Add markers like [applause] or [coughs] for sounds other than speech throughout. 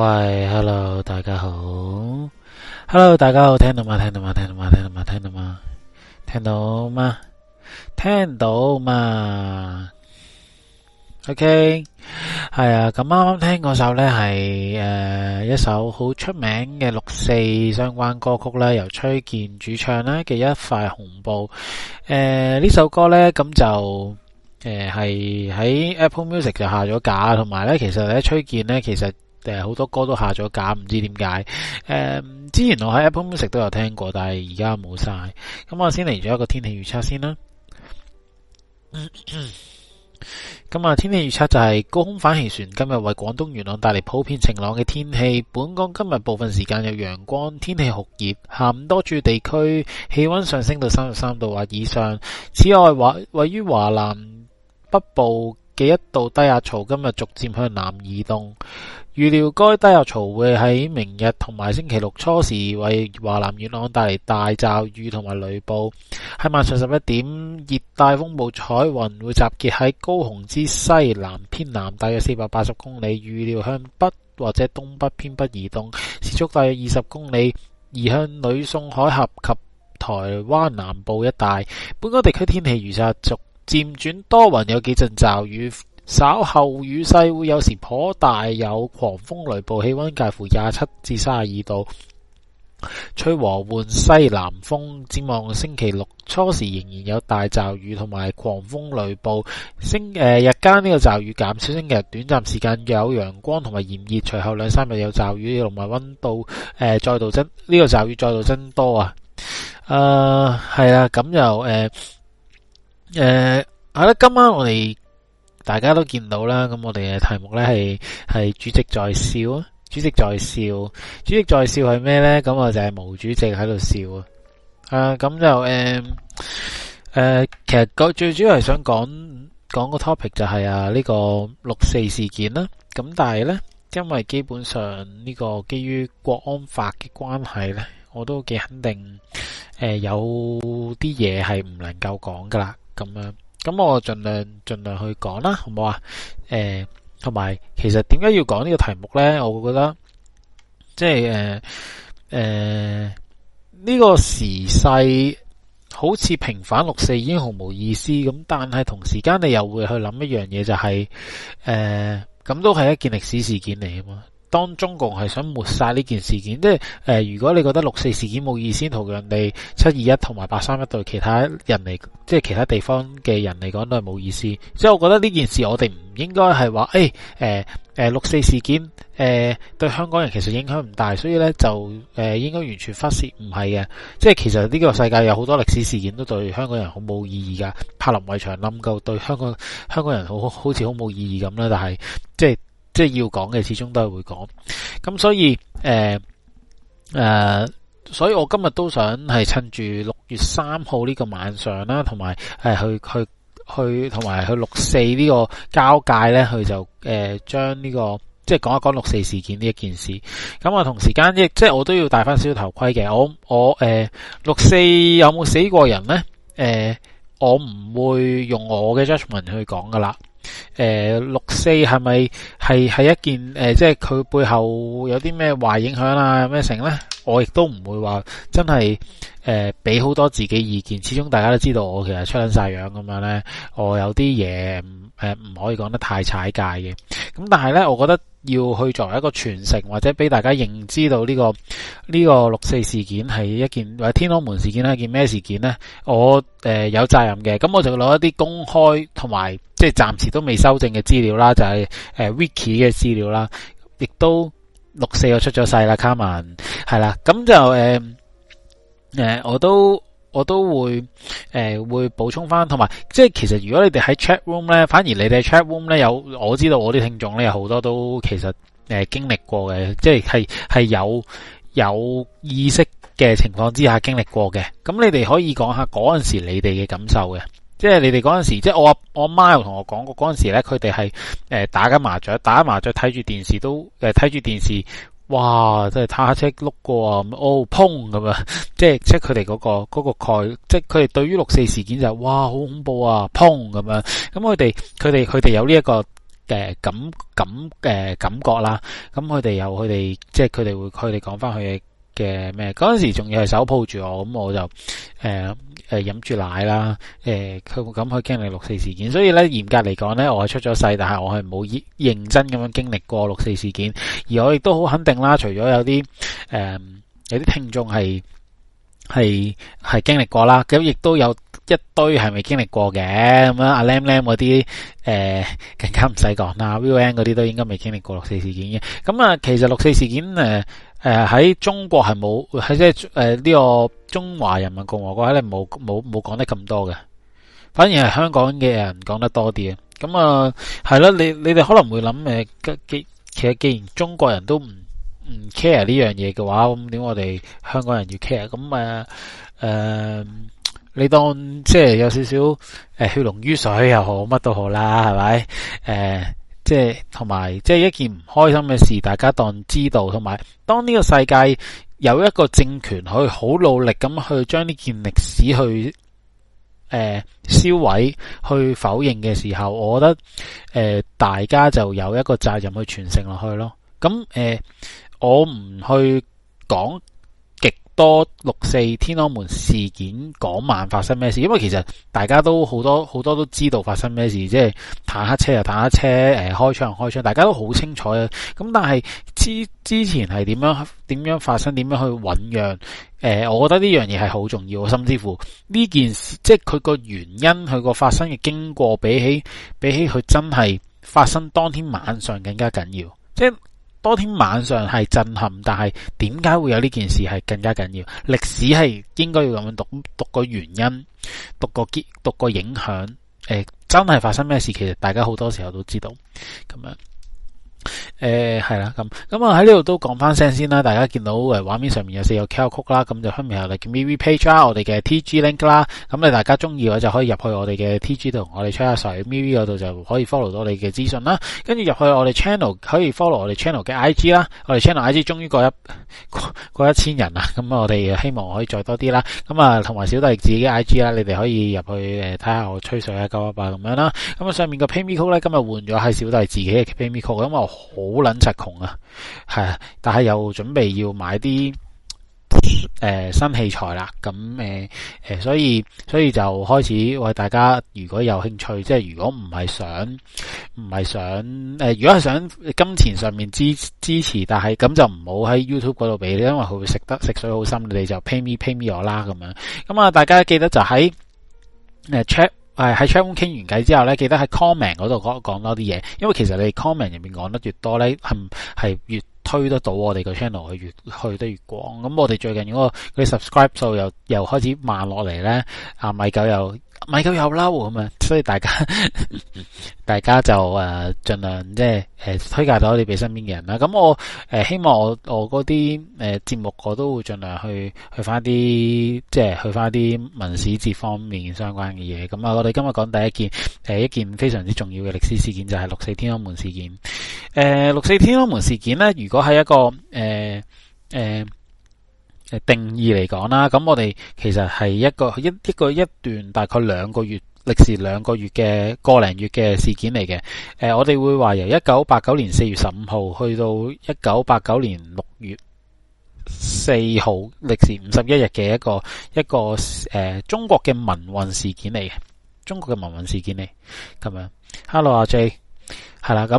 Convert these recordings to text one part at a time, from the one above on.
喂，Hello，大家好，Hello，大家好，聽到嗎？聽到嗎？聽到嗎？聽到嗎？聽到嗎？聽到嗎？聽到嘛？OK，係啊，咁啱啱聽嗰首呢係誒一首好出名嘅六四相關歌曲啦，由崔健主唱啦嘅一塊紅布。誒呢首歌呢咁就誒係喺 Apple Music 就下咗架，同埋呢其實呢崔健呢其實。好多歌都下咗架，唔知點解。誒、嗯，之前我喺 Apple Music 都有聽過，但係而家冇晒。咁我先嚟咗一個天氣預測先啦。咁、嗯、啊、嗯，天氣預測就係高空反氣旋今日為廣東元朗帶嚟普遍晴朗嘅天氣。本港今日部分時間有陽光，天氣酷熱。下午多處地區氣溫上升到三十三度或以上。此外，華位於華南北部嘅一道低壓槽今日逐漸向南移動。預料該低壓槽會喺明日同埋星期六初時為華南沿岸帶嚟大驟雨同埋雷暴。喺晚上十一點，熱帶風暴彩雲會集結喺高雄之西南偏南，大約四百八十公里。預料向北或者東北偏北移動，時速大約二十公里，移向呂宋海峽及台灣南部一帶。本港地區天氣預測，逐漸轉多雲，有幾陣驟雨。稍後雨勢會有時頗大，有狂風雷暴，氣温介乎廿七至卅二度，吹和緩西南風。展望星期六初時仍然有大驟雨同埋狂風雷暴，星誒、呃、日間呢個驟雨減少，星期日短暫時間有陽光同埋炎熱，隨後兩三日有驟雨同埋温度誒、呃、再度增，呢、這個驟雨再度增多啊！誒係啊，咁又誒誒，係啦、呃呃，今晚我哋。大家都見到啦，咁我哋嘅題目呢，係係主席在笑啊，主席在笑，主席在笑係咩呢？咁啊就係毛主席喺度笑啊，咁就誒誒、呃呃，其實個最主要係想講講個 topic 就係啊呢、這個六四事件啦、啊。咁但係呢，因為基本上呢個基於國安法嘅關係呢，我都幾肯定誒、呃、有啲嘢係唔能夠講噶啦，咁樣。咁我盡量盡量去講啦，好唔好啊？誒、呃，同埋其實點解要講呢個題目呢？我會覺得即係誒誒呢個時勢好似平反六四已經毫無意思咁，但係同時間你又會去諗一樣嘢，就係誒咁都係一件歷史事件嚟嘅嘛。當中共係想抹殺呢件事件，即係、呃、如果你覺得六四事件冇意思，同人哋七二一同埋八三一對其他人嚟，即係其他地方嘅人嚟講都係冇意思。即係我覺得呢件事我哋唔應該係話，誒、哎呃呃、六四事件、呃、對香港人其實影響唔大，所以咧就、呃、應該完全忽視，唔係嘅。即係其實呢個世界有好多歷史事件都對香港人好冇意義噶，柏林圍牆冧鳩，對香港香港人好好似好冇意義咁啦，但係即係。即係要講嘅，始終都係會講，咁所以誒誒、呃呃，所以我今日都想係趁住六月三號呢個晚上啦，同埋誒去去去同埋去六四呢個交界咧，去就誒、呃、將呢、這個即係講一講六四事件呢一件事。咁啊同時間亦即係我都要戴翻少少頭盔嘅。我我誒、呃、六四有冇死過人咧？誒、呃、我唔會用我嘅 judgement 去講噶啦。誒、呃，六四係咪係係一件誒、呃，即係佢背後有啲咩壞影響啊？咁樣成咧，我亦都唔會話真係誒，俾、呃、好多自己意見。始終大家都知道，我其實出緊晒樣咁樣咧，我有啲嘢誒唔可以講得太踩界嘅。咁但係咧，我覺得。要去作為一個傳承或者俾大家認知到、這、呢個呢、這個六四事件係一件或者天安門事件係一件咩事件咧？我誒、呃、有責任嘅，咁我就攞一啲公開同埋即係暫時都未修正嘅資料啦，就係、是、誒、呃、wiki 嘅資料啦，亦都六四又出咗世啦，卡文係啦，咁就誒誒、呃呃、我都。我都會誒、呃、會補充翻，同埋即係其實如果你哋喺 chat room 咧，反而你哋 chat room 咧有我知道我啲聽眾咧，有好多都其實誒、呃、經歷過嘅，即係係係有有意識嘅情況之下經歷過嘅。咁你哋可以講下嗰陣時你哋嘅感受嘅，即係你哋嗰陣時，即係我我阿媽又同我講過嗰陣時咧，佢哋係誒打緊麻雀，打緊麻雀睇住電視都誒睇住電視。哇！真係坦克車碌過啊！哦，砰咁啊！即係佢哋嗰個嗰、嗰個蓋，即係佢哋對於六四事件就係、哇好恐怖啊！砰咁樣，咁佢哋佢哋佢哋有呢一個誒感感、呃、感覺啦。咁佢哋有佢哋即係佢哋會佢哋講翻佢嘅咩？嗰陣時仲要係手抱住我，咁、嗯、我就、呃誒飲住奶啦，誒佢會咁去經歷六四事件，所以咧嚴格嚟講咧，我係出咗世，但係我係冇認認真咁樣經歷過六四事件，而我亦都好肯定啦。除咗有啲誒、呃、有啲聽眾係係係經歷過啦，咁亦都有一堆係未經歷過嘅。咁樣阿 LamLam 嗰啲誒更加唔使講啦 v i N 嗰啲都應該未經歷過六四事件嘅。咁、嗯、啊，其實六四事件、呃誒、呃，喺中國係冇，喺即係誒呢個中華人民共和國肯定冇冇冇講得咁多嘅，反而係香港嘅人講得多啲啊。咁、嗯、啊，係、嗯、啦，你你哋可能會諗誒、嗯，既其實既，既，既然中國人都唔唔 care 呢樣嘢嘅話，咁、嗯、點我哋香港人要 care？咁啊誒，你當即係有點少少誒血濃於水又好，乜都好啦，係咪誒？嗯即係同埋，即係一件唔開心嘅事，大家當知道。同埋，當呢個世界有一個政權可以好努力咁去將呢件歷史去誒、呃、銷毀、去否認嘅時候，我覺得誒、呃、大家就有一個責任去傳承落去咯。咁、嗯、誒、呃，我唔去講。多六四天安門事件嗰晚發生咩事？因為其實大家都好多好多都知道發生咩事，即係坦克車又坦克車，誒、呃、開槍又開槍，大家都好清楚嘅，啊。咁但係之之前係點樣點樣發生，點樣去醞釀？誒、呃，我覺得呢樣嘢係好重要，甚至乎呢件事，即係佢個原因，佢個發生嘅經過比，比起比起佢真係發生當天晚上更加緊要，即係。當天晚上係震撼，但係點解會有呢件事係更加緊要？歷史係應該要咁樣讀，讀個原因，讀個結，讀個影響。誒、呃，真係發生咩事，其實大家好多時候都知道咁樣。誒、呃，係啦，咁咁啊，喺呢度都講翻聲先啦。大家見到誒，畫面上面有四個 call 曲啦，咁就下面係我哋 MV page 啦，我哋嘅 TG link 啦。咁你大家中意嘅就可以入去我哋嘅 TG 度，我哋吹下水 MV 嗰度就可以 follow 到你嘅資訊啦。跟住入去我哋 channel 可以 follow 我哋 channel 嘅 IG 啦，我哋 channel IG 終於過一過，過一千人啦，咁我哋希望可以再多啲啦。咁、嗯嗯、啊，同埋小弟自己嘅 IG 啦，你哋可以入去睇下、uh, 我吹水啊，勾一八咁樣啦。咁啊，上面個 pay me c 今日換咗係小弟自己嘅 pay me c 好撚窮啊，係啊，但係又準備要買啲誒、呃、新器材啦，咁誒誒，所以所以就開始喂，大家如果有興趣，即係如果唔係想唔係想誒、呃，如果係想金錢上面支支持，但係咁就唔好喺 YouTube 嗰度俾你，因為佢會食得食水好深，你就 pay me pay me 我啦咁樣，咁啊，大家記得就喺誒 check。呃係喺 channel 傾完偈之後咧，記得喺 comment 嗰度講講多啲嘢，因為其實你 comment 入面講得越多咧，係、嗯、係越，推得到我哋個 channel，佢越去得越廣。咁我哋最近嗰個啲 subscribe 數又又開始慢落嚟咧。啊，米狗又米狗又嬲咁啊！所以大家呵呵大家就誒盡、啊、量即係誒推介到你俾身邊嘅人啦。咁我誒、啊、希望我我嗰啲誒節目我都會盡量去去翻啲即係去翻啲文史哲方面相關嘅嘢。咁啊，我哋今日講第一件誒、啊、一件非常之重要嘅歷史事件就係、是、六四天安門事件。誒、呃，六四天安門事件呢，如果係一個誒誒、呃呃、定義嚟講啦，咁我哋其實係一個一一個一段大概兩個月，歷時兩個月嘅個零月嘅事件嚟嘅。誒、呃，我哋會話由一九八九年四月十五號去到一九八九年六月四號，歷時五十一日嘅一個一個誒、呃、中國嘅民運事件嚟嘅，中國嘅民運事件嚟，咁樣。Hello，阿 J。係啦，咁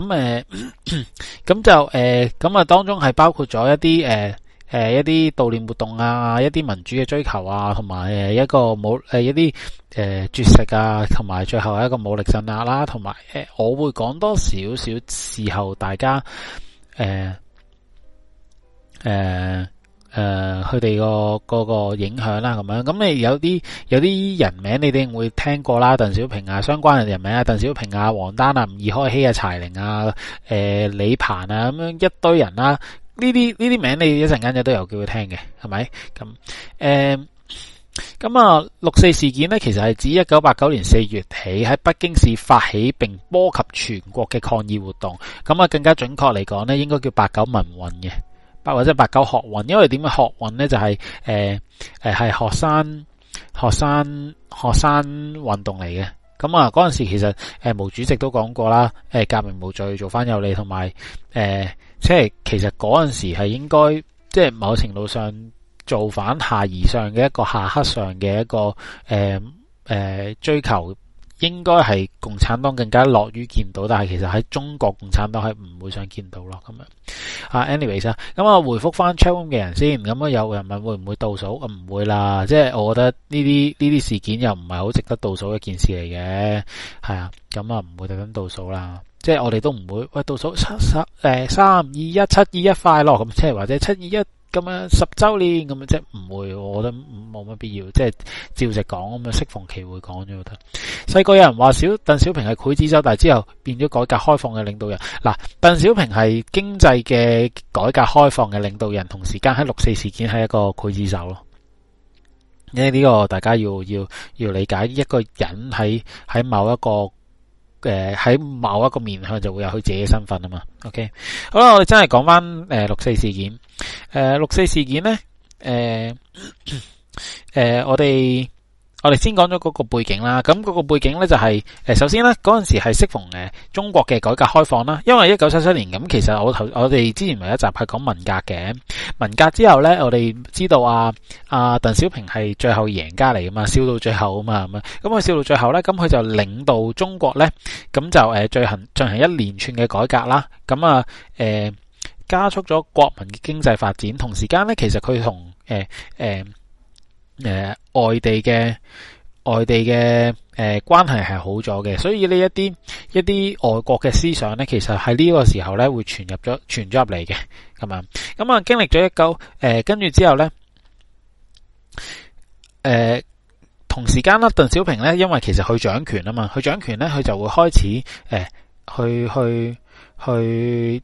誒，咁、嗯、就誒，咁啊，當中係包括咗一啲誒，誒，一啲悼念活動啊，一啲民主嘅追求啊，同埋誒，一個武誒一啲誒絕食啊，同埋最後一個武力鎮壓啦，同埋誒，我會講多少少時候，réussi, 大家誒，誒。啊啊誒、呃，佢哋個嗰個影響啦，咁樣，咁你有啲有啲人名，你哋會聽過啦，鄧小平啊，相關嘅人名啊，鄧小平啊，王丹啊，吾爾開希啊，柴玲啊，誒、呃，李鵬啊，咁樣一堆人啦、啊，呢啲呢啲名你一陣間都有機會聽嘅，係咪？咁誒，咁、呃、啊六四事件呢，其實係指一九八九年四月起喺北京市發起並波及全國嘅抗議活動，咁啊更加準確嚟講呢，應該叫八九民運嘅。八或者八九學運，因為點樣學運呢？就係誒誒係學生學生學生運動嚟嘅。咁啊嗰陣時候其實誒毛主席都講過啦，誒革命無罪，造反有理，同埋誒即係其實嗰陣時係應該即係某程度上造反下而上嘅一個下克上嘅一個誒誒、呃呃、追求。應該係共產黨更加樂於見到，但係其實喺中國共產黨係唔會想見到咯咁樣。啊，anyways 啊，咁啊回覆翻 chill 嘅人先。咁啊有人問會唔會倒數？啊，唔會啦，即係我覺得呢啲呢啲事件又唔係好值得倒數一件事嚟嘅係啊。咁啊唔會特登倒數啦，即係我哋都唔會喂倒數七十誒三,三二一七二一快樂咁，即係或者七二一。咁啊，十週年咁啊，即唔會，我覺得冇乜必要，即係照直講咁啊，適逢其會講咗得。細個有人話小鄧小平係劊子手，但係之後變咗改革開放嘅領導人。嗱，鄧小平係經濟嘅改革開放嘅領導人，同時間喺六四事件係一個劊子手咯。因為呢個大家要要要理解一個人喺喺某一個。誒、呃，喺某一個面向就會有佢自己嘅身份啊嘛，OK，好啦，我哋真係講翻誒六四事件，誒、呃、六四事件咧，誒、呃、誒、呃、我哋。我哋先講咗嗰個背景啦，咁嗰個背景呢就係、是，誒首先呢，嗰陣時係適逢誒中國嘅改革開放啦，因為一九七七年咁，其實我頭我哋之前咪一集係講文革嘅，文革之後呢，我哋知道啊，啊鄧小平係最後贏家嚟啊嘛，笑到最後啊嘛咁啊，咁佢笑到最後呢，咁佢就領導中國呢，咁就誒進行、啊、進行一連串嘅改革啦，咁啊誒、啊、加速咗國民嘅經濟發展，同時間呢，其實佢同誒誒。啊啊誒、呃，外地嘅外地嘅誒、呃、關係係好咗嘅，所以呢一啲一啲外國嘅思想呢，其實喺呢個時候呢，會傳入咗傳咗入嚟嘅，咁樣，咁啊經歷咗一九誒，跟、呃、住之後呢，誒、呃、同時間啦，鄧小平呢，因為其實佢掌權啊嘛，佢掌權呢，佢就會開始誒去去去去。去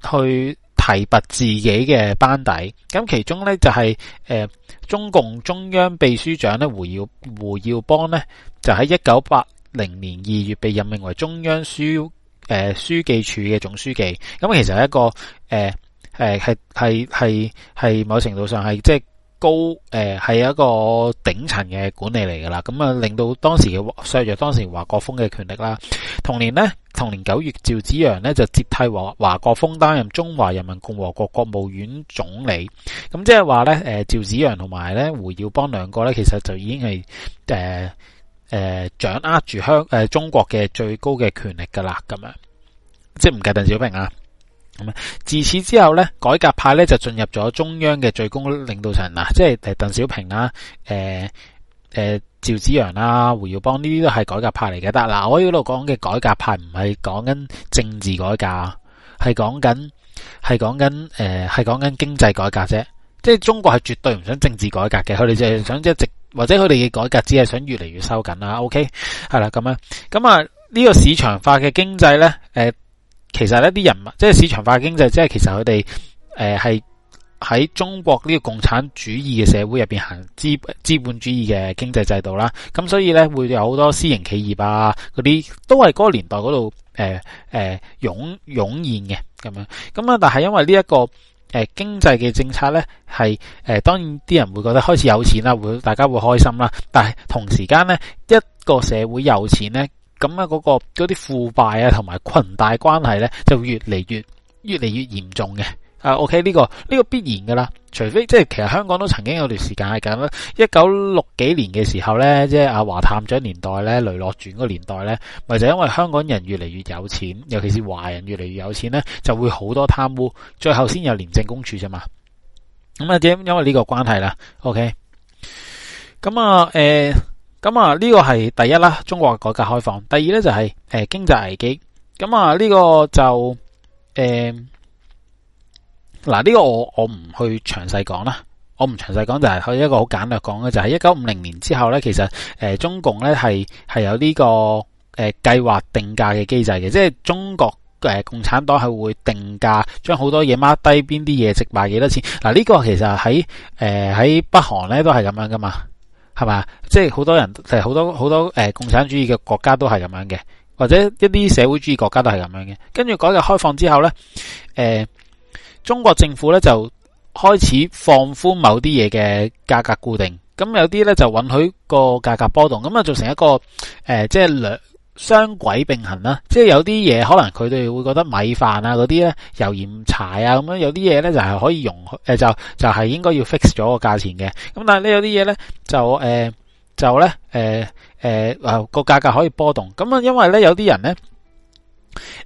去去提拔自己嘅班底，咁其中咧就係、是、誒、呃，中共中央秘書長咧胡耀胡耀邦咧就喺一九八零年二月被任命為中央書誒、呃、書記處嘅總書記，咁其實係一個誒誒係係係係某程度上係即係。就是高誒，係、呃、一個頂層嘅管理嚟噶啦，咁啊令到當時削弱當時華國鋒嘅權力啦。同年呢，同年九月，趙紫陽呢就接替華華國鋒擔任中華人民共和國國務院總理。咁即係話呢，誒趙紫陽同埋咧胡耀邦兩個呢，其實就已經係誒誒掌握住香誒、呃、中國嘅最高嘅權力噶啦，咁樣即係唔計鄧小平啊？咁自此之後咧，改革派咧就進入咗中央嘅最高領導層嗱，即係誒鄧小平啦，誒誒趙紫陽啦，胡耀邦呢啲都係改革派嚟嘅。但嗱，我呢度講嘅改革派唔係講緊政治改革，係講緊係講緊誒係講緊經濟改革啫。即係中國係絕對唔想政治改革嘅，佢哋就係想即係直或者佢哋嘅改革只係想越嚟越收緊啦。OK，係啦咁樣。咁啊呢個市場化嘅經濟咧，誒、呃。其實呢啲人物，即係市場化經濟，即係其實佢哋誒係喺中國呢個共產主義嘅社會入邊行資資本主義嘅經濟制度啦。咁所以呢，會有好多私營企業啊，嗰啲都係嗰個年代嗰度誒誒湧湧現嘅咁樣。咁啊，但係因為呢、這、一個、呃、經濟嘅政策呢，係、呃、當然啲人會覺得開始有錢啦，會大家會開心啦。但係同時間呢，一個社會有錢呢。咁、那、啊、個，嗰個嗰啲腐敗啊，同埋裙帶關係咧，就越嚟越越嚟越嚴重嘅。啊，OK，呢、這個呢、這個必然噶啦，除非即係其實香港都曾經有一段時間係咁啦，一九六幾年嘅時候咧，即係阿華探長年代咧，雷洛傳個年代咧，咪就因為香港人越嚟越有錢，尤其是華人越嚟越有錢咧，就會好多貪污，最後先有廉政公署啫嘛。咁、okay? 啊，即係因為呢個關係啦。OK，咁啊，誒。咁啊，呢個係第一啦，中國改革開放。第二呢就係誒經濟危機。咁啊呢個就誒，嗱，呢個我我唔去詳細講啦，我唔詳細講就係、是、去一個好簡略講嘅，就係一九五零年之後呢，其實誒、呃、中共呢係係有呢個誒計劃定價嘅機制嘅，即係中國共產黨係會定價，將好多嘢 mark 低邊啲嘢值賣幾多錢。嗱、這、呢個其實喺誒喺北韓呢都係咁樣噶嘛。係嘛？即係好多人，係好多好多，誒、呃，共產主義嘅國家都係咁樣嘅，或者一啲社會主義國家都係咁樣嘅。跟住改革開放之後呢，誒、呃，中國政府呢就開始放寬某啲嘢嘅價格固定，咁有啲呢就允許個價格波動，咁啊，造成一個誒、呃，即係兩。雙軌並行啦，即係有啲嘢可能佢哋會覺得米飯啊嗰啲咧，油鹽柴啊咁樣，有啲嘢咧就係可以融，誒就就係、是、應該要 fix 咗個價錢嘅。咁但係呢，有啲嘢咧就誒就咧誒誒個價格可以波動。咁啊，因為咧有啲人咧，誒、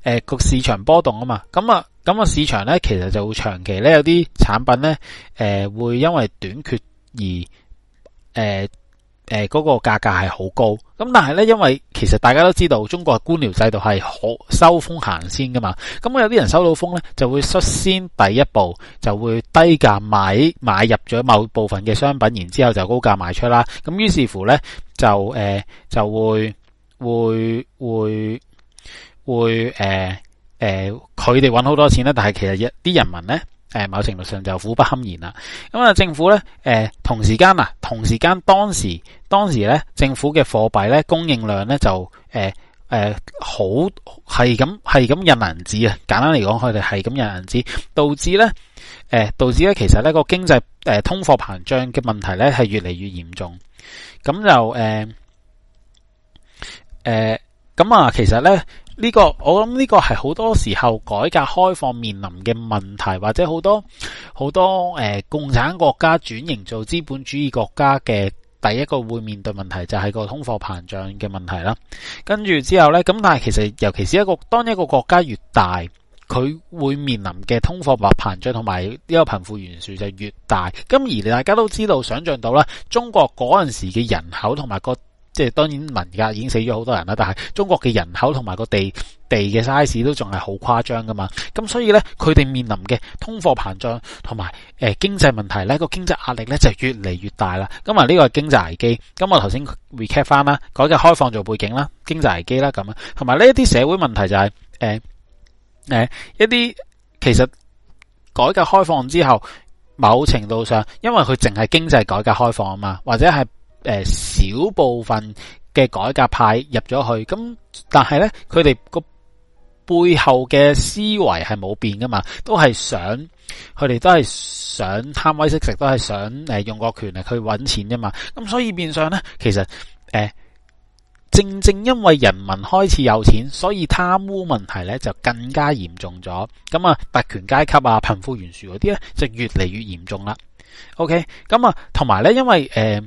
呃、個市場波動啊嘛，咁啊咁啊市場咧其實就會長期咧有啲產品咧，誒會因為短缺而誒。呃誒，嗰、那個價格係好高，咁但係呢，因為其實大家都知道，中國的官僚制度係好收風行先噶嘛，咁、嗯、有啲人收到風呢，就會率先第一步就會低價買買入咗某部分嘅商品，然之後就高價賣出啦，咁、嗯、於是乎呢，就誒、呃、就會會會會誒誒，佢哋搵好多錢呢，但係其實一啲人民呢。誒，某程度上就苦不堪言啦。咁啊，政府咧，誒，同時間啊，同時間當時，當時咧，政府嘅貨幣咧，供應量咧，就誒，誒、呃，好係咁係咁印銀紙啊。簡單嚟講，佢哋係咁印銀紙，導致咧，誒、呃，導致咧、嗯嗯嗯嗯，其實呢個經濟誒通貨膨脹嘅問題咧係越嚟越嚴重。咁就誒，誒，咁啊，其實咧。呢、這個我諗呢個係好多時候改革開放面臨嘅問題，或者好多好多誒、呃，共產國家轉型做資本主義國家嘅第一個會面對問題就係、是、個通貨膨脹嘅問題啦。跟住之後呢，咁但係其實尤其是一個當一個國家越大，佢會面臨嘅通貨或膨脹同埋呢個貧富懸殊就越大。咁而大家都知道，想象到啦，中國嗰陣時嘅人口同埋、那個。即係當然文革已經死咗好多人啦，但係中國嘅人口同埋個地地嘅 size 都仲係好誇張噶嘛，咁所以呢，佢哋面臨嘅通貨膨脹同埋誒經濟問題，呢個經濟壓力呢就越嚟越大啦，咁啊呢個經濟危機，咁、嗯、我頭先 recap 翻，啦改革開放做背景啦，經濟危機啦咁啊，同埋呢一啲社會問題就係誒誒一啲其實改革開放之後，某程度上因為佢淨係經濟改革開放啊嘛，或者係。誒、呃，小部分嘅改革派入咗去，咁但係呢，佢哋個背後嘅思維係冇變噶嘛，都係想佢哋都係想貪威識食，都係想誒用個權力去搵錢啫嘛。咁所以變相呢，其實誒、呃、正正因為人民開始有錢，所以貪污問題呢就更加嚴重咗。咁啊，特權階級啊，貧富懸殊嗰啲呢，就越嚟越嚴重啦。OK，咁啊，同埋呢，因為誒。呃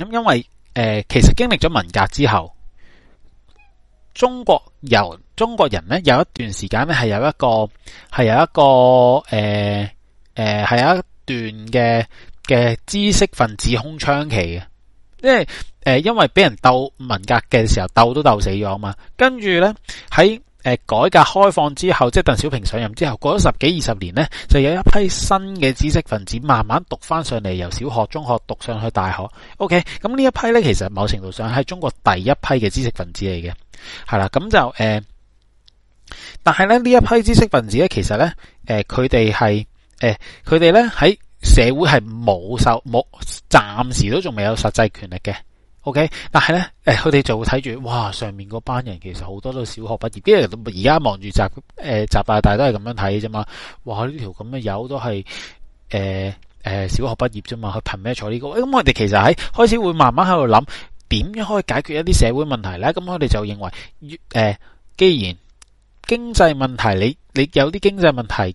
咁因為誒，其實經歷咗文革之後，中國由中國人咧有一段時間咧係有一個係有一個誒誒係有一段嘅嘅知識分子空窗期嘅，因為誒因為俾人鬥文革嘅時候鬥都鬥死咗啊嘛，跟住咧喺。誒，改革開放之後，即係鄧小平上任之後，過咗十幾二十年呢，就有一批新嘅知識分子慢慢讀翻上嚟，由小學、中學讀上去大學。OK，咁呢一批呢，其實某程度上係中國第一批嘅知識分子嚟嘅，係啦。咁就誒、呃，但係咧呢一批知識分子呢，其實呢，誒佢哋係誒佢哋呢喺社會係冇受冇，暫時都仲未有實際權力嘅。OK，但係咧，誒，佢哋就會睇住，哇，上面嗰班人其實好多都小學畢業，因為而家望住習誒習大，大都係咁樣睇啫嘛。哇，呢條咁嘅友都係誒誒小學畢業啫嘛，佢憑咩坐呢個位？咁我哋其實喺開始會慢慢喺度諗，點樣可以解決一啲社會問題咧？咁我哋就認為，誒、呃，既然經濟問題，你你有啲經濟問題，誒、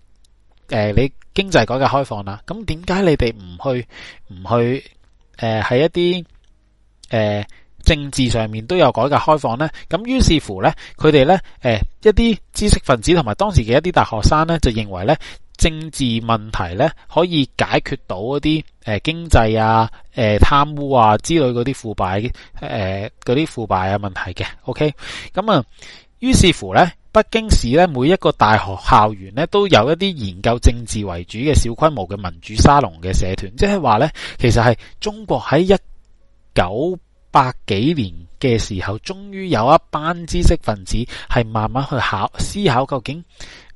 呃，你經濟改革開放啦，咁點解你哋唔去唔去誒？喺、呃、一啲。誒、呃，政治上面都有改革開放呢，咁於是乎呢，佢哋呢，誒、呃，一啲知識分子同埋當時嘅一啲大學生呢，就認為呢政治問題呢，可以解決到一啲誒經濟啊、誒、呃、貪污啊之類嗰啲腐敗誒嗰啲腐敗啊問題嘅。OK，咁、嗯、啊，於是乎呢，北京市呢，每一個大學校園呢，都有一啲研究政治為主嘅小規模嘅民主沙龍嘅社團，即係話呢，其實係中國喺一。九百幾年嘅時候，終於有一班知識分子係慢慢去考思考，究竟誒誒、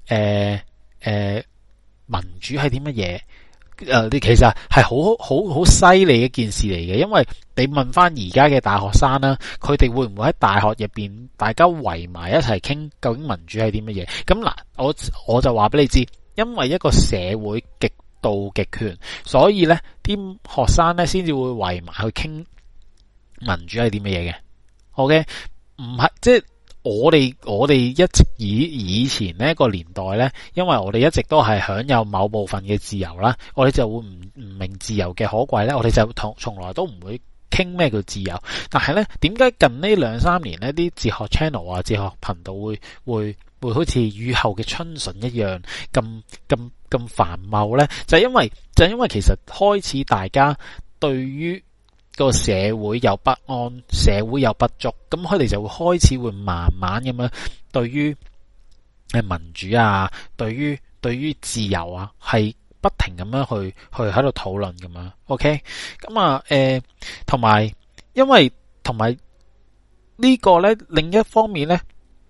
呃呃、民主係啲乜嘢誒？你、呃、其實係好好好犀利一件事嚟嘅，因為你問翻而家嘅大學生啦，佢哋會唔會喺大學入邊大家圍埋一齊傾，究竟民主係啲乜嘢？咁嗱，我我就話俾你知，因為一個社會極度極權，所以呢啲學生呢先至會圍埋去傾。民主係啲乜嘢嘅？OK，唔係即係我哋我哋，一直以以前呢個年代呢，因為我哋一直都係享有某部分嘅自由啦，我哋就會唔唔明自由嘅可貴呢，我哋就從從來都唔會傾咩叫自由。但係呢，點解近呢兩三年呢啲哲學 channel 啊、哲學頻道會會會好似雨後嘅春筍一樣咁咁咁繁茂呢？就係因為就因為其實開始大家對於。個社會又不安，社會又不足，咁佢哋就會開始會慢慢咁樣對於誒民主啊，對於對於自由啊，係不停咁樣去去喺度討論咁樣，OK？咁啊誒，同埋，呃，因為同埋呢個呢，另一方面呢，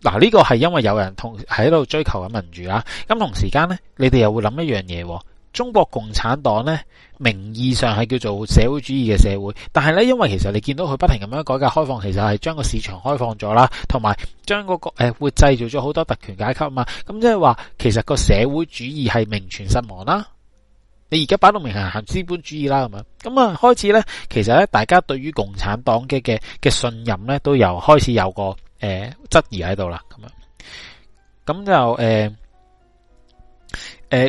嗱、這、呢個係因為有人同喺度追求緊民主啦，啊，咁同時間呢，你哋又會諗一樣嘢，啊。中國共產黨呢，名義上係叫做社會主義嘅社會，但係呢，因為其實你見到佢不停咁樣改革開放，其實係將個市場開放咗啦，同埋將嗰個誒會製造咗好多特權階級啊嘛。咁即係話，其實個社會主義係名存實亡啦。你而家擺到明係行資本主義啦，咁啊，咁啊開始呢，其實咧，大家對於共產黨嘅嘅嘅信任呢，都有開始有個誒呃質疑喺度啦。咁樣咁就誒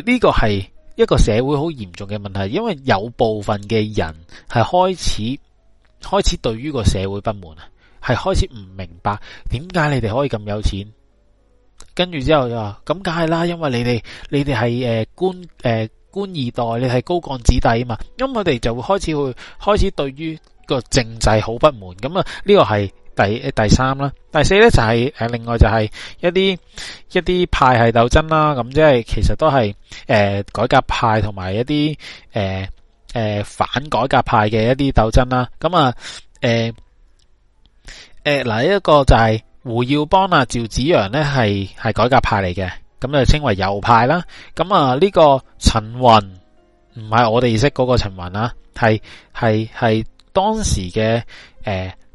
誒呢個係一個社會好嚴重嘅問題，因為有部分嘅人係開始開始對於個社會不滿啊，係開始唔明白點解你哋可以咁有錢，跟住之後就話，咁梗係啦，因為你哋你哋係誒官誒、呃、官二代，你係高幹子弟啊嘛，咁佢哋就會開始去開始對於個政制好不滿，咁啊呢個係。第第三啦，第四咧就係、是、誒，另外就係一啲一啲派系鬥爭啦，咁即係其實都係誒、呃、改革派同埋一啲誒誒反改革派嘅一啲鬥爭啦。咁啊誒誒嗱一個就係胡耀邦啊、趙紫陽咧係係改革派嚟嘅，咁就稱為右派啦。咁啊呢個陳雲唔係我哋識嗰個陳雲啦，係係係當時嘅誒。呃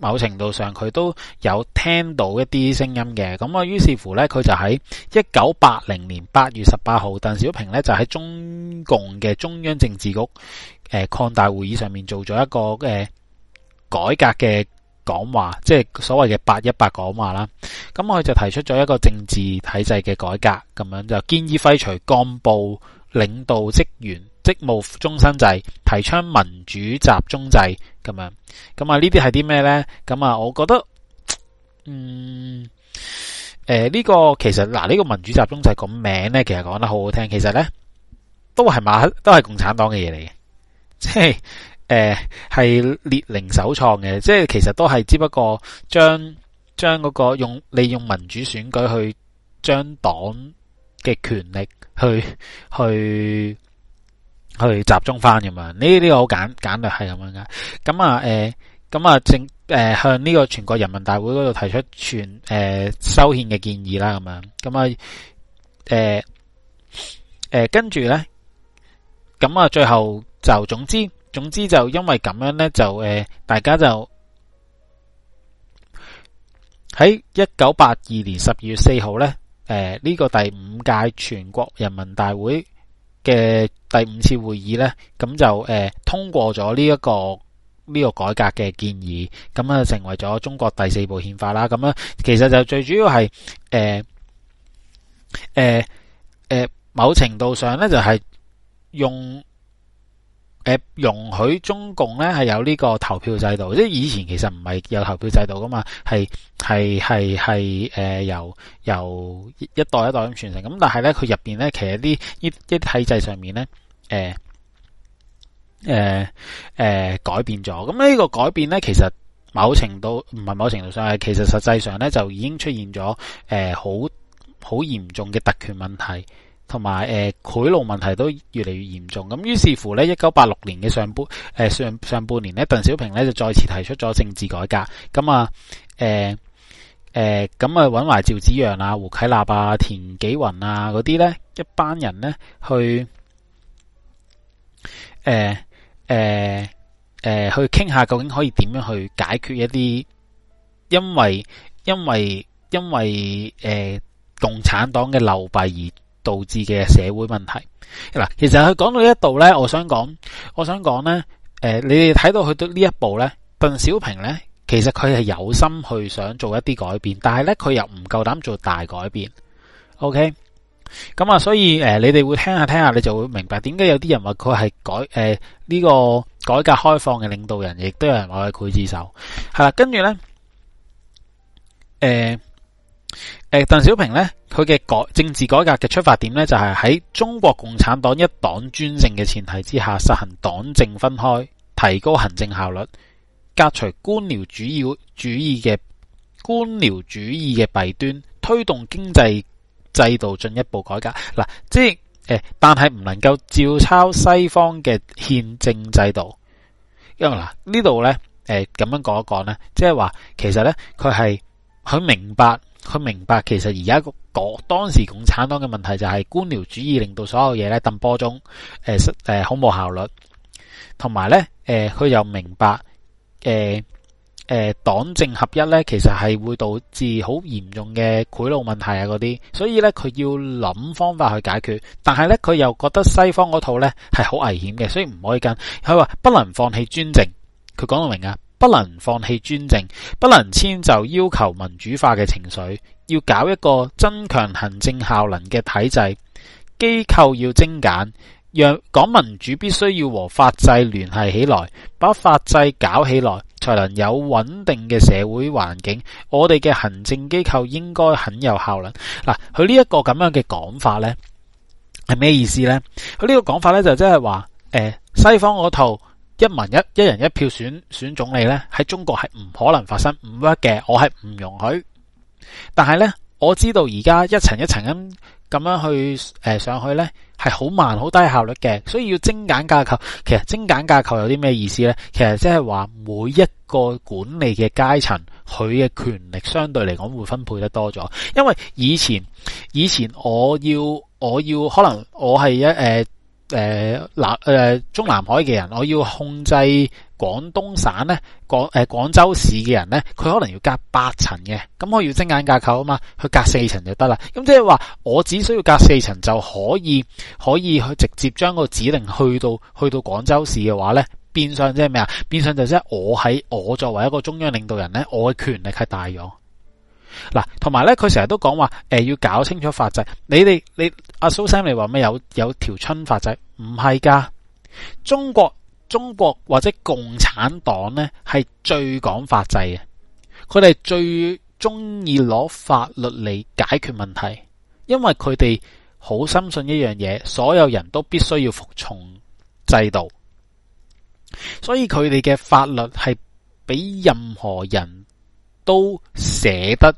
某程度上，佢都有聽到一啲聲音嘅，咁啊，於是乎咧，佢就喺一九八零年八月十八號，鄧小平咧就喺中共嘅中央政治局誒擴大會議上面做咗一個誒改革嘅講話，即係所謂嘅八一八講話啦。咁佢就提出咗一個政治體制嘅改革，咁樣就建議廢除幹部領導職員。職務終身制，提倡民主集中制咁樣，咁啊？呢啲係啲咩呢？咁啊，我覺得，嗯，誒、呃，呢、這個其實嗱，呢、呃這個民主集中制個名呢，其實講得好好聽。其實呢，都係馬，都係共產黨嘅嘢嚟嘅，即、就、係、是呃、列寧首創嘅，即、就、係、是、其實都係只不過將將嗰個用利用民主選舉去將黨嘅權力去去。去集中翻嘅嘛？呢呢個好簡簡略係咁樣噶。咁啊，誒，咁啊正誒向呢個全國人民大會嗰度提出全誒修憲嘅建議啦，咁樣。咁啊，誒誒，跟住咧，咁啊，最後就總之總之就因為咁樣咧，就誒大家就喺一九八二年十二月四號咧，誒呢個第五屆全國人民大會。嘅第五次會議呢，咁就誒通過咗呢一個呢個改革嘅建議，咁啊成為咗中國第四部憲法啦。咁樣其實就最主要係誒誒誒某程度上呢，就係用。誒，容許中共咧係有呢個投票制度，即係以前其實唔係有投票制度噶嘛，係係係係誒由由一代一代咁傳承，咁但係咧佢入邊咧其實啲呢啲體制上面咧誒誒誒改變咗，咁呢個改變咧其實某程度唔係某程度上係，其實實際上咧就已經出現咗誒好好嚴重嘅特權問題。同埋，誒、呃、賄賂問題都越嚟越嚴重。咁於是乎咧，一九八六年嘅上半、呃、上上半年咧，鄧小平咧就再次提出咗政治改革。咁啊，誒誒咁啊，揾、呃、埋、嗯、趙紫陽啊、胡啟立啊、田紀雲啊嗰啲咧，一班人咧去誒、呃呃呃呃、去傾下，究竟可以點樣去解決一啲因為因為因為誒、呃、共產黨嘅流弊而導致嘅社會問題嗱，其實佢講到呢一度咧，我想講，我想講咧，誒，你哋睇到去到呢一步咧，鄧小平咧，其實佢係有心去想做一啲改變，但係咧佢又唔夠膽做大改變。OK，咁啊，所以誒，你哋會聽下聽下，你就會明白點解有啲人話佢係改誒呢個改革開放嘅領導人，亦都有人話佢自首。係啦，跟住咧，誒。誒，鄧小平咧，佢嘅改政治改革嘅出發點咧，就係喺中國共產黨一黨專政嘅前提之下，實行黨政分開，提高行政效率，革除官僚主要主義嘅官僚主義嘅弊端，推動經濟制度進一步改革嗱。即係但係唔能夠照抄西方嘅憲政制度，因為嗱呢度咧，誒咁樣講一講咧，即係話其實咧，佢係佢明白。佢明白其實而家個共當時共產黨嘅問題就係官僚主義令到所有嘢咧掟波中，誒誒好冇效率，同埋咧誒佢又明白，誒、呃、誒、呃、黨政合一咧其實係會導致好嚴重嘅賄賂問題啊嗰啲，所以咧佢要諗方法去解決，但係咧佢又覺得西方嗰套咧係好危險嘅，所以唔可以跟。佢話不能放棄專政，佢講到明啊。不能放棄專政，不能遷就要求民主化嘅情緒，要搞一個增強行政效能嘅體制，機構要精簡，讓講民主必須要和法制聯繫起來，把法制搞起來，才能有穩定嘅社會環境。我哋嘅行政機構應該很有效能。嗱，佢呢一個咁樣嘅講法呢係咩意思呢？佢呢個講法呢，就即係話，誒，西方個套。一民一一人一票選選總理呢，喺中國係唔可能發生唔 work 嘅，我係唔容許。但係呢，我知道而家一層一層咁咁樣去誒、呃、上去呢，係好慢好低效率嘅，所以要精簡架構。其實精簡架構有啲咩意思呢？其實即係話每一個管理嘅階層，佢嘅權力相對嚟講會分配得多咗。因為以前以前我要我要可能我係一誒。呃誒南誒中南海嘅人，我要控制廣東省呢，廣誒廣州市嘅人呢，佢可能要隔八層嘅，咁我要精簡架構啊嘛，去隔四層就得啦。咁即係話，我只需要隔四層就可以，可以去直接將個指令去到去到廣州市嘅話呢，變相即係咩啊？變相就即係我喺我作為一個中央領導人呢，我嘅權力係大咗。嗱，同埋呢，佢成日都講話，誒、呃、要搞清楚法制，你哋你。阿蘇生，你說什麼，你話咩有有條春法制？唔係噶，中國中國或者共產黨呢，係最講法制嘅。佢哋最中意攞法律嚟解決問題，因為佢哋好深信一樣嘢，所有人都必須要服從制度，所以佢哋嘅法律係俾任何人都捨得。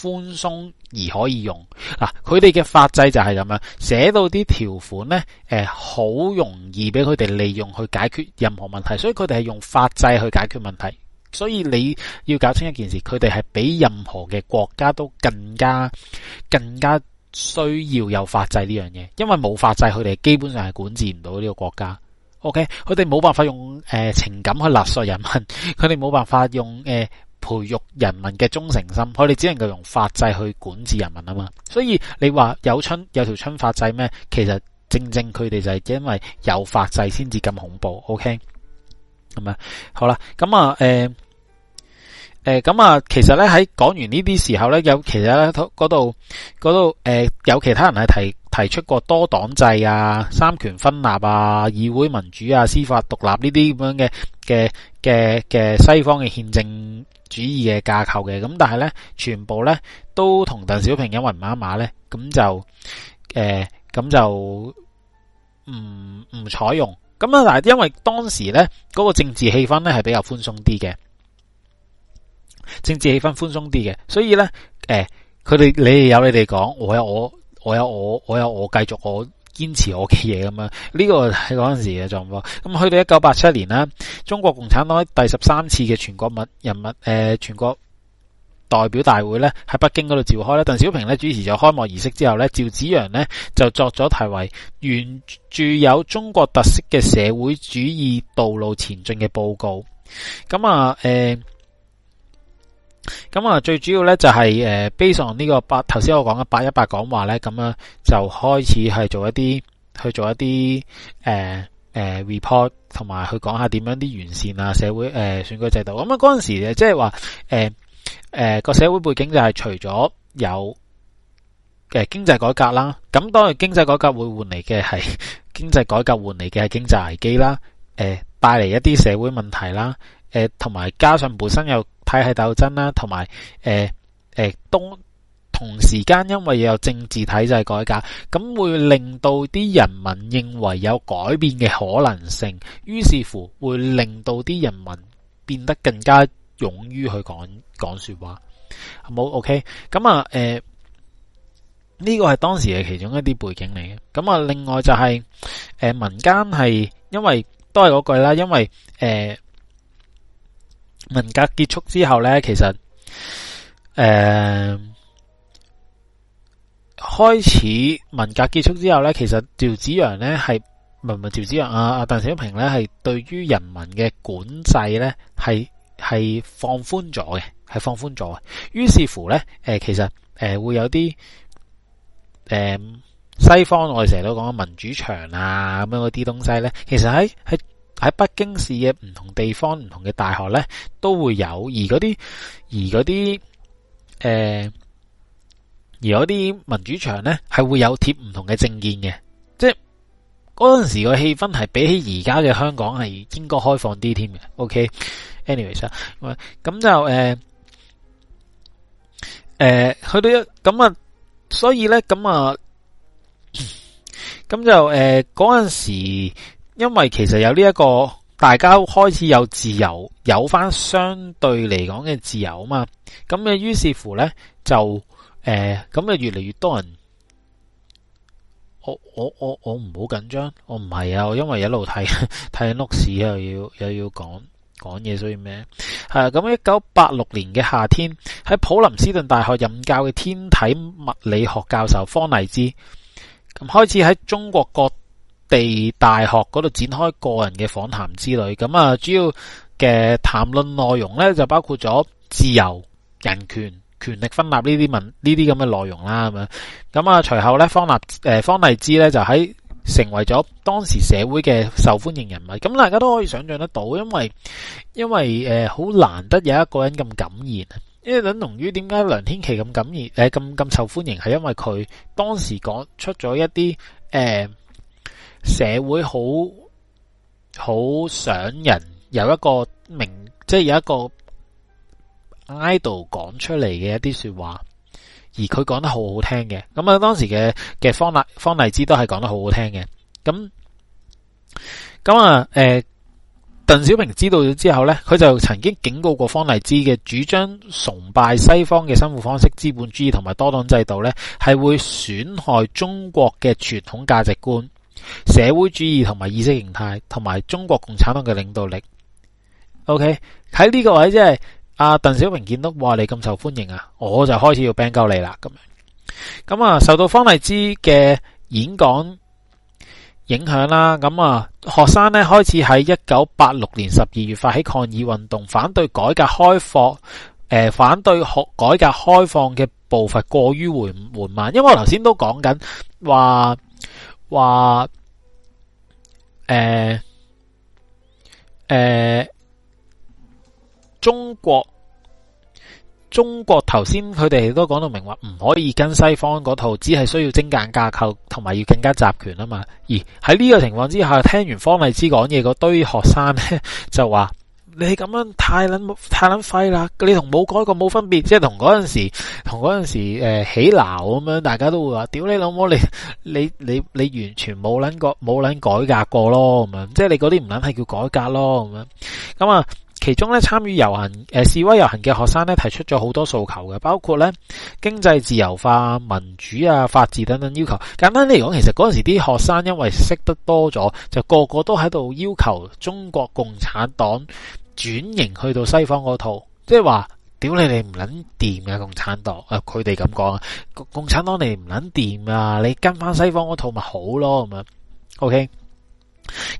寬鬆而可以用嗱，佢哋嘅法制就係咁樣寫到啲條款呢，誒、呃，好容易俾佢哋利用去解決任何問題，所以佢哋係用法制去解決問題。所以你要搞清一件事，佢哋係比任何嘅國家都更加更加需要有法制呢樣嘢，因為冇法制，佢哋基本上係管治唔到呢個國家。OK，佢哋冇辦法用誒、呃、情感去勒索人民，佢哋冇辦法用誒。呃培育人民嘅忠誠心，我哋只能夠用法制去管治人民啊嘛，所以你話有春有條春法制咩？其實正正佢哋就係因為有法制先至咁恐怖，OK，咁啊，好啦，咁、嗯、啊，誒、嗯，誒、嗯，咁、嗯、啊、嗯嗯嗯，其實咧喺講完呢啲時候咧，有其實咧度嗰度誒有其他人嚟提。提出過多黨制啊、三權分立啊、議會民主啊、司法獨立呢啲咁樣嘅嘅嘅嘅西方嘅憲政主義嘅架構嘅，咁但係呢，全部呢都同鄧小平一模一樣呢，咁就誒，咁、呃、就唔唔採用。咁啊，但係因為當時呢嗰個政治氣氛呢係比較寬鬆啲嘅，政治氣氛寬鬆啲嘅，所以呢，誒、呃，佢哋你哋有你哋講，我有我。我有我，我有我繼續，我堅持我嘅嘢咁樣。呢個係嗰陣時嘅狀況。咁去到一九八七年啦，中國共產黨第十三次嘅全國物人物誒、呃、全國代表大會咧，喺北京嗰度召開咧。鄧鄧小平咧主持咗開幕儀式之後咧，趙紫陽呢就作咗題為《沿著有中國特色嘅社會主義道路前進》嘅報告。咁啊誒。咁啊，最主要咧就係誒，based on 呢個八，頭先我講嘅八一八講話咧，咁啊就開始做去做一啲，呃呃、去做一啲誒誒 report，同埋去講下點樣啲完善啊社會誒、呃、選舉制度。咁啊嗰陣時即係話誒誒個社會背景就係除咗有誒經濟改革啦，咁當然經濟改革會換嚟嘅係經濟改革換嚟嘅係經濟危機啦，誒帶嚟一啲社會問題啦。同埋加上本身有體系鬥爭啦，同埋誒誒，同時間因為有政治體制改革，咁會令到啲人民認為有改變嘅可能性，於是乎會令到啲人民變得更加勇於去講講說話，冇 OK？咁啊，誒呢個係當時嘅其中一啲背景嚟嘅。咁啊，另外就係、是、誒民間係因為都係嗰句啦，因為誒。文革結束之後咧，其實誒開始文革結束之後咧，其實趙紫陽咧係唔係唔係趙紫陽啊？啊鄧小平咧係對於人民嘅管制咧係係放寬咗嘅，係放寬咗嘅。於是乎咧，誒其實誒會有啲誒西方我哋成日都講民主牆啊咁樣嗰啲東西咧，其實喺喺。喺北京市嘅唔同地方、唔同嘅大學咧，都會有；而嗰啲而嗰啲誒而嗰啲民主牆咧，係會有貼唔同嘅政見嘅。即係嗰陣時個氣氛係比起而家嘅香港係應該開放啲添嘅。OK，anyways 啊，咁就誒誒去到一咁啊，所以咧咁啊，咁就誒嗰陣時。因為其實有呢、這、一個大家開始有自由，有翻相對嚟講嘅自由啊嘛，咁嘅於是乎呢，就誒咁嘅越嚟越多人，我我我我唔好緊張，我唔係啊，我因為一路睇睇 news 又要又要講講嘢，所以咩？係咁一九八六年嘅夏天，喺普林斯頓大學任教嘅天體物理學教授方勵之咁開始喺中國各地大學嗰度展開個人嘅訪談之旅咁啊，主要嘅談論內容呢，就包括咗自由、人權、權力分立呢啲文呢啲咁嘅內容啦。咁樣咁啊，隨後呢，方立誒、呃、方勵之就喺成為咗當時社會嘅受歡迎人物。咁大家都可以想象得到，因為因為誒好、呃、難得有一個人咁感染，因為等同於點解梁天琦咁感染誒咁咁受歡迎，係因為佢當時講出咗一啲誒。呃社會好好想人有一個明，即、就、係、是、有一個 idol 講出嚟嘅一啲說話，而佢講得好好聽嘅。咁啊，當時嘅嘅方勵方勵之都係講得好好聽嘅。咁咁啊，誒、嗯，鄧小平知道咗之後呢，佢就曾經警告過方勵之嘅主張崇拜西方嘅生活方式、資本主義同埋多黨制度呢係會損害中國嘅傳統價值觀。社會主義同埋意識形態，同埋中國共產黨嘅領導力。OK 喺呢個位即係阿鄧小平見到話你咁受歡迎啊，我就開始要 ban 鳩你啦咁咁啊，受到方勵之嘅演講影響啦，咁啊，學生咧開始喺一九八六年十二月發起抗議運動，反對改革開放，誒、呃，反對學改革開放嘅步伐過於緩緩慢。因為我頭先都講緊話。話誒誒，中國中國頭先佢哋都講到明話唔可以跟西方嗰套，只係需要精簡架構，同埋要更加集權啊嘛。而喺呢個情況之下，聽完方勵之講嘢，嗰堆學生咧就話。你咁樣太捻太捻廢啦！你同冇改過冇分別，即係同嗰陣時同嗰陣時誒、呃、起鬧咁樣，大家都會話：屌 [laughs] 你老母！你你你你完全冇捻過冇捻改革過咯咁啊！即係你嗰啲唔捻係叫改革咯咁樣咁啊！其中咧，參與遊行、呃、示威遊行嘅學生咧，提出咗好多訴求嘅，包括咧，經濟自由化、民主啊、法治等等要求。簡單嚟講，其實嗰陣時啲學生因為識得多咗，就個個都喺度要求中國共產黨轉型去到西方嗰套，即係話，屌你哋唔撚掂呀，共產黨，啊佢哋咁講啊，共產黨你唔撚掂啊，你跟翻西方嗰套咪好咯咁樣。OK。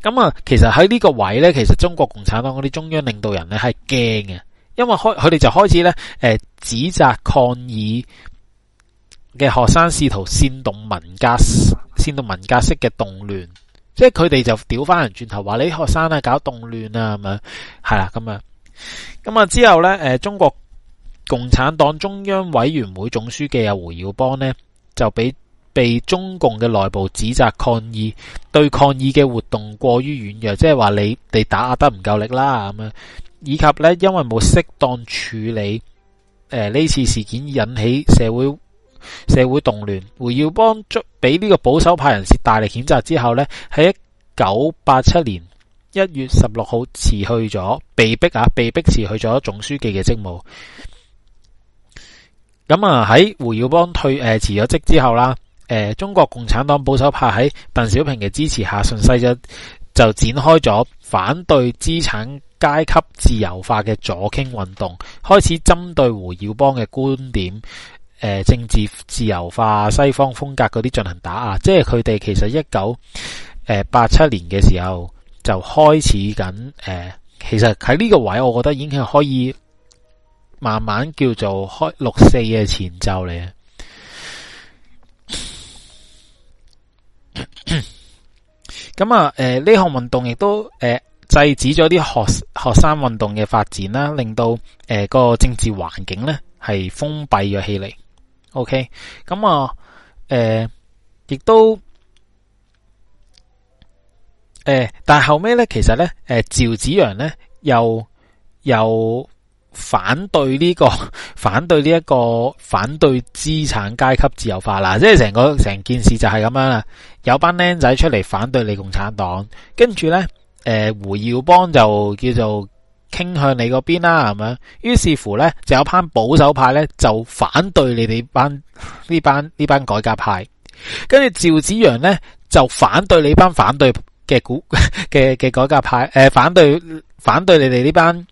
咁啊，其實喺呢個位呢，其實中國共產黨嗰啲中央領導人呢係驚嘅，因為開佢哋就開始呢誒，指責抗議嘅學生試圖煽動文革，煽動文革式嘅動亂，即係佢哋就屌翻人轉頭話你學生啊搞動亂啊咁樣，係啦，咁啊，咁啊之後呢，誒，中國共產黨中央委員會總書記啊胡耀邦呢，就俾。被中共嘅內部指責抗議，對抗議嘅活動過於軟弱，即係話你哋打壓得唔夠力啦咁啊！以及呢，因為冇適當處理，誒、呃、呢次事件引起社會社會動亂。胡耀邦俾呢個保守派人士大力譴責之後呢，喺一九八七年一月十六號辭去咗，被逼啊，被逼辭去咗總書記嘅職務。咁啊，喺胡耀邦退誒、呃、辭咗職之後啦。中國共產黨保守派喺鄧小平嘅支持下，順勢就展開咗反對資產階級自由化嘅左傾運動，開始針對胡耀邦嘅觀點、呃、政治自由化、西方風格嗰啲進行打壓。即係佢哋其實一九八七年嘅時候就開始緊、呃、其實喺呢個位，我覺得已經可以慢慢叫做開六四嘅前奏嚟。咁啊，誒， [coughs] 呢、嗯、項運動亦都誒制止咗啲學學生運動嘅發展啦，令到誒個政治環境咧係封閉咗起嚟。OK，咁、嗯、啊，誒、嗯，亦都誒，但係後尾咧，其實咧，誒，趙紫陽咧又又，又反對呢、這個，反對呢、這、一個，反對資產階級自由化啦，即係成個成件事就係咁樣啦。有班僆仔出嚟反對你共產黨，跟住呢誒、呃、胡耀邦就叫做傾向你嗰邊啦，咁樣係咪於是乎呢，就有班保守派呢就反對你哋班呢班呢班改革派，跟住趙紫陽呢就反對你班反對嘅嘅嘅改革派，誒、呃、反對反對你哋呢班誒。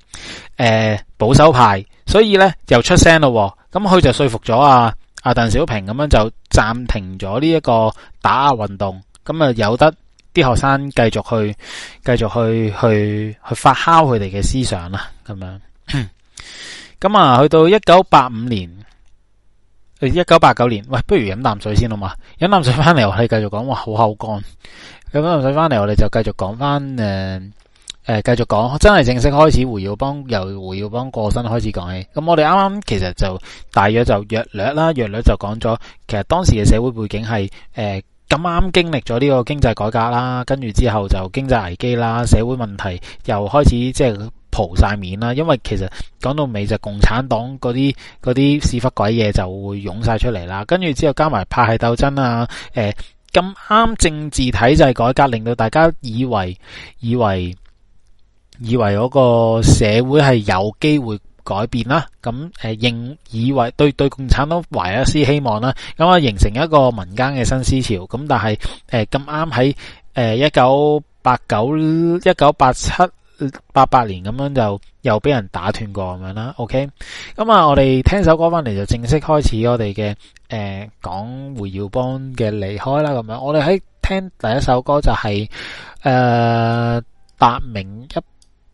呃保守派，所以咧又出聲咯，咁、嗯、佢就說服咗啊，啊鄧小平咁樣就暫停咗呢一個打壓運動，咁啊有得啲學生繼續去繼續去去去，去發酵佢哋嘅思想啦，咁樣。咁啊、 [coughs] 嗯、去到一九八五年，一九八九年，喂，不如飲啖水先啦嘛，飲啖水翻嚟我哋繼續講，哇好口乾，飲啖水翻嚟我哋就繼續講翻誒。呃誒，繼續講，真係正式開始。胡耀邦由胡耀邦過身開始講起。咁我哋啱啱其實就大約就約略啦，約略就講咗。其實當時嘅社會背景係誒咁啱經歷咗呢個經濟改革啦，跟住之後就經濟危機啦，社會問題又開始即係蒲晒面啦。因為其實講到尾就共產黨嗰啲嗰啲屎忽鬼嘢就會湧晒出嚟啦。跟住之後加埋派係鬥爭啊，誒咁啱政治體制改革，令到大家以為以為。以為嗰個社會係有機會改變啦，咁誒，認以為對對共產黨懷一絲希望啦，咁啊形成一個民間嘅新思潮，咁但係誒咁啱喺誒一九八九一九八七八八年咁樣就又俾人打斷過咁樣啦。OK，咁啊，我哋聽首歌翻嚟就正式開始我哋嘅誒講胡耀邦嘅離開啦。咁樣我哋喺聽第一首歌就係誒達明一。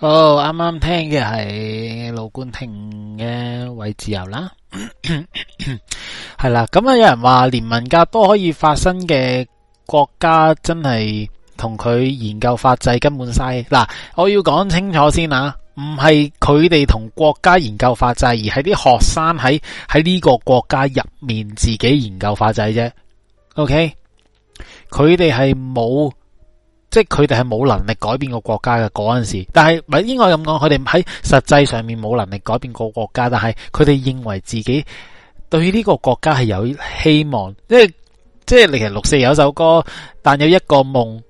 哦，啱啱聽嘅係盧冠廷嘅《位自由》啦，係啦。咁 [coughs] 啊， [coughs] 有人話連文革都可以發生嘅國家，真係同佢研究法制根本晒。嗱，我要講清楚先啊，唔係佢哋同國家研究法制，而係啲學生喺喺呢個國家入面自己研究法制啫。O K，佢哋係冇。即係佢哋係冇能力改變個國家嘅嗰陣時，但係唔係應該咁講，佢哋喺實際上面冇能力改變個國家，但係佢哋認為自己對呢個國家係有希望，即係即係六四有一首歌，但有一個夢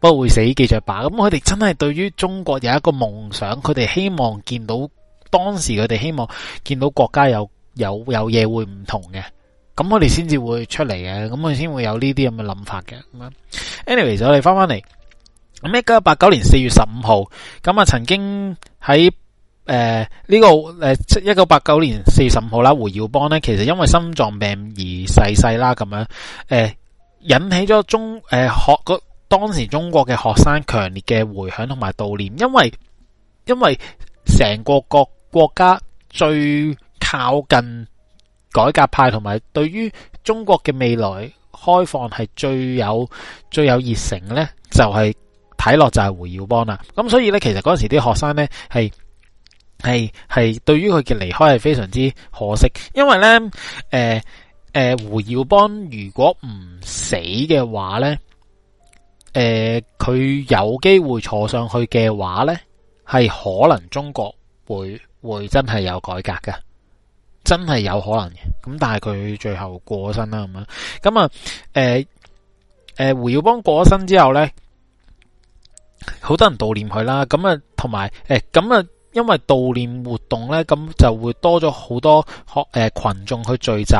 不會死，記着吧。咁佢哋真係對於中國有一個夢想，佢哋希望見到當時佢哋希望見到國家有有有嘢會唔同嘅，咁我哋先至會出嚟嘅，咁我哋先會有呢啲咁嘅諗法嘅。咁 anyways，我哋翻翻嚟。咁一九八九年四月十五號，咁啊，曾經喺，誒呢個誒一九八九年四月十五號啦。胡耀邦呢，其實因為心臟病而逝世啦，咁樣誒，引起咗中，誒、呃、學，個當時中國嘅學生強烈嘅回響同埋悼念，因為因為成個國國家最靠近改革派，同埋對於中國嘅未來開放係最有最有熱誠咧，就係、是。睇落就係胡耀邦啦，咁所以咧，其實嗰陣時啲學生咧係係係對於佢嘅離開係非常之可惜，因為咧，誒、呃、誒、呃、胡耀邦如果唔死嘅話咧，誒、呃、佢有機會坐上去嘅話咧，係可能中國會會真係有改革噶，真係有可能嘅，咁但係佢最後過身啦，咁啊，咁、呃、啊，誒、呃、誒胡耀邦過咗身之後咧。好多人悼念佢啦，咁啊，同埋誒，咁啊，因為悼念活動呢，咁就會多咗好多學誒、呃，群眾去聚集，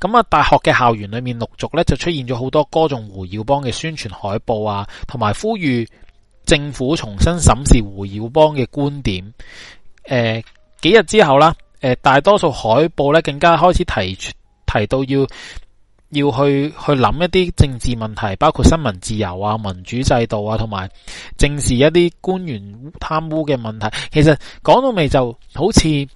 咁啊，大學嘅校園裏面陸續呢就出現咗好多歌頌胡耀邦嘅宣傳海報啊，同埋呼籲政府重新審視胡耀邦嘅觀點。誒、呃，幾日之後啦，誒、呃，大多數海報呢更加開始提提到要。要去去諗一啲政治問題，包括新聞自由啊、民主制度啊，同埋正視一啲官員貪污嘅問題。其實講到尾就好似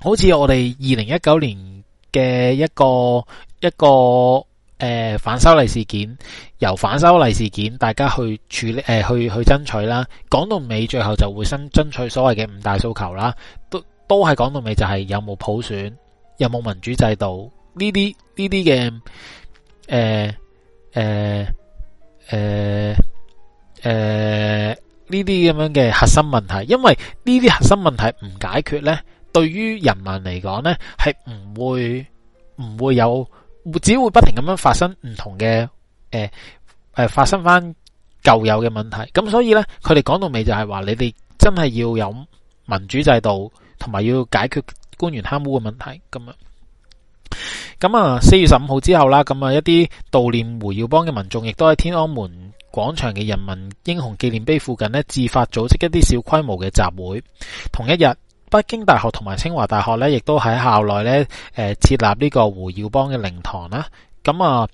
好似我哋二零一九年嘅一個一個誒、呃、反修例事件，由反修例事件大家去處理，誒、呃、去去爭取啦。講到尾最後就會爭爭取所謂嘅五大訴求啦，都都係講到尾就係有冇普選，有冇民主制度。呢啲呢啲嘅誒誒誒誒呢啲咁樣嘅核心問題，因為呢啲核心問題唔解決咧，對於人民嚟講咧係唔會唔會有，只會不停咁樣發生唔同嘅誒誒發生翻舊有嘅問題。咁所以咧，佢哋講到尾就係話，你哋真係要有民主制度，同埋要解決官員貪污嘅問題咁樣。咁啊，四月十五號之後啦，咁啊一啲悼念胡耀邦嘅民眾，亦都喺天安門廣場嘅人民英雄紀念碑附近呢，自發組織一啲小規模嘅集會。同一日，北京大學同埋清華大學呢，亦都喺校內呢，誒設立呢個胡耀邦嘅靈堂啦。咁啊。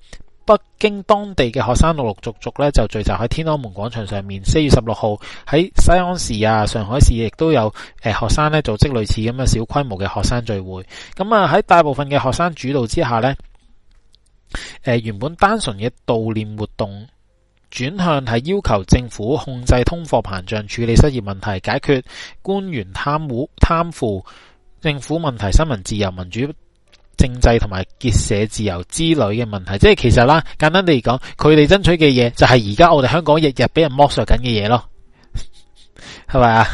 北京當地嘅學生陸陸續續咧就聚集喺天安門廣場上面。四月十六號喺西安市啊、上海市亦都有學生咧組織類似咁嘅小規模嘅學生聚會。咁啊喺大部分嘅學生主導之下呢，原本單純嘅悼念活動，轉向係要求政府控制通貨膨脹、處理失業問題、解決官員貪污貪腐、政府問題、新聞自由、民主。政制同埋結社自由之類嘅問題，即係其實啦，簡單地嚟講，佢哋爭取嘅嘢就係而家我哋香港日日俾人剝削緊嘅嘢咯，係咪啊？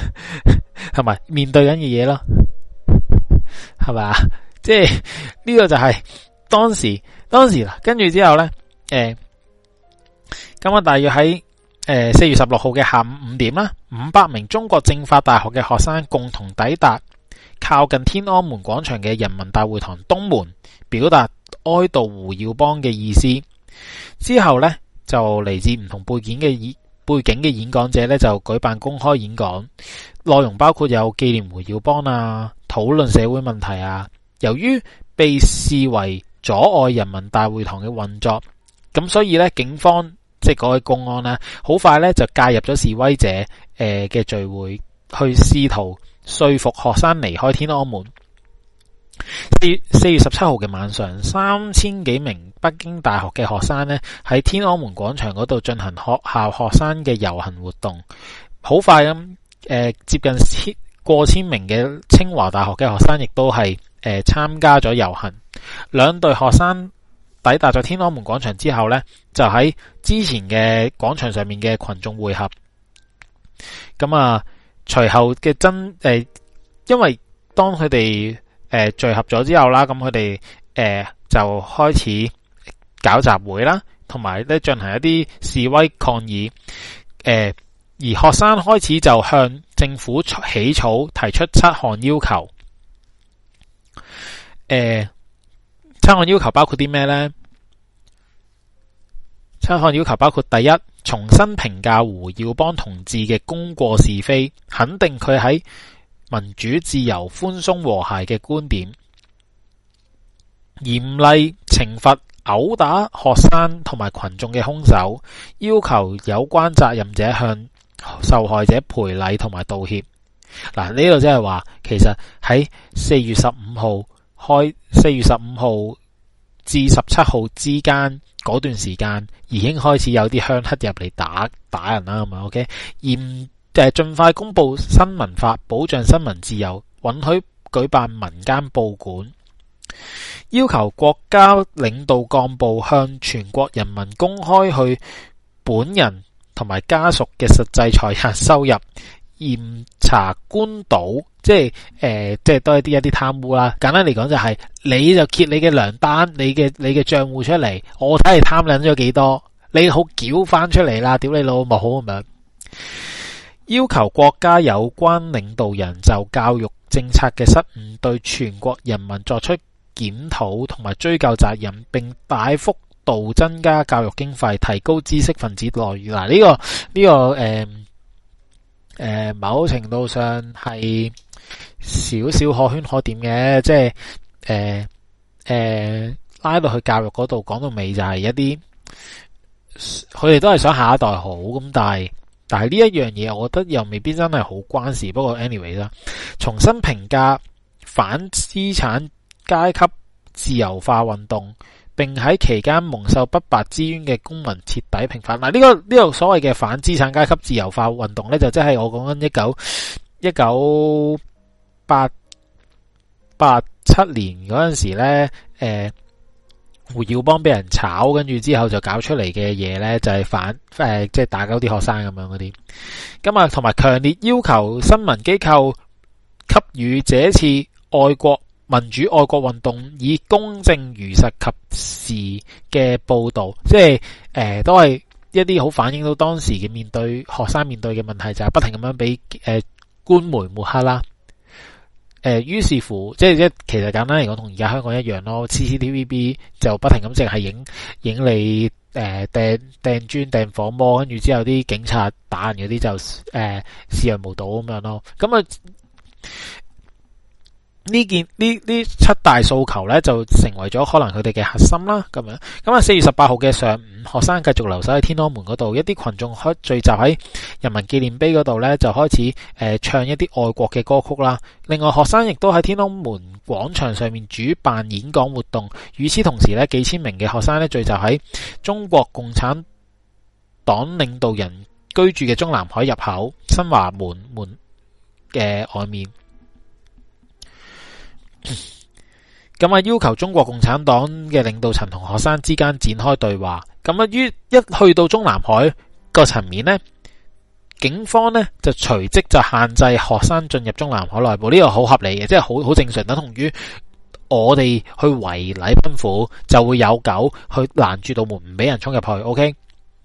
係咪面對緊嘅嘢咯？係咪啊？即係呢個就係當時當時啦，跟住之後呢，誒、欸，咁啊，大約喺誒四月十六號嘅下午五點啦，五百名中國政法大學嘅學生共同抵達。靠近天安門廣場嘅人民大會堂東門，表達哀悼胡耀邦嘅意思。之後呢，就嚟自唔同背景嘅演背景嘅演講者呢，就舉辦公開演講，內容包括有紀念胡耀邦啊，討論社會問題啊。由於被視為阻礙人民大會堂嘅運作，咁所以呢，警方即係嗰啲公安呢，好快呢就介入咗示威者誒嘅聚會，去試圖。說服學生離開天安門。四四月十七號嘅晚上，三千幾名北京大學嘅學生咧喺天安門廣場嗰度進行學校學生嘅遊行活動。好快咁，誒、呃、接近千過千名嘅清華大學嘅學生亦都係誒、呃、參加咗遊行。兩隊學生抵達咗天安門廣場之後呢就喺之前嘅廣場上面嘅群眾會合。咁啊～隨後嘅真，誒、呃，因為當佢哋誒聚合咗之後啦，咁佢哋誒就開始搞集會啦，同埋咧進行一啲示威抗議。誒、呃，而學生開始就向政府起草提出七項要求。誒、呃，七項要求包括啲咩呢？七項要求包括第一。重新評價胡耀邦幫同志嘅功過是非，肯定佢喺民主自由、寬鬆和諧嘅觀點，嚴厲懲罰毆打學生同埋群眾嘅兇手，要求有關責任者向受害者賠禮同埋道歉。嗱，呢度即係話，其實喺四月十五號開，四月十五號。至十七號之間嗰段時間已經開始有啲鄉黑入嚟打打人啦，係咪，OK？嚴誒、呃，盡快公佈新聞法，保障新聞自由，允許舉辦民間報館，要求國家領導幹部向全國人民公開去本人同埋家屬嘅實際財產收入。嚴查官倒，即係誒、呃，即係多一啲一啲貪污啦。簡單嚟講就係、是，你就揭你嘅糧單，你嘅你嘅賬戶出嚟，我睇你貪撚咗幾多，你好繳翻出嚟啦，屌你老母好咁樣。要求國家有關領導人就教育政策嘅失誤，對全國人民作出檢討同埋追究責任，並大幅度增加教育經費，提高知識分子待遇。嗱、呃，呢、這個呢、這個誒。呃呃，某程度上係少少可圈可點嘅，即係誒誒拉到去教育嗰度，講到尾就係一啲，佢哋都係想下一代好，咁但係但係呢一樣嘢，我覺得又未必真係好關事。不過 anyway 啦，重新評價反資產階級自由化運動。並喺期間蒙受不白之冤嘅公民徹底平反。嗱、啊，呢、這個呢、這個所謂嘅反資產階級自由化運動呢就即係我講緊一九一九八八七年嗰陣時咧、呃，胡耀邦俾人炒，跟住之後就搞出嚟嘅嘢呢，就係、是、反誒，即、呃、係、就是、打鳩啲學生咁樣嗰啲。咁啊，同埋強烈要求新聞機構給予這次愛國。民主愛國運動以公正、如實、及時嘅報道，即係誒、呃，都係一啲好反映到當時嘅面對學生面對嘅問題，就係、是、不停咁樣俾誒官媒抹黑啦。誒、呃，於是乎，即係即是其實簡單嚟講，同而家香港一樣咯。CCTV B 就不停咁淨係影影你誒掟掟磚、掟、呃、火魔，跟住之後啲警察打人嗰啲就誒視若無睹咁樣咯。咁啊～、嗯呢件呢呢七大訴求呢，就成為咗可能佢哋嘅核心啦。咁樣咁啊，四月十八號嘅上午，學生繼續留守喺天安門嗰度，一啲群眾開聚集喺人民紀念碑嗰度呢就開始、呃、唱一啲愛國嘅歌曲啦。另外，學生亦都喺天安門廣場上面主辦演講活動。與此同時呢，幾千名嘅學生呢，聚集喺中國共產黨領導人居住嘅中南海入口新華門門嘅外面。咁、嗯、啊，要求中國共產黨嘅領導層同學生之間展開對話。咁啊，於一去到中南海個層面呢，警方呢就隨即就限制學生進入中南海內部。呢個好合理嘅，即係好好正常，等同於我哋去圍禮賓府就會有狗去攔住道門，唔俾人衝入去。OK，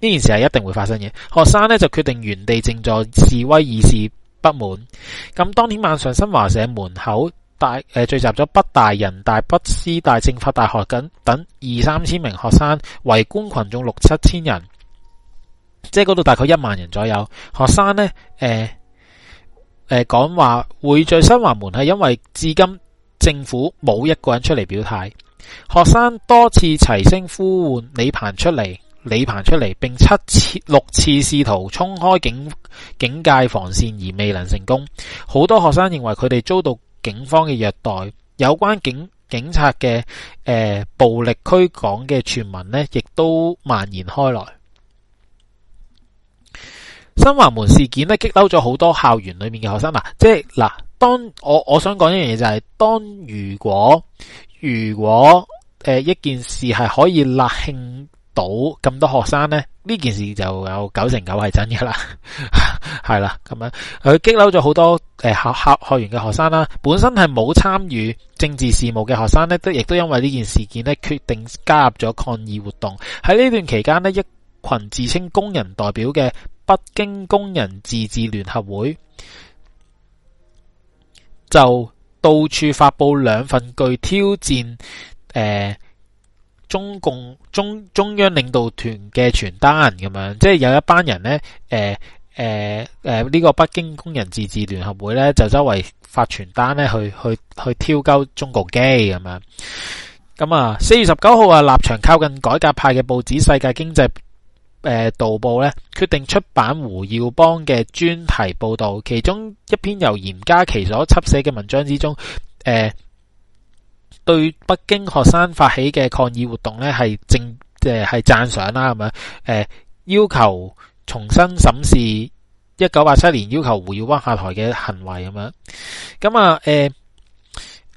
呢件事係一定會發生嘅。學生呢就決定原地靜坐示威，以示不滿。咁當天晚上，新華社門口。大誒，聚集咗北大、人大、北師大、政法大學等等二三千名學生，圍觀群眾六七千人，即係嗰度大概一萬人左右。學生呢誒誒講話會聚新華門係，因為至今政府冇一個人出嚟表態。學生多次齊聲呼喚李鵬出嚟，李鵬出嚟，並七次六次試圖衝開警警戒防線而未能成功。好多學生認為佢哋遭到。警方嘅虐待，有關警警察嘅誒、呃、暴力驅趕嘅傳聞呢，亦都蔓延開來。新華門事件呢，激嬲咗好多校園裏面嘅學生嗱、啊，即係嗱，當我我想講一樣嘢就係、是，當如果如果誒、呃、一件事係可以立興。到咁多學生呢，呢件事就有九成九係真噶啦，係啦，咁樣佢激嬲咗好多誒、呃、學學員嘅學生啦，本身係冇參與政治事務嘅學生呢，都亦都因為呢件事件呢，決定加入咗抗議活動。喺呢段期間呢，一群自稱工人代表嘅北京工人自治聯合會就到處發佈兩份具挑戰誒。呃中共中中央領導團嘅傳單咁樣，即係有一班人呢。呢、呃呃這個北京工人自治聯合會呢，就周圍發傳單呢去去去，去挑鳩中共機咁樣。咁啊，四月十九號啊，立場靠近改革派嘅報紙《世界經濟》呃道導報呢，決定出版胡耀邦嘅專題報導，其中一篇由嚴家其所執寫嘅文章之中，呃對北京學生發起嘅抗議活動咧，係正誒係讚賞啦，係咪？誒、呃，要求重新審視一九八七年要求胡耀邦下台嘅行為咁樣。咁啊，誒、呃、誒、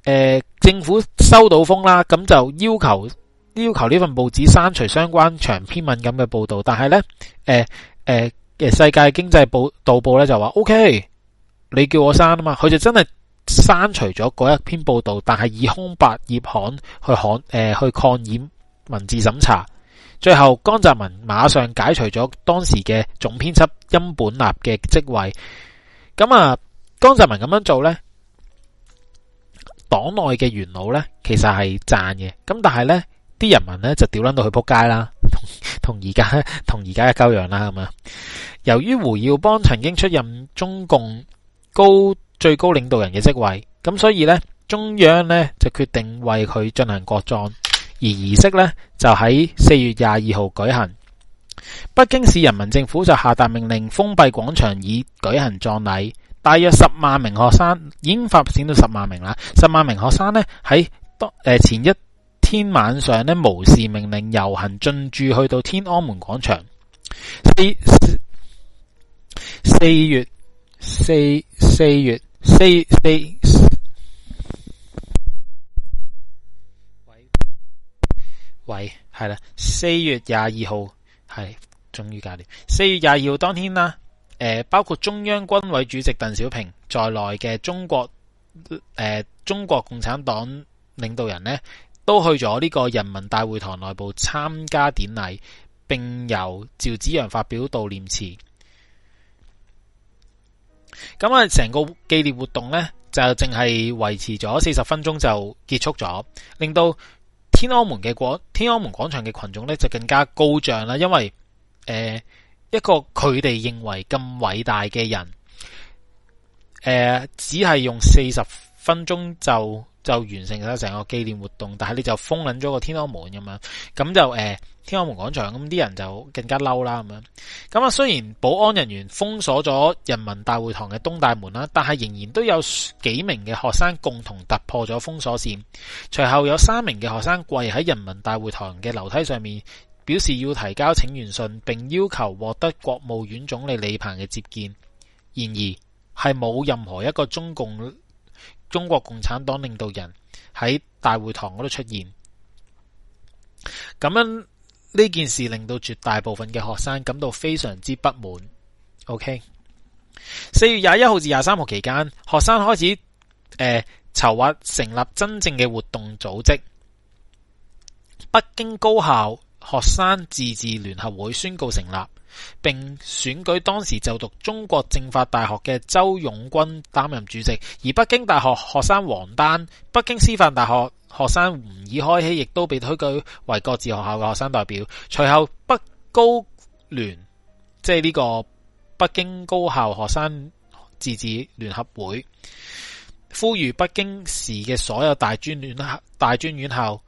呃，政府收到風啦，咁就要求要求呢份報紙刪除相關長篇敏感嘅報道。但係咧，誒誒嘅《世界經濟報導報》咧就話：OK，你叫我刪啊嘛，佢就真係。刪除咗嗰一篇報道，但係以空白頁刊去刊誒、呃、去抗議文字審查，最後江澤民馬上解除咗當時嘅總編輯欽本立嘅職位。咁啊，江澤民咁樣做呢，黨內嘅元老呢，其實係贊嘅，咁但係呢啲人民呢，就屌捻到去撲街啦，同同而家同而家嘅鳩樣啦咁啊，由於胡耀邦曾經出任中共。高最高領導人嘅職位，咁所以咧中央咧就決定為佢進行國葬，而儀式咧就喺四月廿二號舉行。北京市人民政府就下達命令封閉廣場以舉行葬禮，大約十萬名學生已經發展到十萬名啦。十萬名學生咧喺當誒前一天晚上咧無視命令遊行進駐去到天安門廣場。四四月。四四月四四，偉係啦，四月廿二號係終於搞掂。四月廿二號當天啦，誒，包括中央軍委主席鄧小平在內嘅中國誒、呃、中國共產黨領導人咧，都去咗呢個人民大會堂內部參加典禮，並由趙紫陽發表悼念詞。咁啊，成個紀念活動呢，就淨係維持咗四十分鐘就結束咗，令到天安門嘅廣天安門廣場嘅群眾呢，就更加高漲啦，因為誒、呃、一個佢哋認為咁偉大嘅人，誒、呃、只係用四十分鐘就。就完成咗成個紀念活動，但係你就封撚咗個天安門咁樣，咁就誒、呃、天安門廣場，咁啲人就更加嬲啦咁樣。咁啊，雖然保安人員封鎖咗人民大會堂嘅東大門啦，但係仍然都有幾名嘅學生共同突破咗封鎖線，隨後有三名嘅學生跪喺人民大會堂嘅樓梯上面，表示要提交請願信，並要求獲得國務院總理李鵬嘅接見。然而係冇任何一個中共。中國共產黨領導人喺大會堂嗰度出現，咁樣呢件事令到絕大部分嘅學生感到非常之不滿。OK，四月廿一號至廿三號期間，學生開始誒、呃、籌劃成立真正嘅活動組織。北京高校學生自治聯合會宣告成立。並選舉當時就讀中國政法大學嘅周勇軍擔任主席，而北京大學學生王丹、北京師範大學學生吳以開希亦都被推舉為各自學校嘅學生代表。隨後，北高聯即係呢個北京高校學生自治聯合會，呼籲北京市嘅所有大專院校、大專院校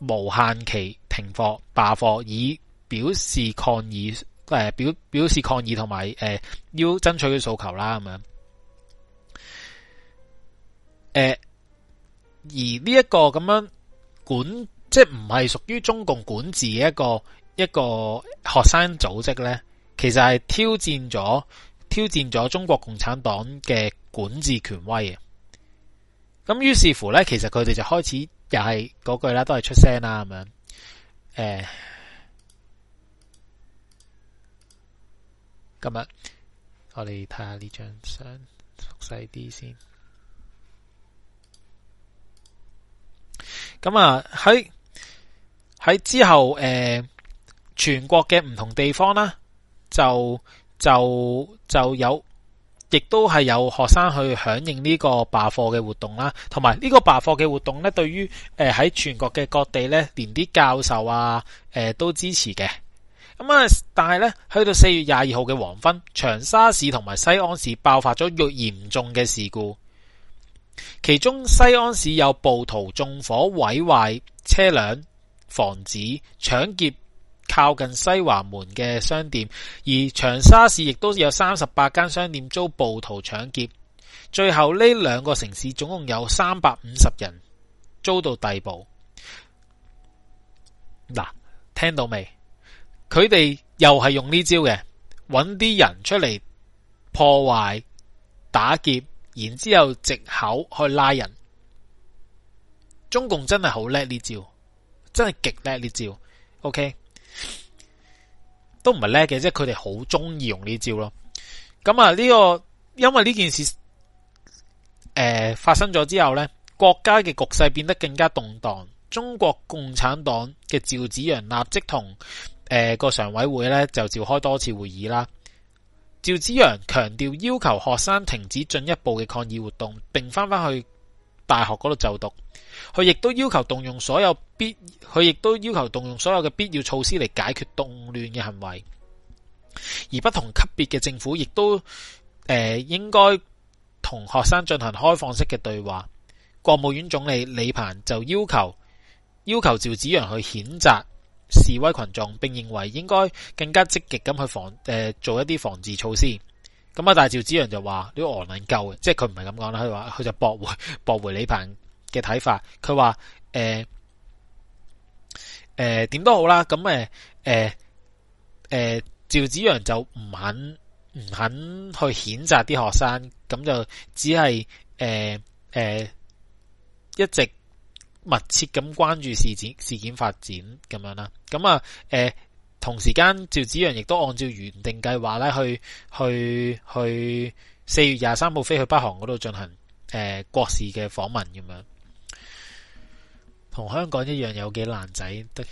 無限期停課罷課，罷課以表示抗議誒、呃、表表示抗議同埋誒要爭取嘅訴求啦咁樣誒，而呢一個咁樣管即係唔係屬於中共管治嘅一個一個學生組織呢，其實係挑戰咗挑戰咗中國共產黨嘅管治權威嘅。咁於是乎呢，其實佢哋就開始又係嗰句啦，都係出聲啦咁樣誒。呃今日我哋睇下呢張相，縮細啲先。咁啊，喺喺之後，誒、呃，全國嘅唔同地方啦，就就就有，亦都係有學生去響應呢個罷課嘅活動啦。同埋呢個罷課嘅活動咧，對於誒喺、呃、全國嘅各地咧，連啲教授啊，誒、呃、都支持嘅。咁啊！但係咧，去到四月廿二號嘅黃昏，長沙市同埋西安市爆發咗越嚴重嘅事故。其中西安市有暴徒縱火毀壞車輛、房子，搶劫靠近西華門嘅商店；而長沙市亦都有三十八間商店遭暴徒搶劫。最後呢兩個城市總共有三百五十人遭到逮捕。嗱，聽到未？佢哋又係用呢招嘅，揾啲人出嚟破壞、打劫，然之後藉口去拉人。中共真係好叻呢招，真係極叻呢招。OK，都唔係叻嘅，即係佢哋好中意用呢招咯。咁啊，呢個因為呢件事，誒發生咗之後呢，國家嘅局勢變得更加動盪。中國共產黨嘅趙紫陽立即同。誒、呃，個常委會咧就召開多次會議啦。趙紫陽強調要求學生停止進一步嘅抗議活動，並返返去大學嗰度就讀。佢亦都要求動用所有必，佢亦都要求動用所有嘅必要措施嚟解決動亂嘅行為。而不同級別嘅政府亦都誒、呃，應該同學生進行開放式嘅對話。國務院總理李鵬就要求要求趙紫陽去譴責。示威群眾，並認為應該更加積極咁去防，誒、呃、做一啲防治措施。咁、嗯、啊，但係趙紫陽就話，呢、這個鵝能夠嘅，即係佢唔係咁講啦。佢話佢就駁回駁回李鵬嘅睇法。佢話，誒誒點都好啦。咁誒誒誒，趙紫陽就唔肯唔肯去譴責啲學生，咁就只係誒誒一直密切咁關注事件事件發展咁樣啦，咁啊，誒、呃，同時間趙紫陽亦都按照原定計劃咧去去去四月廿三號飛去北韓嗰度進行誒、呃、國事嘅訪問咁樣，同香港一樣有幾爛仔，的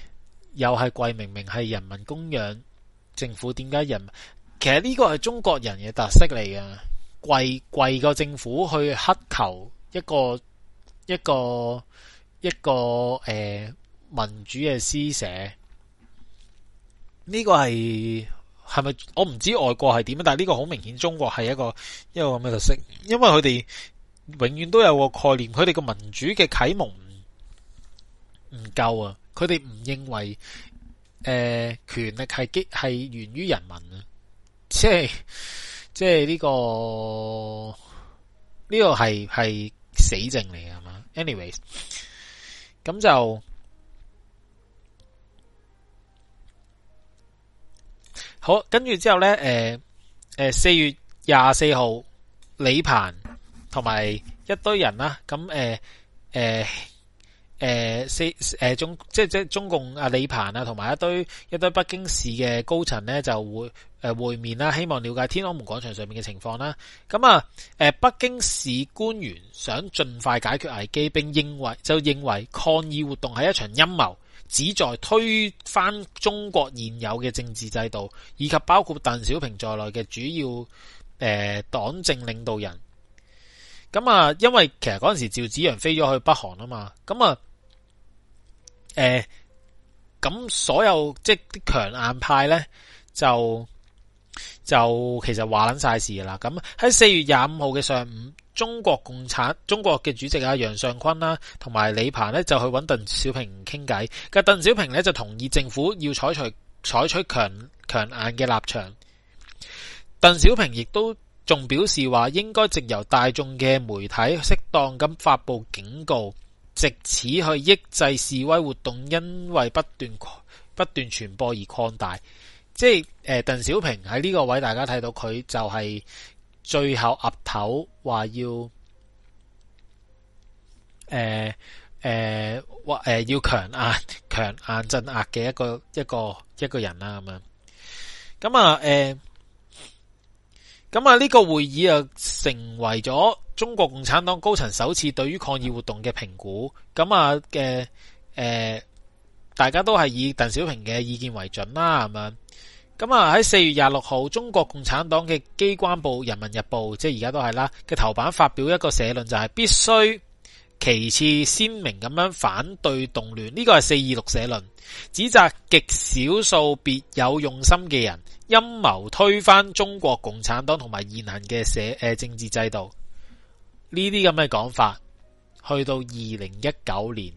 又係貴，明明係人民供養政府為什麼人，點解人其實呢個係中國人嘅特色嚟嘅，貴貴個政府去乞求一個一個。一個一個誒、呃、民主嘅施捨，呢、這個係係咪我唔知外國係點，但係呢個好明顯中國係一個一個咁嘅特色。因為佢哋永遠都有個概念，佢哋個民主嘅啟蒙唔唔夠啊！佢哋唔認為誒、呃、權力係基係源於人民啊，即係即係呢、這個呢、這個係係死證嚟啊嘛。anyways。咁就好，跟住之後呢，誒誒四月廿四號，李鵬同埋一堆人啦，咁，誒誒誒、呃、四誒、呃、中即即，即中共阿李鵬啊，同埋一堆一堆北京市嘅高層咧就會誒、呃、會面啦，希望了解天安門廣場上面嘅情況啦。咁啊誒北京市官員想盡快解決危機，並認為就認為抗議活動係一場陰謀，旨在推翻中國現有嘅政治制度，以及包括鄧小平在內嘅主要誒黨、呃、政領導人。咁啊，因為其實嗰陣時趙紫陽飛咗去北韓啊嘛，咁啊～誒、呃，咁所有即啲強硬派呢，就就其實話捻晒事啦。咁喺四月廿五號嘅上午，中國共產中國嘅主席阿楊尚昆啦、啊，同埋李鵬呢，就去揾鄧小平傾偈。但鄧小平呢，就同意政府要採取採取強強硬嘅立場。鄧小平亦都仲表示話，應該藉由大眾嘅媒體適當咁發佈警告。藉此去抑制示威活動，因為不斷不斷傳播而擴大，即係、呃、鄧小平喺呢個位，大家睇到佢就係最後岌頭話要，誒、呃呃呃、要強硬強硬鎮壓嘅一個一個一個人啦，咁樣咁啊、呃咁啊，呢個會議啊，成為咗中國共產黨高層首次對於抗議活動嘅評估。咁啊嘅誒，大家都係以鄧小平嘅意見為準啦。咁樣，咁啊喺四月廿六號，中國共產黨嘅機關報《人民日報》，即係而家都係啦，嘅頭版發表一個社論，就係、是、必須旗幟鮮明咁樣反對動亂。呢、這個係四二六社論，指責極少數別有用心嘅人。陰謀推翻中國共產黨同埋現行嘅社、誒、呃、政治制度呢啲咁嘅講法，去到二零一九年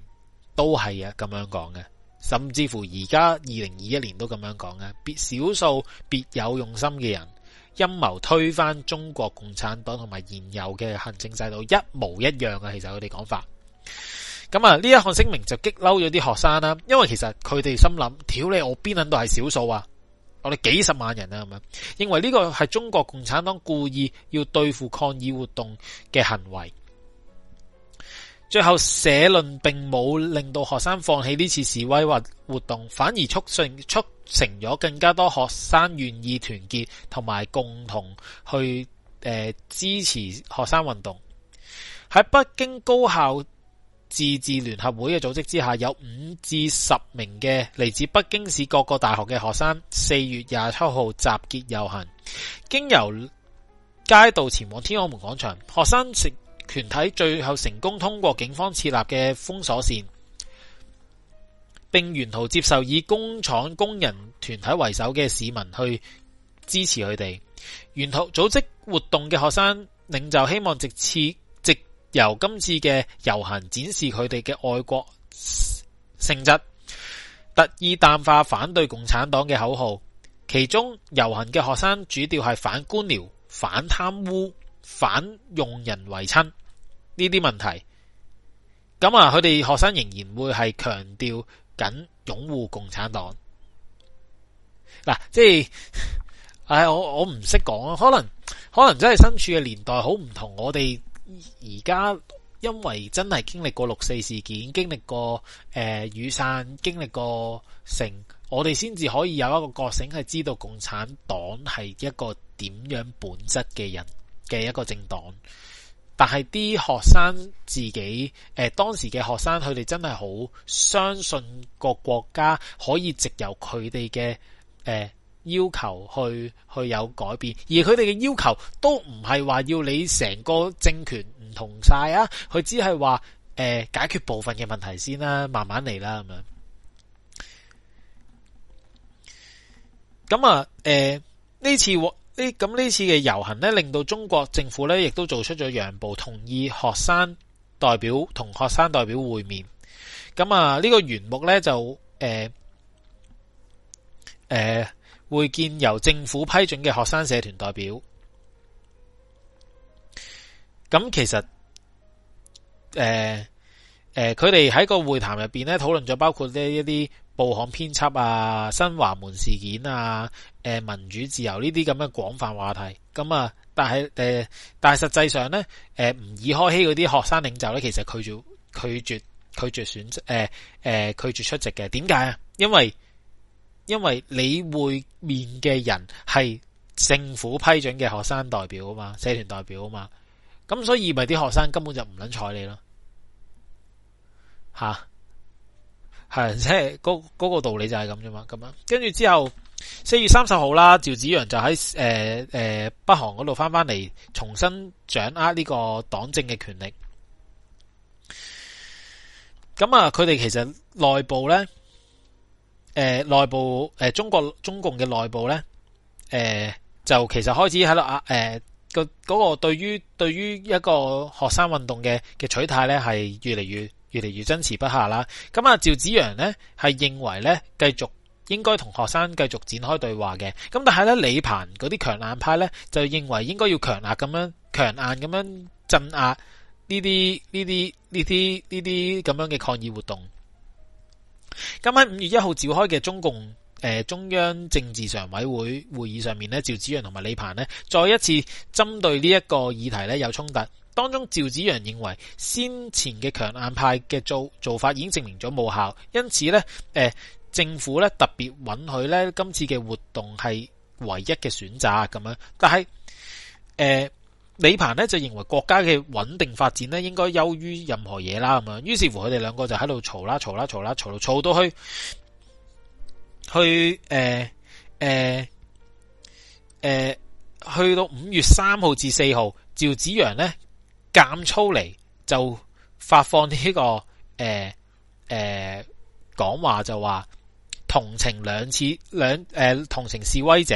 都係啊咁樣講嘅，甚至乎而家二零二一年都咁樣講嘅。別少數別有用心嘅人陰謀推翻中國共產黨同埋現有嘅行政制度一模一樣啊！其實佢哋講法，咁啊呢一項聲明就激嬲咗啲學生啦、啊，因為其實佢哋心諗，屌你我邊度係少數啊！我哋幾十萬人啊，咁樣認為呢個係中國共產黨故意要對付抗議活動嘅行為。最後，社論並冇令到學生放棄呢次示威或活動，反而促成促成咗更加多學生願意團結同埋共同去、呃、支持學生運動喺北京高校自治聯合會嘅組織之下，有五至十名嘅嚟自北京市各個大學嘅學生，四月廿七號集結遊行，經由街道前往天安門廣場。學生成團體最後成功通過警方設立嘅封鎖線，並沿途接受以工廠工人團體為首嘅市民去支持佢哋。沿途組織活動嘅學生領袖希望直刺。由今次嘅遊行展示佢哋嘅愛國性質，特意淡化反對共產黨嘅口號。其中遊行嘅學生主調係反官僚、反貪污、反用人唯親呢啲問題。咁啊，佢哋學生仍然會係強調緊擁護共產黨。嗱、啊，即係，唉，我我唔識講啊，可能可能真係身處嘅年代好唔同我哋。而家因為真係經歷過六四事件，經歷過誒、呃、雨傘，經歷過成我哋先至可以有一個覺醒，係知道共產黨係一個點樣本質嘅人嘅一個政黨。但係啲學生自己，誒、呃、當時嘅學生，佢哋真係好相信個國家可以直由佢哋嘅誒。呃要求去去有改變，而佢哋嘅要求都唔係話要你成個政權唔同晒啊，佢只係話誒解決部分嘅問題先啦，慢慢嚟啦咁樣。咁啊，誒、呃、呢次呢，咁呢次嘅遊行呢，令到中國政府呢亦都做出咗讓步，同意學生代表同學生代表會面。咁啊，呢、這個原目呢，就誒誒。呃呃會見由政府批准嘅學生社團代表，咁其實誒誒，佢哋喺個會談入邊咧，討論咗包括呢一啲報刊編輯啊、新華門事件啊、誒、呃、民主自由呢啲咁嘅廣泛話題。咁啊、呃，但係誒，但係實際上咧，誒、呃、吾爾開希嗰啲學生領袖咧，其實拒絕拒絕拒絕選擇誒誒拒絕出席嘅。點解啊？因為因為你會面嘅人係政府批准嘅學生代表啊嘛，社團代表啊嘛，咁所以咪啲學生根本就唔撚睬你咯，吓，係即係嗰個個道理就係咁啫嘛，咁樣跟住之後四月三十號啦，趙紫陽就喺誒誒北韓嗰度翻翻嚟，重新掌握呢個黨政嘅權力。咁啊，佢哋其實內部呢。誒、呃，內部誒、呃，中國中共嘅內部咧，誒、呃，就其實開始喺度啊，誒、呃，個嗰對於對於一個學生運動嘅嘅取態咧，係越嚟越越嚟越爭持不下啦。咁、嗯、啊，趙紫陽咧係認為咧，繼續應該同學生繼續展開對話嘅。咁、嗯、但係咧，李鵬嗰啲強硬派咧，就認為應該要強硬咁樣強硬咁樣鎮壓呢啲呢啲呢啲呢啲咁樣嘅抗議活動。今晚五月一號召開嘅中共誒、呃、中央政治常委會會議上面呢，趙紫陽同埋李鵬呢再一次針對呢一個議題呢有衝突。當中趙紫陽認為先前嘅強硬派嘅做做法已經證明咗無效，因此呢誒、呃、政府呢特別允許呢今次嘅活動係唯一嘅選擇咁樣。但係誒。呃李鵬咧就認為國家嘅穩定發展咧應該優於任何嘢啦，咁樣，於是乎佢哋兩個就喺度嘈啦嘈啦嘈啦嘈，到嘈到去，去誒誒誒，去到五月三號至四號，趙紫陽咧減粗嚟就發放呢、這個誒誒講話就話同情兩次兩誒、呃、同情示威者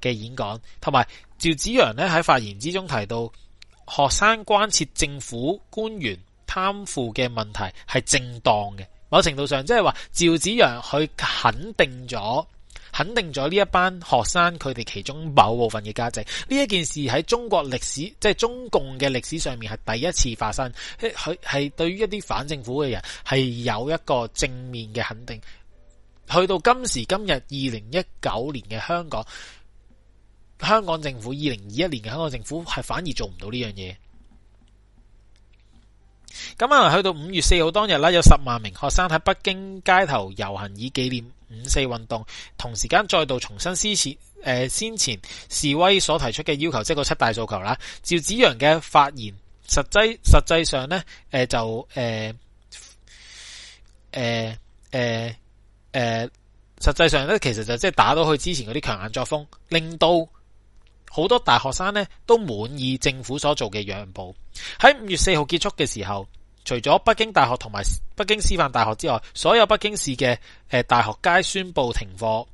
嘅演講，同埋，趙紫陽咧喺發言之中提到，學生關切政府官員貪腐嘅問題係正當嘅。某程度上，即係話趙紫陽去肯定咗，肯定咗呢一班學生佢哋其中某部分嘅價值。呢一件事喺中國歷史，即係中共嘅歷史上面係第一次發生。佢係對於一啲反政府嘅人係有一個正面嘅肯定。去到今時今日，二零一九年嘅香港。香港政府二零二一年嘅香港政府係反而做唔到呢樣嘢。咁啊，去到五月四號當日啦，有十萬名學生喺北京街頭遊行以紀念五四運動，同時間再度重新施設誒先前示威所提出嘅要求，即係個七大訴求啦。趙紫陽嘅發言實際實際上咧，誒就誒誒誒誒，實際上咧、呃呃呃呃呃、其實就即係打到佢之前嗰啲強硬作風，令到。好多大學生呢都滿意政府所做嘅讓步。喺五月四號結束嘅時候，除咗北京大學同埋北京師範大學之外，所有北京市嘅誒大學皆宣布停課，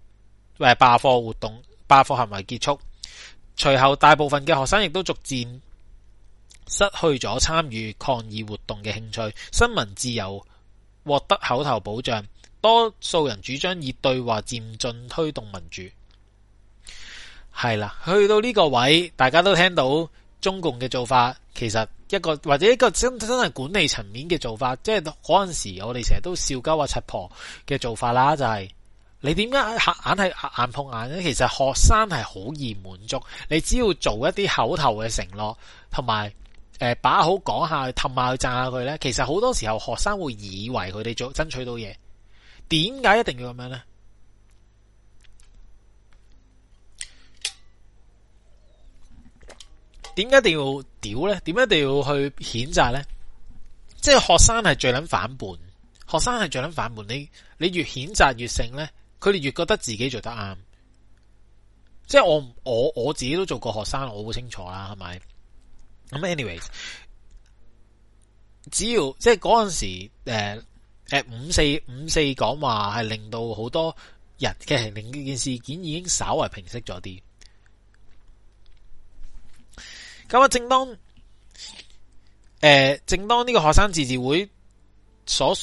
誒罷課活動罷課行為結束。隨後，大部分嘅學生亦都逐漸失去咗參與抗議活動嘅興趣。新聞自由獲得口頭保障，多數人主張以對話漸進推動民主。係啦，去到呢個位，大家都聽到中共嘅做法，其實一個或者一個真真係管理層面嘅做法，即係嗰陣時我哋成日都笑鳩啊、七婆嘅做法啦，就係、是、你點解硬硬係硬碰硬呢？其實學生係好易滿足，你只要做一啲口頭嘅承諾，同埋誒把好講下佢、氹下去、贊下佢呢。其實好多時候學生會以為佢哋做爭取到嘢，點解一定要咁樣呢？點解一定要屌咧？點解一定要去譴責咧？即係學生係最撚反叛，學生係最撚反叛。你你越譴責越盛咧，佢哋越覺得自己做得啱。即係我我我自己都做過學生，我好清楚啦，係咪？咁，anyways，只要即係嗰陣時，誒、呃、誒，五四五四講話係令到好多人嘅，令呢件事件已經稍為平息咗啲。咁啊、呃！正當誒，正當呢個學生自治會所誒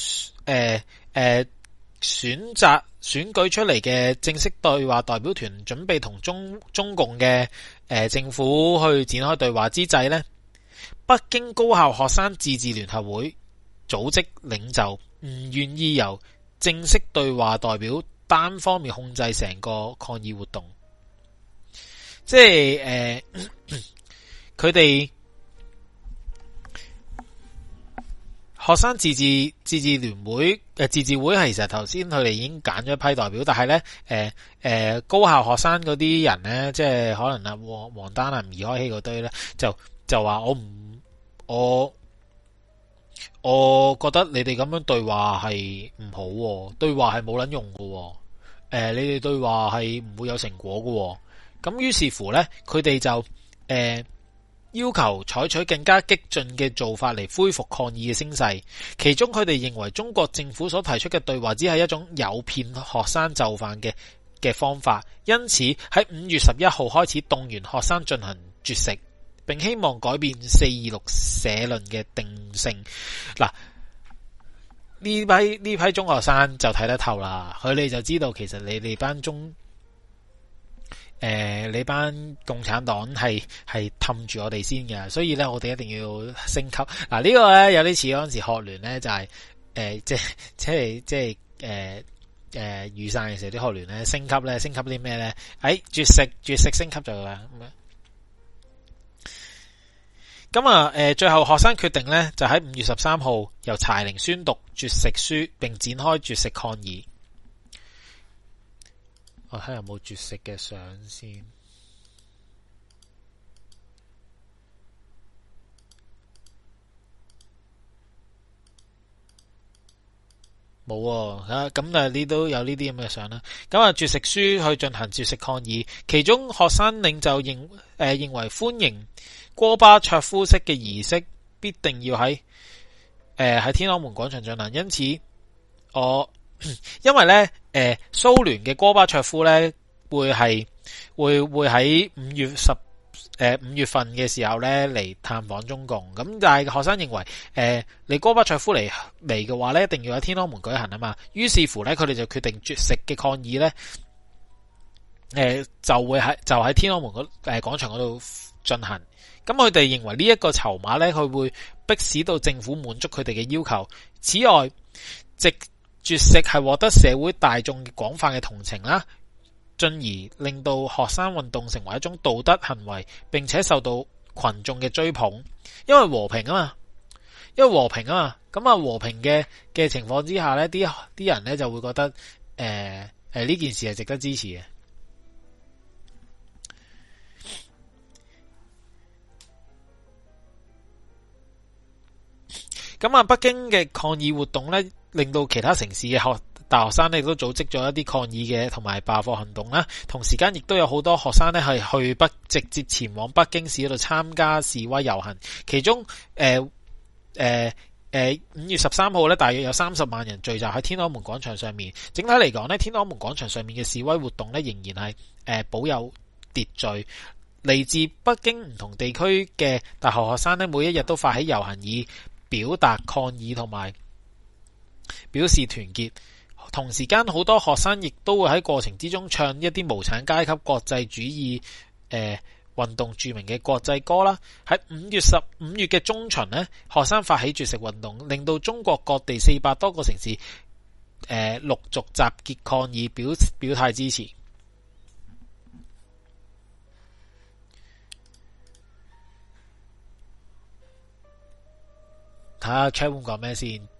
誒選擇、呃呃、選，選舉出嚟嘅正式對話代表團，準備同中中共嘅誒、呃、政府去展開對話之際呢，北京高校學生自治聯合會組織領袖唔願意由正式對話代表單方面控制成個抗議活動，即係誒。呃 [laughs] 佢哋學生自治自治聯會自治會係，其實頭先佢哋已經揀咗一批代表，但係咧，誒、呃、誒、呃，高校學生嗰啲人咧，即係可能啊王丹啊、吾爾開希嗰堆咧，就就話我唔我，我覺得你哋咁樣對話係唔好，啊，對話係冇撚用噶，啊，誒、呃，你哋對話係唔會有成果噶，啊，咁於是乎咧，佢哋就誒。呃要求採取更加激進嘅做法嚟恢復抗議嘅聲勢，其中佢哋認為中國政府所提出嘅對話只係一種誘騙學生就範嘅嘅方法，因此喺五月十一號開始動員學生進行絕食，并希望改變四二六社論嘅定性。嗱，呢批呢批中學生就睇得透啦，佢哋就知道其實你哋班中。誒、呃，你班共產黨係係氹住我哋先嘅，所以咧我哋一定要升級。嗱、啊這個、呢個咧有啲似嗰陣時學聯咧就係、是、誒、呃，即係即係即係誒誒雨傘嘅時候啲學聯咧升級咧升級啲咩咧？誒、哎、絕食絕食升級就啦。咁、okay? 樣咁啊誒、呃，最後學生決定咧就喺五月十三號由柴玲宣讀絕食書，並展開絕食抗議。我睇下有冇絕食嘅相先，冇啊！咁啊，呢都有呢啲咁嘅相啦。咁啊，絕食書去進行絕食抗議，其中學生領袖認，誒、呃、認為歡迎戈巴卓夫式嘅儀式，必定要喺，誒、呃、喺天安門廣場進行。因此，我。嗯、因為咧，誒、呃，蘇聯嘅哥巴卓夫咧，會係會會喺五月十誒五、呃、月份嘅時候咧嚟探訪中共咁，但係學生認為，誒、呃，你哥巴卓夫嚟嚟嘅話咧，一定要喺天安門舉行啊嘛。於是乎咧，佢哋就決定絕食嘅抗議咧，誒、呃、就會喺就喺天安門嗰誒廣場嗰度進行。咁佢哋認為這個籌碼呢一個籌碼咧，佢會迫使到政府滿足佢哋嘅要求。此外，直。絕食係獲得社會大眾廣泛嘅同情啦，進而令到學生運動成為一種道德行為，並且受到群眾嘅追捧，因為和平啊嘛，因為和平啊嘛，咁啊和平嘅嘅情況之下，呢啲啲人呢就會覺得，誒誒呢件事係值得支持嘅。咁啊，北京嘅抗議活動呢，令到其他城市嘅學大學生咧，都組織咗一啲抗議嘅同埋罷課行動啦。同時間亦都有好多學生咧，係去北直接前往北京市嗰度參加示威遊行。其中，誒、呃、呃呃呃、五月十三號咧，大約有三十萬人聚集喺天安門廣場上面。整體嚟講咧，天安門廣場上面嘅示威活動咧，仍然係誒保有秩序。嚟自北京唔同地區嘅大學學生呢，每一日都發起遊行以表達抗議同埋。表示團結，同時間好多學生亦都會喺過程之中唱一啲無產階級國際主義誒運、呃、動著名嘅國際歌啦。喺五月十五月嘅中旬咧，學生發起絕食運動，令到中國各地四百多個城市誒陸、呃、續集結抗議，表表態支持。睇下 Checkman 講咩先。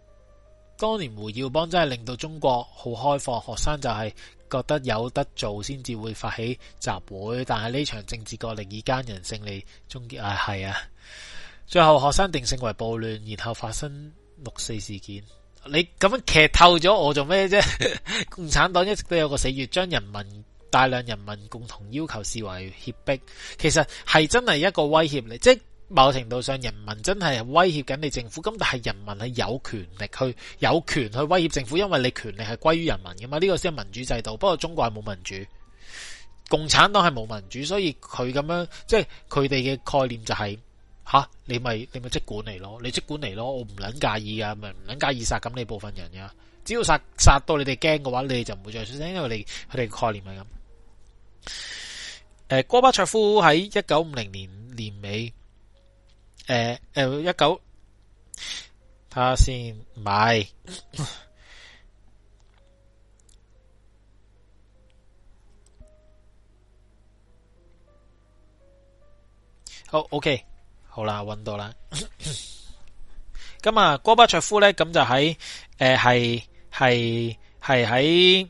當年胡耀邦真係令到中國好開放，學生就係覺得有得做先至會發起集會，但係呢場政治角力以奸人勝利終結。啊、哎，係啊，最後學生定性為暴亂，然後發生六四事件。你咁樣劇透咗我做咩啫？ [laughs] 共產黨一直都有個死穴，將人民大量人民共同要求視為脅迫，其實係真係一個威脅嚟，即、就是。某程度上，人民真係威脅緊你政府。咁但係人民係有權力去，有權去威脅政府，因為你權力係歸於人民噶嘛。呢個先係民主制度。不過中國係冇民主，共產黨係冇民主，所以佢咁樣，即係佢哋嘅概念就係「吓，你咪你咪即管嚟咯，你即管嚟咯，我唔捻介意呀，咪唔捻介意殺緊你部分人呀。」只要殺殺到你哋驚嘅話，你哋就唔會再出聲，因為佢哋嘅概念係咁。誒、呃，戈巴卓夫喺一九五零年年尾。誒誒，一九，睇下先買。好 OK，好啦，搵到啦。咁啊，戈巴卓夫咧，咁就喺誒，係係係喺。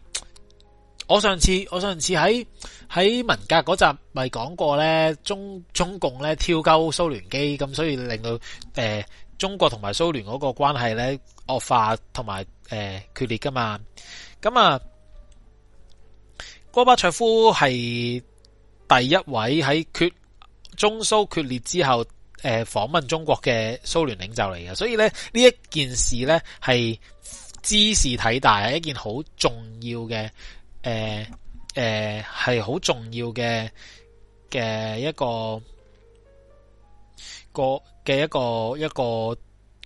我上次我上次喺喺文革嗰集咪講過咧，中中共咧挑鳩蘇聯機，咁所以令到誒、呃、中國同埋蘇聯嗰個關係咧惡化同埋誒決裂噶嘛。咁啊，戈巴卓夫係第一位喺決中蘇決裂之後誒訪、呃、問中國嘅蘇聯領袖嚟嘅，所以咧呢一件事咧係茲事體大，係一件好重要嘅。誒、呃、誒，係、呃、好重要嘅嘅一個個嘅一個一個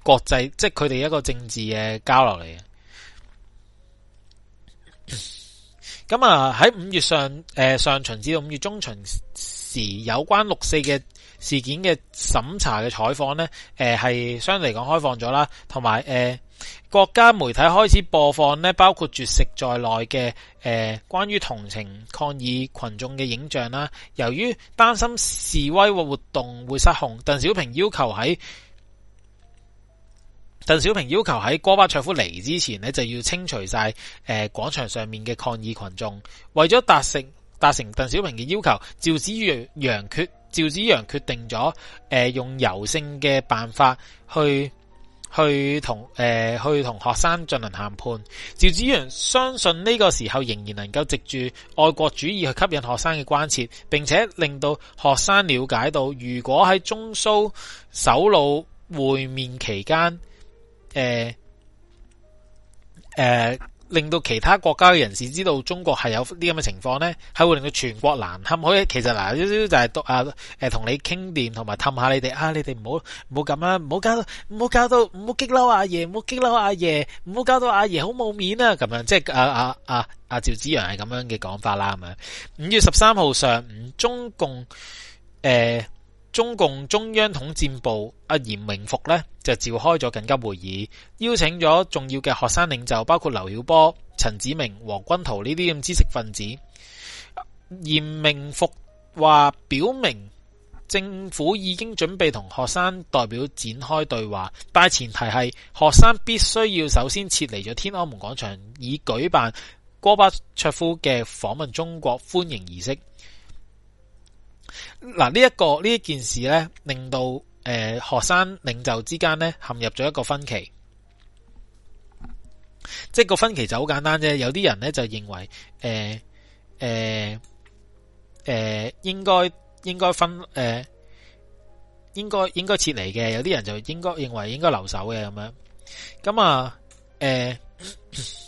國際，即係佢哋一個政治嘅交流嚟嘅。咁啊，喺五月上誒、呃、上旬至到五月中旬時，有關六四嘅事件嘅審查嘅採訪咧，誒、呃、係相對嚟講開放咗啦，同埋誒。呃國家媒體開始播放呢，包括絕食在內嘅誒，關於同情抗議群眾嘅影像啦。由於擔心示威活動會失控，鄧小平要求喺鄧小平要求喺戈巴卓夫嚟之前呢，就要清除晒誒廣場上面嘅抗議群眾。為咗達成達成鄧小平嘅要求，趙紫陽決趙紫陽決定咗誒、呃，用柔性嘅辦法去。去同誒、呃、去同學生進行談判，趙紫陽相信呢個時候仍然能夠藉住愛國主義去吸引學生嘅關切，並且令到學生了解到，如果喺中蘇首腦會面期間，誒、呃、誒。呃令到其他國家嘅人士知道中國係有啲咁嘅情況呢，係會令到全國難堪。可以，其實嗱，呢啲就係同你傾掂同埋探下你哋啊，你哋唔好唔好咁樣，唔好搞到，唔好搞到唔好激嬲阿爺，唔好激嬲阿爺，唔好搞到阿爺好冇面啊！咁樣即係啊啊啊啊，趙紫陽係咁樣嘅講法啦咁樣。五月十三號上午，中共誒。呃中共中央統戰部阿、啊、嚴明福咧就召開咗緊急會議，邀請咗重要嘅學生領袖，包括劉曉波、陳子明、王軍濤呢啲咁知識分子。啊、嚴明福話表明，政府已經準備同學生代表展開對話，但係前提係學生必須要首先撤離咗天安門廣場，以舉辦戈巴卓夫嘅訪問中國歡迎儀式。嗱、這個，呢一個呢件事呢，令到誒、呃、學生領袖之間呢，陷入咗一個分歧，即係個分歧就好簡單啫。有啲人呢，就認為，誒誒誒，應該應該分，誒、呃、應該應該撤離嘅。有啲人就應該認為應該留守嘅咁樣。咁啊，誒、呃。 [laughs]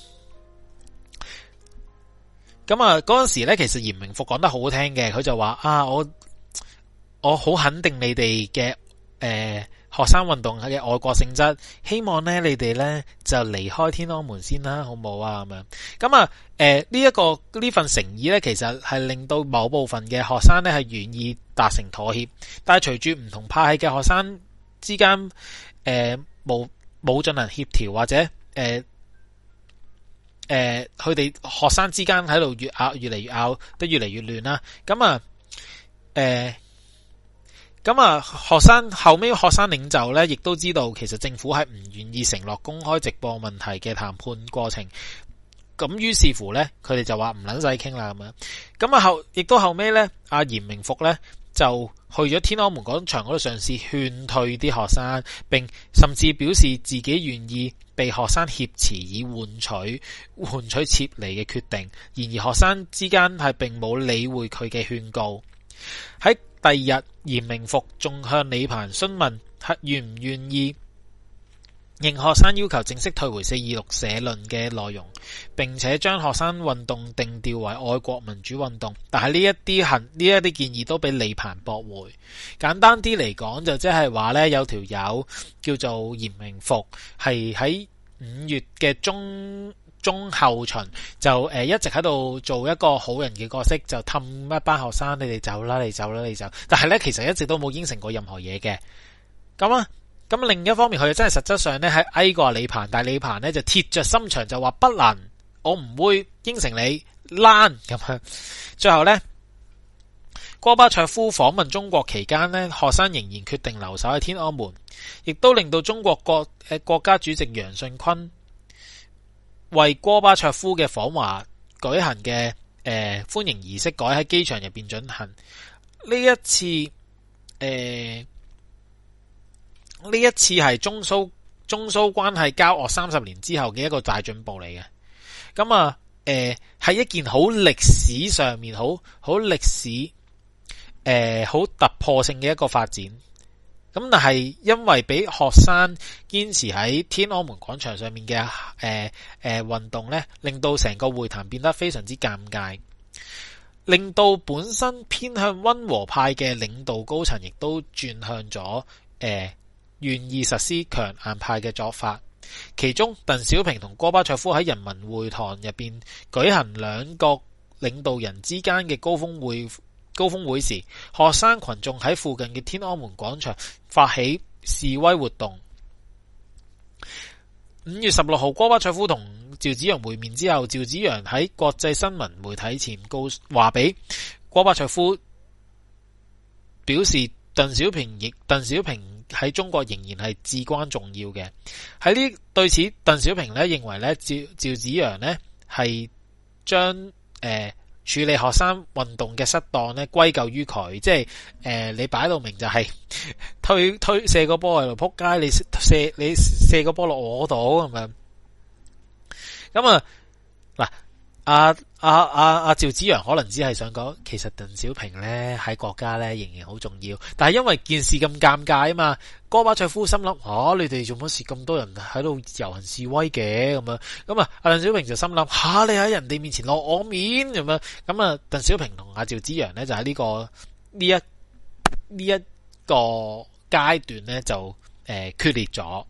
咁啊，嗰陣時咧，其實閻明復講得好好聽嘅，佢就話啊，我我好肯定你哋嘅誒學生運動嘅愛國性質，希望咧你哋咧就離開天安門先啦，好唔好啊咁樣。咁、呃、啊，誒呢一個呢份誠意咧，其實係令到某部分嘅學生咧係願意達成妥協，但係隨住唔同派嘅學生之間誒、呃、冇冇進行協調或者誒。呃誒、呃，佢哋學生之間喺度越拗越嚟，越拗，得越嚟越亂啦。咁啊，誒、呃，咁啊，學生後尾，學生領袖呢，亦都知道其實政府係唔願意承諾公開直播問題嘅談判過程。咁於是乎呢，佢哋就話唔捻使傾啦咁樣、啊。咁啊後，亦都後尾呢，阿、啊、嚴明福呢，就。去咗天安門廣場嗰度嘗試勸退啲學生，並甚至表示自己願意被學生挾持以換取換取撤離嘅決定。然而，學生之間係並冇理會佢嘅勸告。喺第二日，閻明復仲向李鵬詢問，係願唔願意認學生要求正式退回四二六社論嘅內容，並且將學生運動定調為愛國民主運動，但係呢一啲行呢一啲建議都俾李鵬駁回。簡單啲嚟講，就即係話呢，有條友叫做嚴明福，係喺五月嘅中中後旬就誒一直喺度做一個好人嘅角色，就氹一班學生，你哋走，走啦，你走啦，你走。但係呢，其實一直都冇應承過任何嘢嘅。咁啊。咁另一方面，佢哋真係實質上咧係挨過李鵬，但李鵬呢就鐵著心腸，就話不能，我唔會應承你爛咁樣。最後呢，戈巴卓夫訪問中國期間呢，學生仍然決定留守喺天安門，亦都令到中國國，、呃、國家主席楊信坤為戈巴卓夫嘅訪華舉行嘅、呃、歡迎儀式改喺機場入邊進行。呢一次、呃呢一次係中蘇中蘇關係交惡三十年之後嘅一個大進步嚟嘅，咁、嗯、啊，誒、呃，係一件好歷史上面好好歷史誒好、呃、突破性嘅一個發展。咁但係因為俾學生堅持喺天安門廣場上面嘅誒誒運動呢，令到成個會談變得非常之尷尬，令到本身偏向溫和派嘅領導高層亦都轉向咗誒。呃願意實施強硬派嘅作法，其中鄧小平同戈巴卓夫喺人民會堂入面舉行兩國領導人之間嘅高峰會。高峰會時，學生群眾喺附近嘅天安門廣場發起示威活動。五月十六號，戈巴卓夫同趙紫陽會面之後，趙紫陽喺國際新聞媒體前告話俾戈巴卓夫，表示鄧小平亦鄧小平，喺中國仍然係至關重要嘅。喺呢對此，鄧小平咧認為咧趙趙紫陽咧係將誒處理學生運動嘅失當咧歸咎於佢，即係誒、呃、你擺到明就係、是、推推射個波喺度撲街，你射你射個波落我度咁樣、啊。咁啊嗱。阿阿阿阿趙紫陽可能只係想講，其實鄧小平咧喺國家咧仍然好重要，但係因為件事咁尷尬啊嘛，戈巴切夫心諗吓、啊，你哋做乜事咁多人喺度遊行示威嘅咁啊？咁啊，阿鄧小平就心諗吓、啊，你喺人哋面前落我面咁啊？咁啊，鄧小平同阿趙紫陽咧就喺呢、這個呢一呢一個階段咧就誒、呃、決裂咗。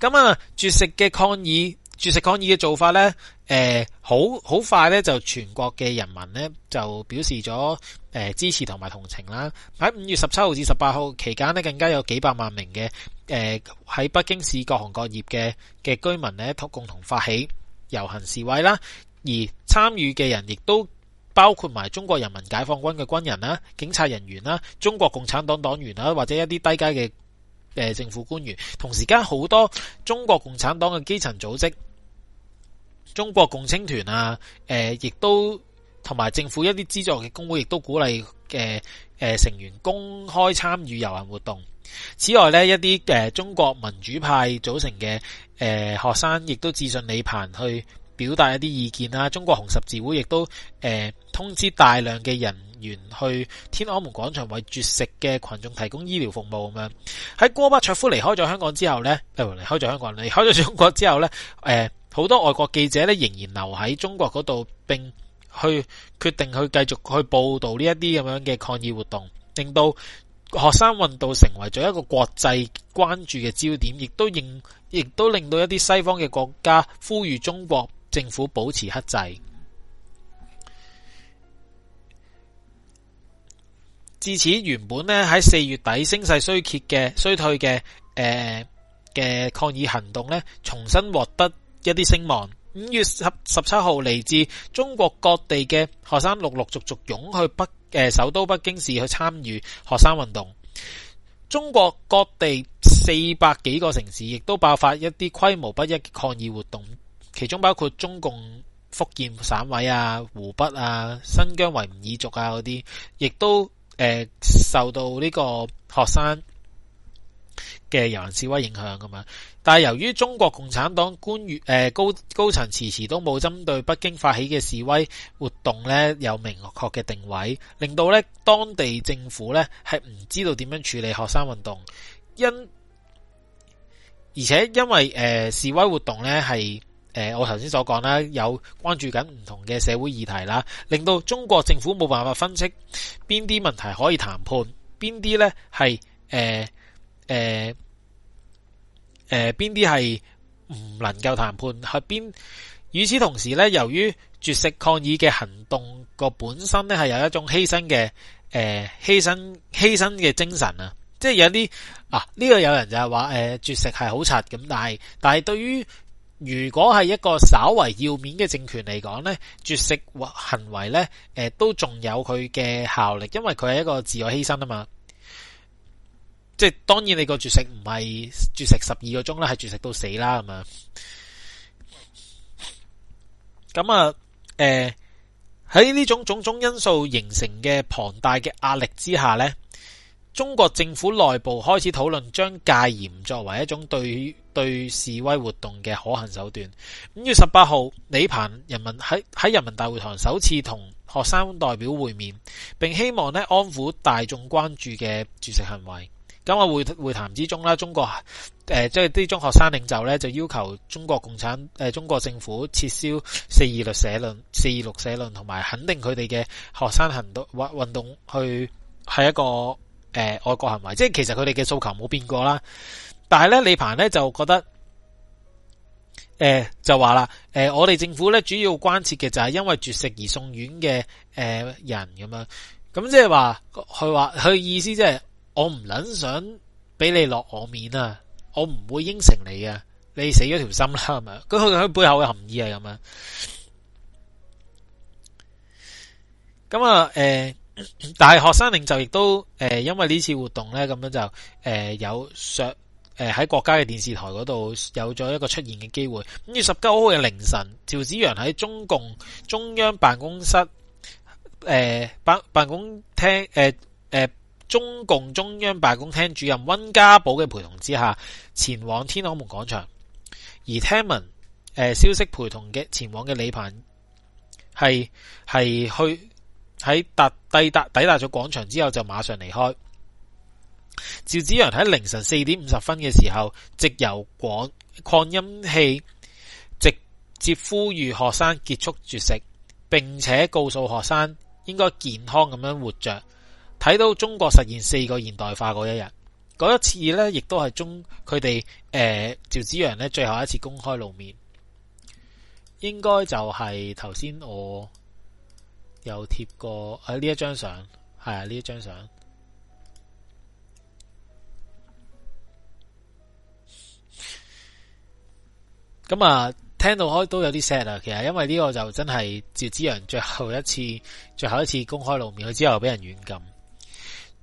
咁啊絕食嘅抗議。絕食抗議嘅做法呢，誒好好快呢，就全國嘅人民呢，就表示咗誒支持同埋同情啦。喺五月十七號至十八號期間呢，更加有幾百萬名嘅誒喺北京市各行各業嘅嘅居民呢，同共同發起遊行示威啦。而參與嘅人亦都包括埋中國人民解放軍嘅軍人啦、警察人員啦、中國共產黨黨員啦，或者一啲低階嘅。嘅政府官員，同時間好多中國共產黨嘅基層組織、中國共青團啊，誒，亦都同埋政府一啲資助嘅工會，亦都鼓勵嘅誒成員公開參與遊行活動。此外呢一啲誒中國民主派組成嘅誒學生，亦都致信李鵬去表達一啲意見啦，中國紅十字會亦都誒、呃、通知，大量嘅人員去天安門廣場為絕食嘅群眾提供醫療服務咁樣。喺戈巴卓夫離開咗香港之後呢，唔係離開咗香港，離開咗中國之後呢，誒、呃、好多外國記者仍然留喺中國嗰度，並去決定去繼續去報道呢一啲咁樣嘅抗議活動，令到學生運動成為咗一個國際關注嘅焦點，亦都認亦都令到一啲西方嘅國家呼籲中國政府保持克制，至此原本呢喺四月底聲勢衰竭嘅衰退嘅，誒、呃、嘅抗議行動呢重新獲得一啲聲望。五月十十七號，嚟自中國各地嘅學生陸,陸陸續續湧去北誒、呃、首都北京市去參與學生運動，中國各地四百幾個城市亦都爆發一啲規模不一嘅抗議活動。其中包括中共福建省委啊、湖北啊、新疆維吾爾族啊嗰啲，亦都誒、呃、受到呢個學生嘅遊行示威影響噶嘛。但係由於中國共產黨官員誒、呃、高高層遲遲都冇針對北京發起嘅示威活動咧，有明確嘅定位，令到咧當地政府咧係唔知道點樣處理學生運動。因而且因為誒、呃、示威活動咧係。是誒、呃，我頭先所講啦，有關注緊唔同嘅社會議題啦，令到中國政府冇辦法分析邊啲問題可以談判，邊啲呢係誒誒誒邊啲係唔能夠談判，係邊。與此同時呢，由於絕食抗議嘅行動個本身呢，係有一種犧牲嘅誒犧牲犧牲嘅精神是啊，即係有啲啊呢個有人就係話誒絕食係好柒咁，但係但係對於。如果係一個稍為要面嘅政權嚟講呢，絕食或行為呢誒、呃、都仲有佢嘅效力，因為佢係一個自我犧牲啊嘛。即、就、係、是、當然，你個絕食唔係絕食十二個鐘啦，係絕食到死啦咁嘛。咁啊，誒喺呢種種種因素形成嘅龐大嘅壓力之下呢，中國政府內部開始討論將戒嚴作為一種對。對示威活動嘅可行手段。五月十八號，李鵬人民喺喺人民大會堂首次同學生代表會面，並希望呢安撫大眾關注嘅絕食行為。咁啊會會談之中啦，中國誒即係啲中學生領袖呢，就要求中國共產誒、呃、中國政府撤銷四二六社論、四二六社論，同埋肯定佢哋嘅學生行動運運動去係一個誒、呃、愛國行為。即係其實佢哋嘅訴求冇變過啦。但係咧，李鵬咧就覺得，誒、呃、就話啦，誒、呃、我哋政府咧主要關切嘅就係因為絕食而送院嘅誒、呃、人咁樣，咁即係話佢話佢意思即係我唔捻想俾你落我面啊，我唔會應承你啊，你死咗條心啦咁樣，咁佢佢背後嘅含義係咁樣。咁啊，誒、呃，但係學生領袖亦都誒、呃，因為呢次活動咧，咁樣就誒、呃、有上。誒、呃，喺國家嘅電視台度有咗一個出現嘅機會。五月十九號嘅凌晨，趙紫陽喺中共中央辦公室誒辦、呃、辦公廳誒誒中共中央辦公廳主任温家寶嘅陪同之下，前往天安門廣場。而聽聞誒、呃、消息，陪同嘅前往嘅李鵬係係去喺達抵達抵達咗廣場之後，就馬上離開。趙紫陽喺凌晨四點五十分嘅時候，直由廣擴音器直接呼籲學生結束絕食，並且告訴學生應該健康咁樣活着，睇到中國實現四個現代化嗰一日。嗰一次呢亦都係中佢哋誒，趙紫陽呢最後一次公開露面，應該就係頭先我有貼過，啊呢一張相，係啊呢一張相。咁、嗯、啊，聽到開都有啲 sad 啊！其實因為呢個就真係趙紫陽最後一次、最後一次公開露面，佢之後俾人軟禁。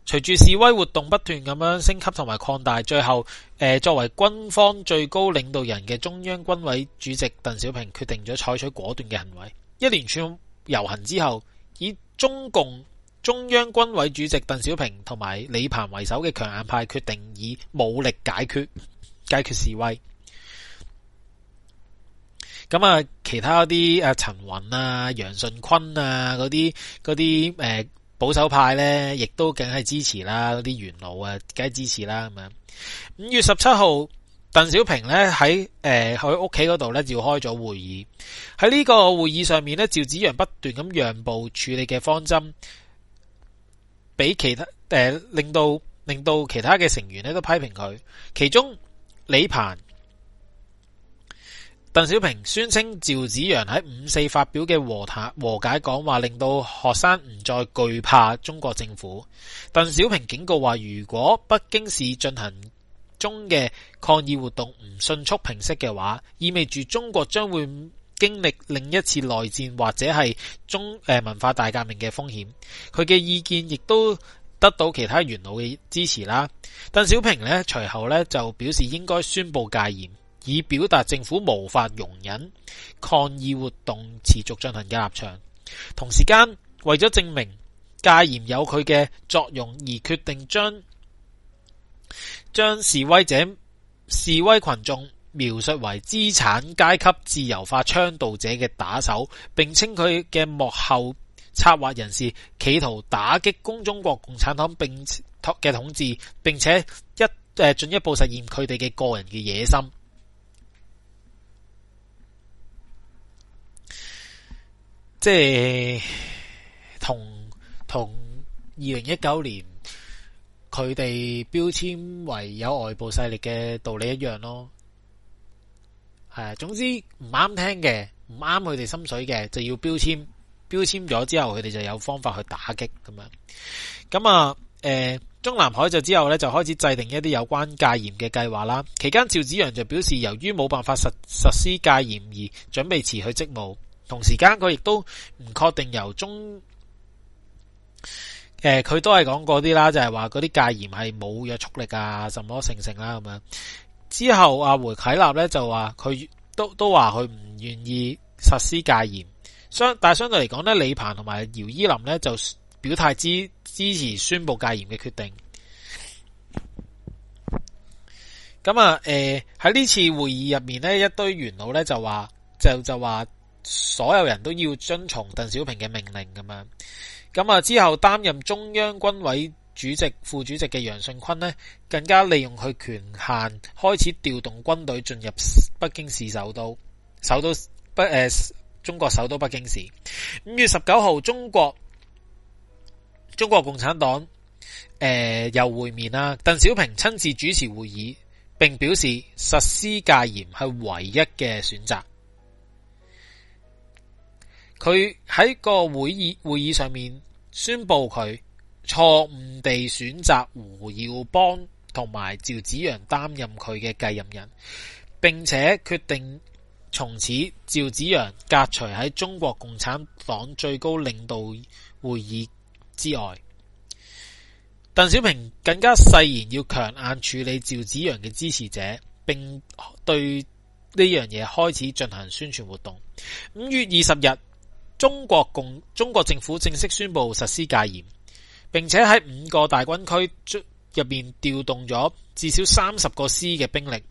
隨住示威活動不斷咁樣升級同埋擴大，最後、呃、作為軍方最高領導人嘅中央軍委主席鄧小平決定咗採取果斷嘅行為。一連串遊行之後，以中共中央軍委主席鄧小平同埋李鵬為首嘅強硬派決定以武力解決解決示威。咁啊，其他啲阿陳雲啊、楊尚昆啊嗰啲嗰啲誒保守派咧，亦都梗係支持啦，嗰啲元老啊，梗係支持啦咁樣。五月十七號，鄧小平咧喺誒佢屋企嗰度咧，召開咗會議。喺呢個會議上面咧，趙紫陽不斷咁讓步處理嘅方針，俾其他、呃、令到令到其他嘅成員咧都批評佢。其中李鵬。鄧小平宣稱，趙紫陽喺五四發表嘅和談和解講話，令到學生唔再懼怕中國政府。鄧小平警告話，如果北京市進行中嘅抗議活動唔迅速平息嘅話，意味住中國將會經歷另一次內戰或者係中誒文化大革命嘅風險。佢嘅意見亦都得到其他元老嘅支持啦。鄧小平呢隨後呢就表示，應該宣布戒嚴。以表達政府無法容忍抗議活動持續進行嘅立場，同時間，為咗證明戒嚴有佢嘅作用，而決定將，將示威者、示威群眾描述為資產階級自由化倡導者嘅打手，並稱佢嘅幕後策劃人士企圖打擊公中國共產黨並嘅統治，並且一、呃、進一步實現佢哋嘅個人嘅野心。即係同同二零一九年佢哋標籤為有外部勢力嘅道理一樣咯，係總之唔啱聽嘅，唔啱佢哋心水嘅，就要標籤，標籤咗之後，佢哋就有方法去打擊咁樣。咁啊，誒、呃，中南海就之後呢，就開始制定一啲有關戒嚴嘅計劃啦。期間，趙紫陽就表示，由於冇辦法實實施戒嚴，而準備辭去職務。同時間佢亦都唔確定由中，誒，佢都係講過啲啦，就係話嗰啲戒嚴係冇約束力啊，什麼成成啦咁樣。之後阿胡啟立咧就話佢都都話佢唔願意實施戒嚴，相但係相對嚟講咧，李鵬同埋姚依林咧就表態支支持宣布戒嚴嘅決定。咁啊，誒喺呢次會議入面呢，一堆元老咧就話就就話，所有人都要遵從鄧小平嘅命令咁樣、啊，咁啊之後擔任中央軍委主席、副主席嘅楊尚昆呢，更加利用佢權限開始調動軍隊進入北京市首都首都北誒、呃、中國首都北京市。五月十九號，中國中國共產黨誒、呃、又會面啦，鄧小平親自主持會議，並表示實施戒嚴係唯一嘅選擇。佢喺個會議會議上面宣布佢錯誤地選擇胡耀邦同埋趙紫陽擔任佢嘅繼任人，並且決定從此趙紫陽革除喺中國共產黨最高領導會議之外。鄧小平更加誓言要強硬處理趙紫陽嘅支持者，並對呢樣嘢開始進行宣傳活動。五月二十日，中國共中國政府正式宣布實施戒嚴，並且喺五個大軍區入邊調動咗至少三十個師嘅兵力，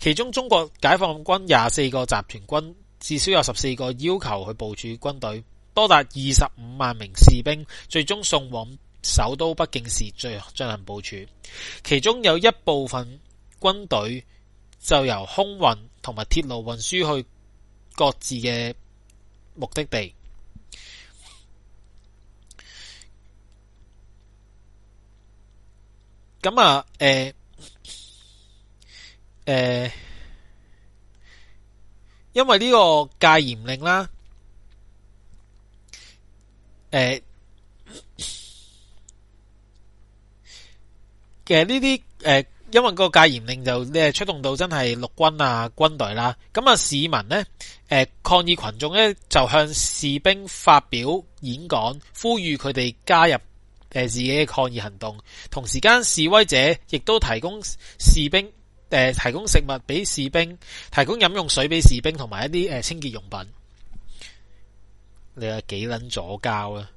其中中國解放軍廿四個集團軍至少有十四個要求去部署軍隊，多達二十五萬名士兵最終送往首都北京市進進行部署，其中有一部分軍隊就由空運同埋鐵路運輸去各自嘅。目的地，咁啊，誒、欸，誒、欸，因為呢個戒嚴令啦，誒、欸，嘅呢啲，誒、欸。因為個戒嚴令就出動到真係陸軍啊軍隊啦、啊，咁啊市民呢，誒、呃、抗議群眾呢，就向士兵發表演講，呼籲佢哋加入誒、呃、自己嘅抗議行動。同時間示威者亦都提供士兵誒、呃、提供食物俾士兵，提供飲用水俾士兵，同埋一啲誒、呃、清潔用品。你話幾捻左膠啊？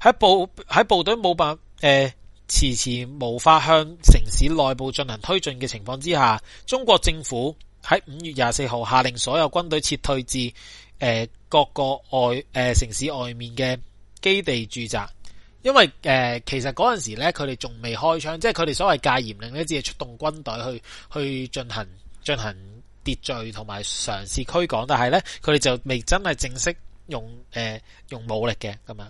喺部喺部隊冇辦法。呃遲遲無法向城市內部進行推進嘅情況之下，中國政府喺五月廿四號下令所有軍隊撤退至誒、呃、各個外誒、呃、城市外面嘅基地駐紮，因為誒、呃、其實嗰陣時咧，佢哋仲未開槍，即係佢哋所謂戒嚴令呢只係出動軍隊去去進行進行秩序同埋嘗試驅趕，但係咧佢哋就未真係正式用誒、呃、用武力嘅咁樣。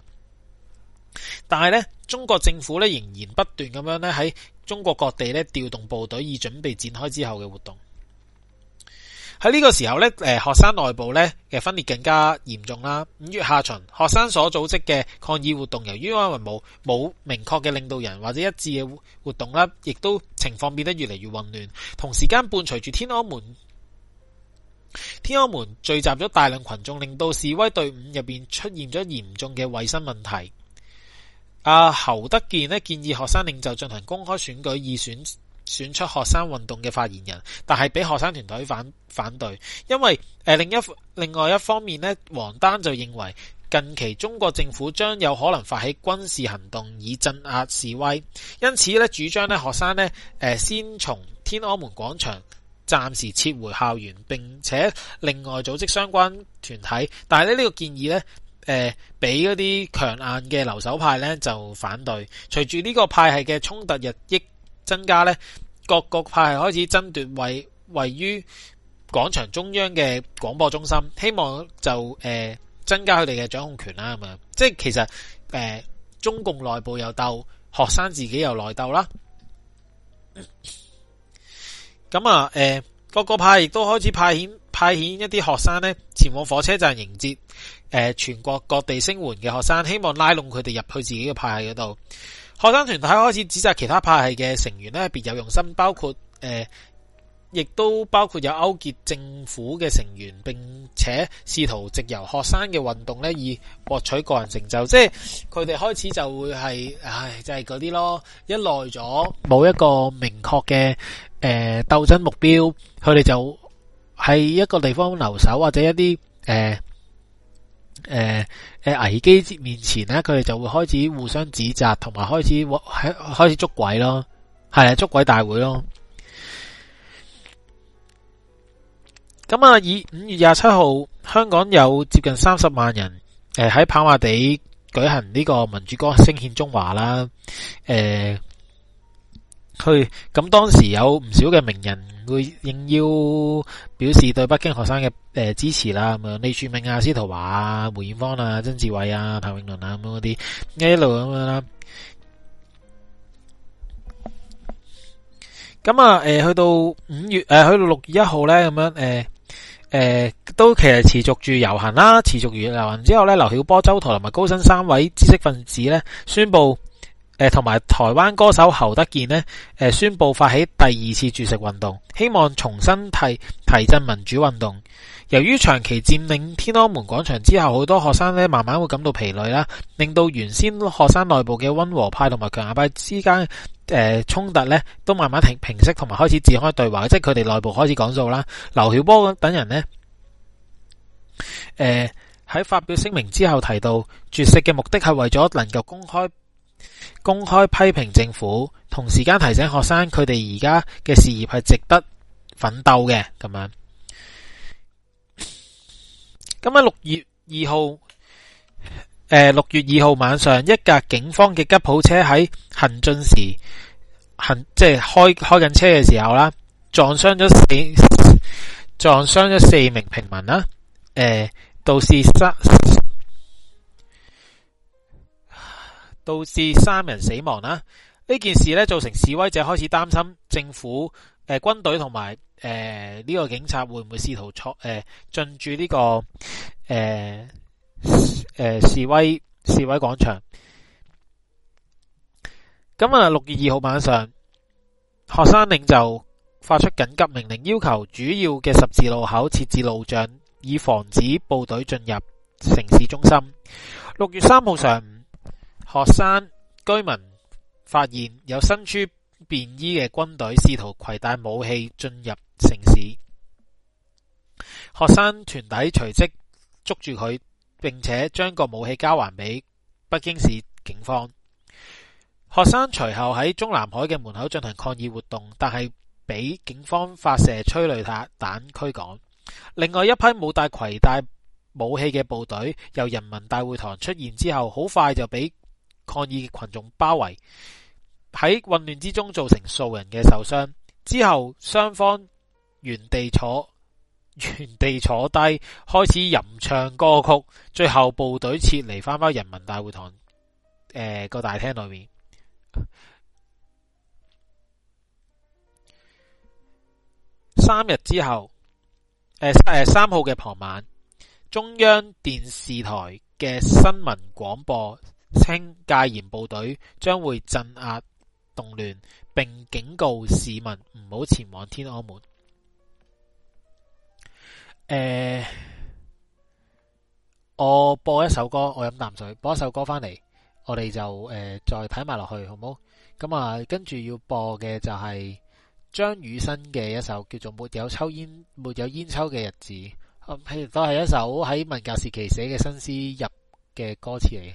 但係咧，中國政府咧仍然不斷咁樣咧喺中國各地咧調動部隊，以準備展開之後嘅活動。喺呢個時候咧，誒，學生內部咧嘅分裂更加嚴重啦。五月下旬，學生所組織嘅抗議活動，由於因為冇冇明確嘅領導人或者一致嘅活動啦，亦都情況變得越嚟越混亂。同時間伴隨住天安門，天安門聚集咗大量群眾，令到示威隊伍入邊出現咗嚴重嘅衛生問題。啊，侯德健呢建議學生領袖進行公開選舉，以選選出學生運動嘅發言人，但係俾學生團隊反反對。因為誒、呃、另一另外一方面呢，王丹就認為近期中國政府將有可能發起軍事行動以鎮壓示威，因此咧主張咧學生呢誒、呃、先從天安門廣場暫時撤回校園，並且另外組織相關團體。但係呢呢、呢個建議呢。誒、呃，俾嗰啲強硬嘅留守派呢，就反對。隨住呢個派系嘅衝突日益增加呢，各個派系開始爭奪位位於廣場中央嘅廣播中心，希望就誒、呃、增加佢哋嘅掌控權啦。咁樣即係其實誒、呃，中共內部又鬥，學生自己又內鬥啦。咁、嗯、啊，誒、呃，各個派亦都開始派遣派遣一啲學生呢，前往火車站迎接，全國各地聲援嘅學生，希望拉攏佢哋入去自己嘅派系嗰度。學生團體開始指責其他派系嘅成員呢，別有用心，包括誒、呃，亦都包括有勾結政府嘅成員，並且試圖藉由學生嘅運動呢，以獲取個人成就。即係佢哋開始就會係，唉，就係嗰啲咯。一耐咗冇一個明確嘅誒鬥爭目標，佢哋就喺一個地方留守，或者一啲誒。呃誒誒，危機面前咧，佢哋就會開始互相指責，同埋開始喺開始捉鬼咯，係啊，捉鬼大會咯。咁啊，以五月廿七號，香港有接近三十萬人誒喺跑馬地舉行呢個民主歌聲獻中華啦，誒、呃、去咁當時有唔少嘅名人會應邀表示對北京學生嘅。誒、呃，支持啦，咁啊，李柱銘啊，司徒華啊，梅艷芳啊，曾志偉啊，譚詠麟啊，咁嗰啲一路咁樣啦。咁啊，誒、呃，去到五月誒、呃，去到六月一號咧，咁樣誒誒，都其實持續住遊行啦，持續住遊行之後咧，劉曉波、周舵同埋高新三位知識分子咧，宣布誒，同、呃、埋台灣歌手侯德健呢，誒，宣布發起第二次絕食運動，希望重新提提振民主運動。由於長期佔領天安門廣場之後，好多學生咧，慢慢會感到疲累啦，令到原先學生內部嘅溫和派同埋強硬派之間誒衝突咧都慢慢停平息，同埋開始展開對話，即係佢哋內部開始講數啦。劉曉波等人呢誒喺、呃、發表聲明之後提到絕食嘅目的係為咗能夠公開公開批評政府，同時間提醒學生佢哋而家嘅事業係值得奮鬥嘅咁樣。今日六、呃、月二號，誒，六月二號晚上，一架警方嘅吉普車喺行進時行，即係開開緊車嘅時候啦，撞傷咗四，撞傷咗四名平民啦，誒、呃，導致三，導致三人死亡啦。呢件事呢，造成示威者開始擔心政府。誒、呃，軍隊同埋誒呢個警察會唔會試圖進誒、呃、進駐呢、這個誒誒、呃呃、示威示威廣場？咁啊，六月二號晚上，學生領袖發出緊急命令，要求主要嘅十字路口設置路障，以防止部隊進入城市中心。六月三號上午，學生居民發現有新出。便衣嘅軍隊試圖攜帶武器進入城市，學生團體隨即捉住佢，並且將個武器交還俾北京市警方。學生隨後喺中南海嘅門口進行抗議活動，但係俾警方發射催淚彈驅趕。另外一批冇帶攜帶武器嘅部隊，由人民大會堂出現之後，好快就俾抗議嘅群眾包圍。喺混亂之中造成數人嘅受傷之後，雙方原地坐原地坐低，開始吟唱歌曲。最後部隊撤離返返人民大會堂誒個、呃、大廳裏面。三日之後，三號嘅傍晚，中央電視台嘅新聞廣播稱，戒嚴部隊將會鎮壓。動亂，並警告市民唔好前往天安門。誒、呃，我播一首歌，我飲啖水，播一首歌翻嚟，我哋就誒、呃、再睇埋落去，好唔好？咁、嗯、啊，跟住要播嘅就係張雨生嘅一首叫做《沒有抽煙沒有煙抽嘅日子》，嗯、都係一首喺文革時期寫嘅新詩入嘅歌詞嚟嘅。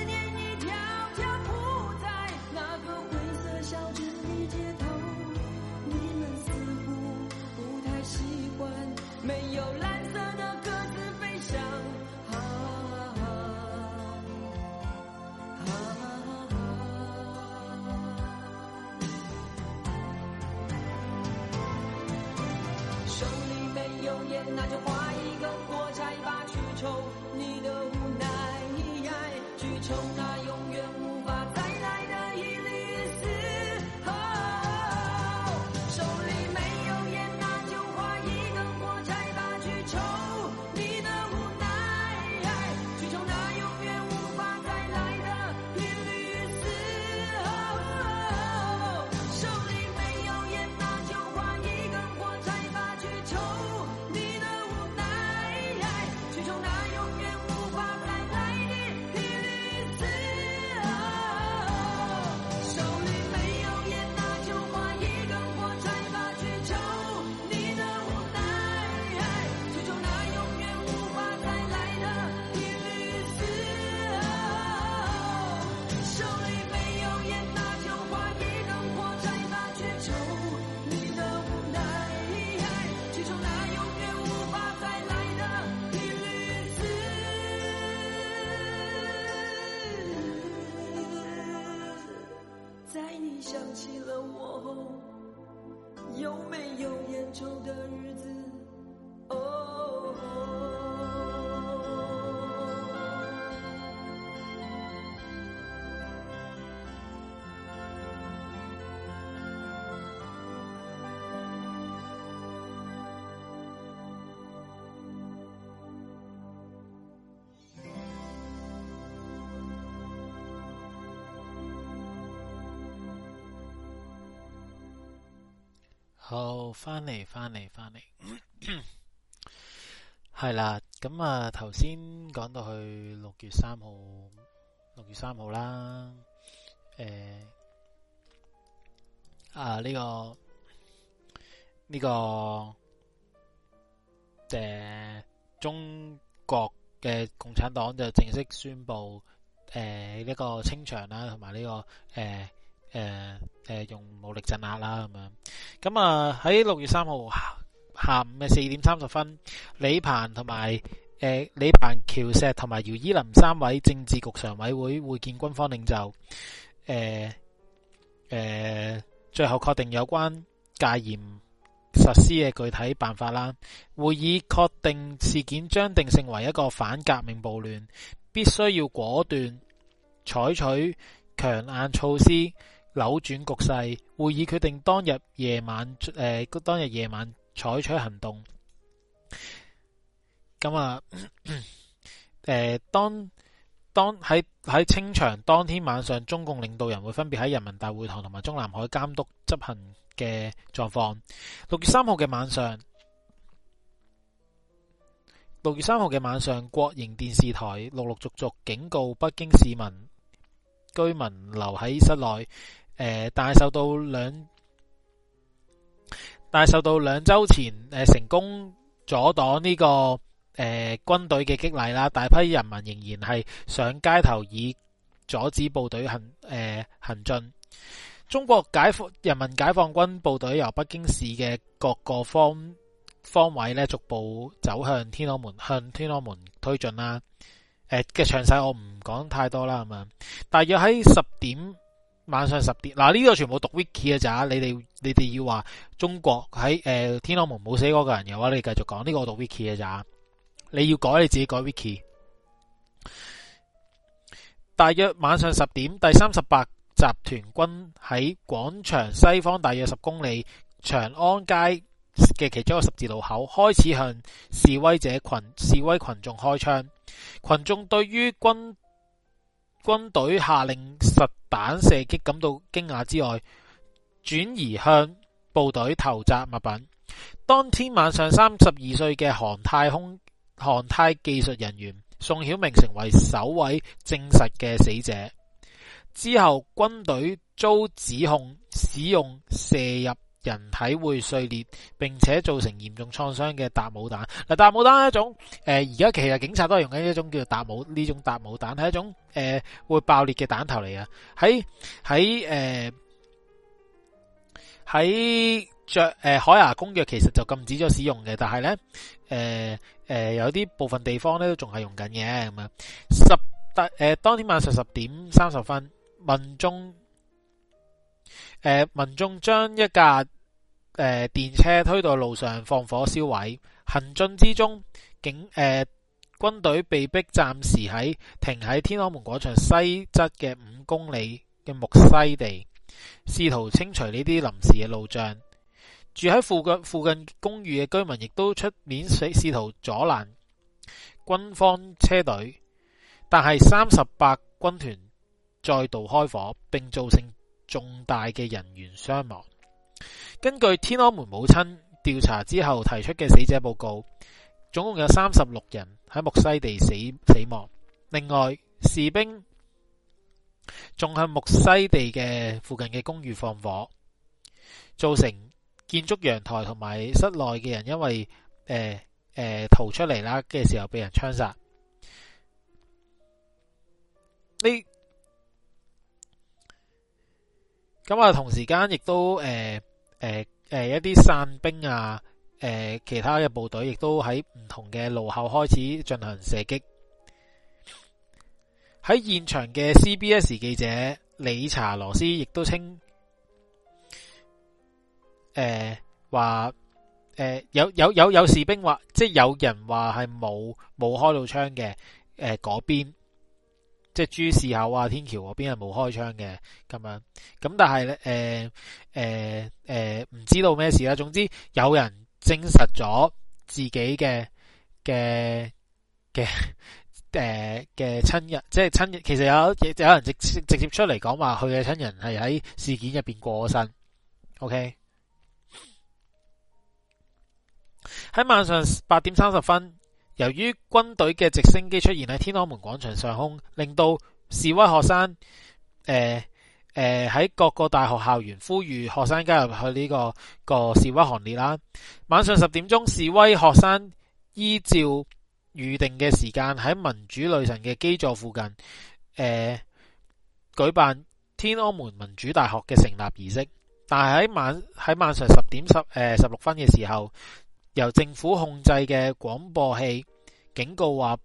好，翻嚟，翻嚟，翻嚟，係啦。咁 [coughs] 啊，頭先講到去六月三號，六月三號啦。誒、呃，啊，呢、呢個呢、呢個誒、呃，中國嘅共產黨就正式宣布，誒、呃、呢、呢個清場啦，同埋呢個誒誒誒用武力鎮壓啦，咁樣。咁啊！喺六月三號下午嘅四點三十分，李鵬同埋誒李鵬、喬石同埋姚依林三位政治局常委會會見軍方領袖，誒、呃、誒、呃，最後確定有關戒嚴實施嘅具體辦法啦。會議確定事件將定性為一個反革命暴亂，必須要果斷採取強硬措施。扭轉局勢，會議決定當日夜晚，誒、呃，當日夜晚採取行動。咁啊，誒、呃，當當喺喺清場當天晚上，中共領導人會分別喺人民大會堂同埋中南海監督執行嘅狀況。六月三號嘅晚上，六月三號嘅晚上，國營電視台陸陸續續警告北京市民居民留喺室內。誒、呃，但係受到兩但係受到兩周前誒、呃、成功阻擋呢、這個誒、呃、軍隊嘅激勵啦，大批人民仍然係上街頭以阻止部隊行誒、呃、行進。中國解放人民解放軍部隊由北京市嘅各個方方位咧逐步走向天安門，向天安門推進啦。誒、呃、嘅詳細我唔講太多啦，咁啊，大約喺十點。晚上十點，嗱、這、呢個全部讀 wiki 㗎咋？你哋你哋要話中國喺誒、呃、天安門冇死嗰個人嘅話，你繼續講呢、這個我讀 wiki 㗎咋？你要改你自己改 wiki。大約晚上十點，第三十八集團軍喺廣場西方大約十公里長安街嘅其中一個十字路口，開始向示威者群示威群眾開槍，群眾對於軍軍隊下令實彈射擊感到驚訝之外，轉移向部隊投擲物品。當天晚上，三十二歲嘅航太空航太技術人員宋曉明成為首位證實嘅死者。之後，軍隊遭指控使用射入人體會碎裂，並且造成嚴重創傷嘅達姆彈。嗱，達姆彈係一種，誒、呃，而家其實警察都係用緊一種叫做達姆呢種達姆彈，係一種誒、呃、會爆裂嘅彈頭嚟啊。喺喺誒喺着誒、呃、海牙公約其實就禁止咗使用嘅，但係咧，誒、呃、誒、呃、有啲部分地方咧都仲係用緊嘅。咁、嗯、啊，十誒、呃、當天晚上十點三十分，民眾。呃、民眾將一架電、呃、電車推到路上放火燒毀，行進之中，警誒、呃、軍隊被迫暫時喺停喺天安門廣場西側嘅五公里嘅木西地，試圖清除呢啲臨時嘅路障。住喺附近附近公寓嘅居民亦都出面試試圖阻攔軍方車隊，但係三十八軍團再度開火，並造成。重大嘅人員傷亡。根據天安門母親調查之後提出嘅死者報告，總共有三十六人喺木樨地死死亡。另外，士兵仲向木樨地嘅附近嘅公寓放火，造成建築陽台同埋室內嘅人因為誒誒、呃呃、逃出嚟啦嘅時候被人槍殺。咁啊，同時間亦都誒誒誒一啲散兵啊，誒、呃、其他嘅部隊亦都喺唔同嘅路口開始進行射擊。喺現場嘅 CBS 記者理查羅斯亦都稱：誒話誒有有有有士兵話，即係有人話係冇冇開到槍嘅誒嗰邊。即係珠市口啊，天橋嗰邊係冇開槍嘅，咁樣，咁但係咧，誒誒誒，唔、呃呃、知道咩事啦。總之有人證實咗自己嘅嘅嘅誒嘅親人，即係親人，其實有有人直接直接出嚟講話，佢嘅親人係喺事件入邊過身。OK，喺晚上八點三十分。由於軍隊嘅直升機出現喺天安門廣場上空，令到示威學生，誒誒喺各個大學校園呼籲學生加入去、這、呢個個示威行列啦。晚上十點鐘，示威學生依照預定嘅時間喺民主女神嘅基座附近，誒、呃、舉辦天安門民主大學嘅成立儀式。但係喺晚喺晚上十點十誒、呃、十六分嘅時候，由政府控制嘅廣播器警告話，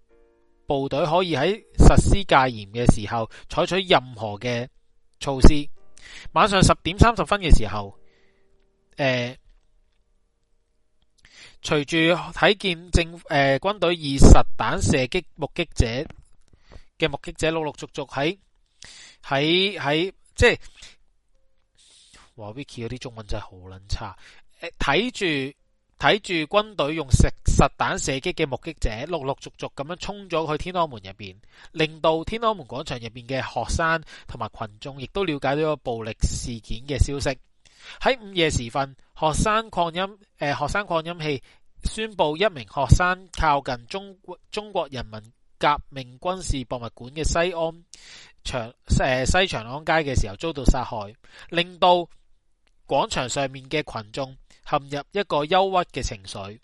部隊可以喺實施戒嚴嘅時候採取任何嘅措施。晚上十點三十分嘅時候，誒、呃，隨住睇見政誒、呃、軍隊以實彈射擊目擊者嘅目擊者，陸陸續續喺喺喺，即係話 Vicky 嗰啲中文真係好捻差。誒、呃，睇住。睇住軍隊用實實彈射擊嘅目擊者，陸陸續續咁樣衝咗去天安門入邊，令到天安門廣場入邊嘅學生同埋群眾亦都了解到個暴力事件嘅消息。喺午夜時分，學生擴音誒、呃，學生擴音器宣布一名學生靠近中中國人民革命軍事博物館嘅西安長誒、呃、西長安街嘅時候遭到殺害，令到廣場上面嘅群眾。陷入一個憂鬱嘅情緒，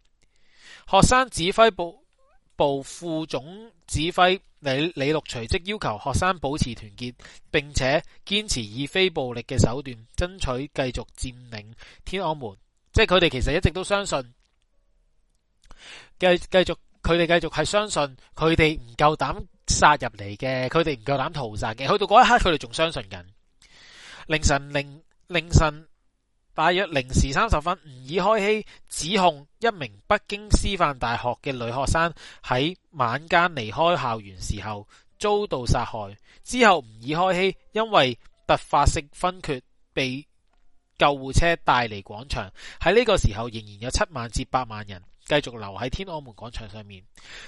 學生指揮部部副總指揮李李錄隨即要求學生保持團結，並且堅持以非暴力嘅手段爭取繼續佔領天安門。即係佢哋其實一直都相信，繼繼續佢哋繼續係相信佢哋唔夠膽殺入嚟嘅，佢哋唔夠膽屠殺嘅。去到嗰一刻，佢哋仲相信緊。凌晨凌凌,凌晨。大約零時三十分，吾爾開希指控一名北京師範大學嘅女學生喺晚間離開校園時候遭到殺害。之後吾爾開希因為突發性昏厥，被救護車帶離廣場。喺呢個時候，仍然有七萬至八萬人繼續留喺天安門廣場上面。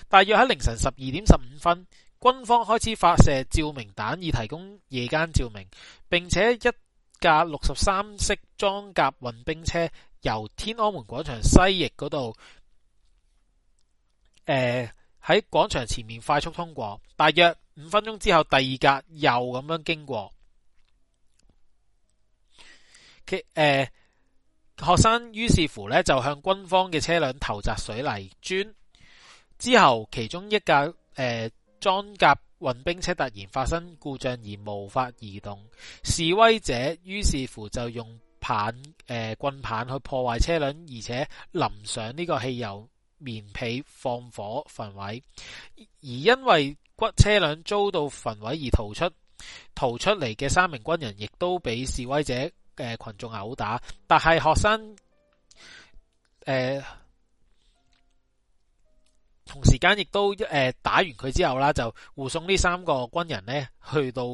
大約喺凌晨十二點十五分，軍方開始發射照明彈以提供夜間照明，並且一。一架六十三式裝甲運兵車由天安門廣場西翼嗰度，誒喺廣場前面快速通過，大約五分鐘之後，第二架又咁樣經過。其、呃、誒學生於是乎呢就向軍方嘅車輛投擲水泥磚，之後其中一架誒裝、呃、甲。運兵車突然發生故障而無法移動，示威者於是乎就用棒、誒、呃、棍棒去破壞車輛，而且淋上呢個汽油棉被放火焚毀。而因為軍車車輛遭到焚毀而逃出，逃出嚟嘅三名軍人亦都俾示威者嘅、呃、群眾毆打，但係學生、呃同時間亦都打完佢之後啦，就護送呢三個軍人呢去到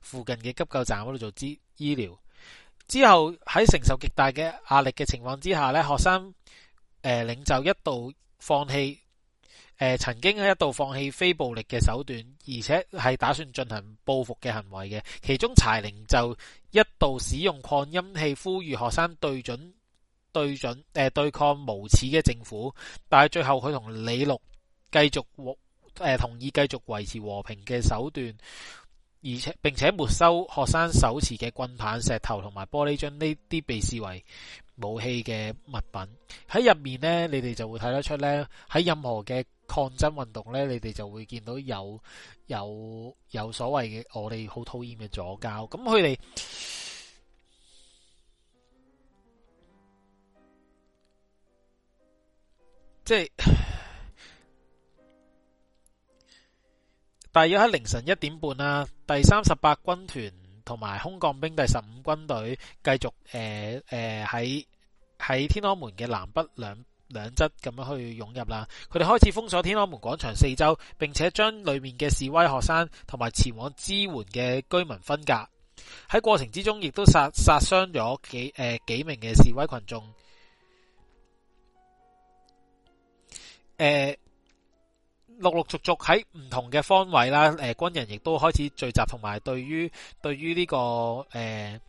附近嘅急救站嗰度做醫療。之後喺承受極大嘅壓力嘅情況之下呢，學生、呃、領袖一度放棄、呃、曾經喺一度放棄非暴力嘅手段，而且係打算進行報復嘅行為嘅。其中柴玲就一度使用擴音器呼籲學生對準對準、呃、對抗無恥嘅政府，但係最後佢同李六，繼續誒同意繼續維持和平嘅手段，而且並且沒收學生手持嘅棍棒、石頭同埋玻璃樽呢啲被視為武器嘅物品。喺入面呢，你哋就會睇得出呢，喺任何嘅抗爭運動呢，你哋就會見到有有有所謂嘅我哋好討厭嘅左膠。咁佢哋即係。大約喺凌晨一點半啦，第三十八軍團同埋空降兵第十五軍隊繼續誒誒喺喺天安門嘅南北兩兩側咁樣去湧入啦。佢哋開始封鎖天安門廣場四周，並且將裏面嘅示威學生同埋前往支援嘅居民分隔。喺過程之中也殺，亦都殺殺傷咗幾誒、呃、幾名嘅示威群眾。誒、呃。陸陸續續喺唔同嘅方位啦，誒、呃，軍人亦都開始聚集，同埋對於對於呢、這個誒誒、呃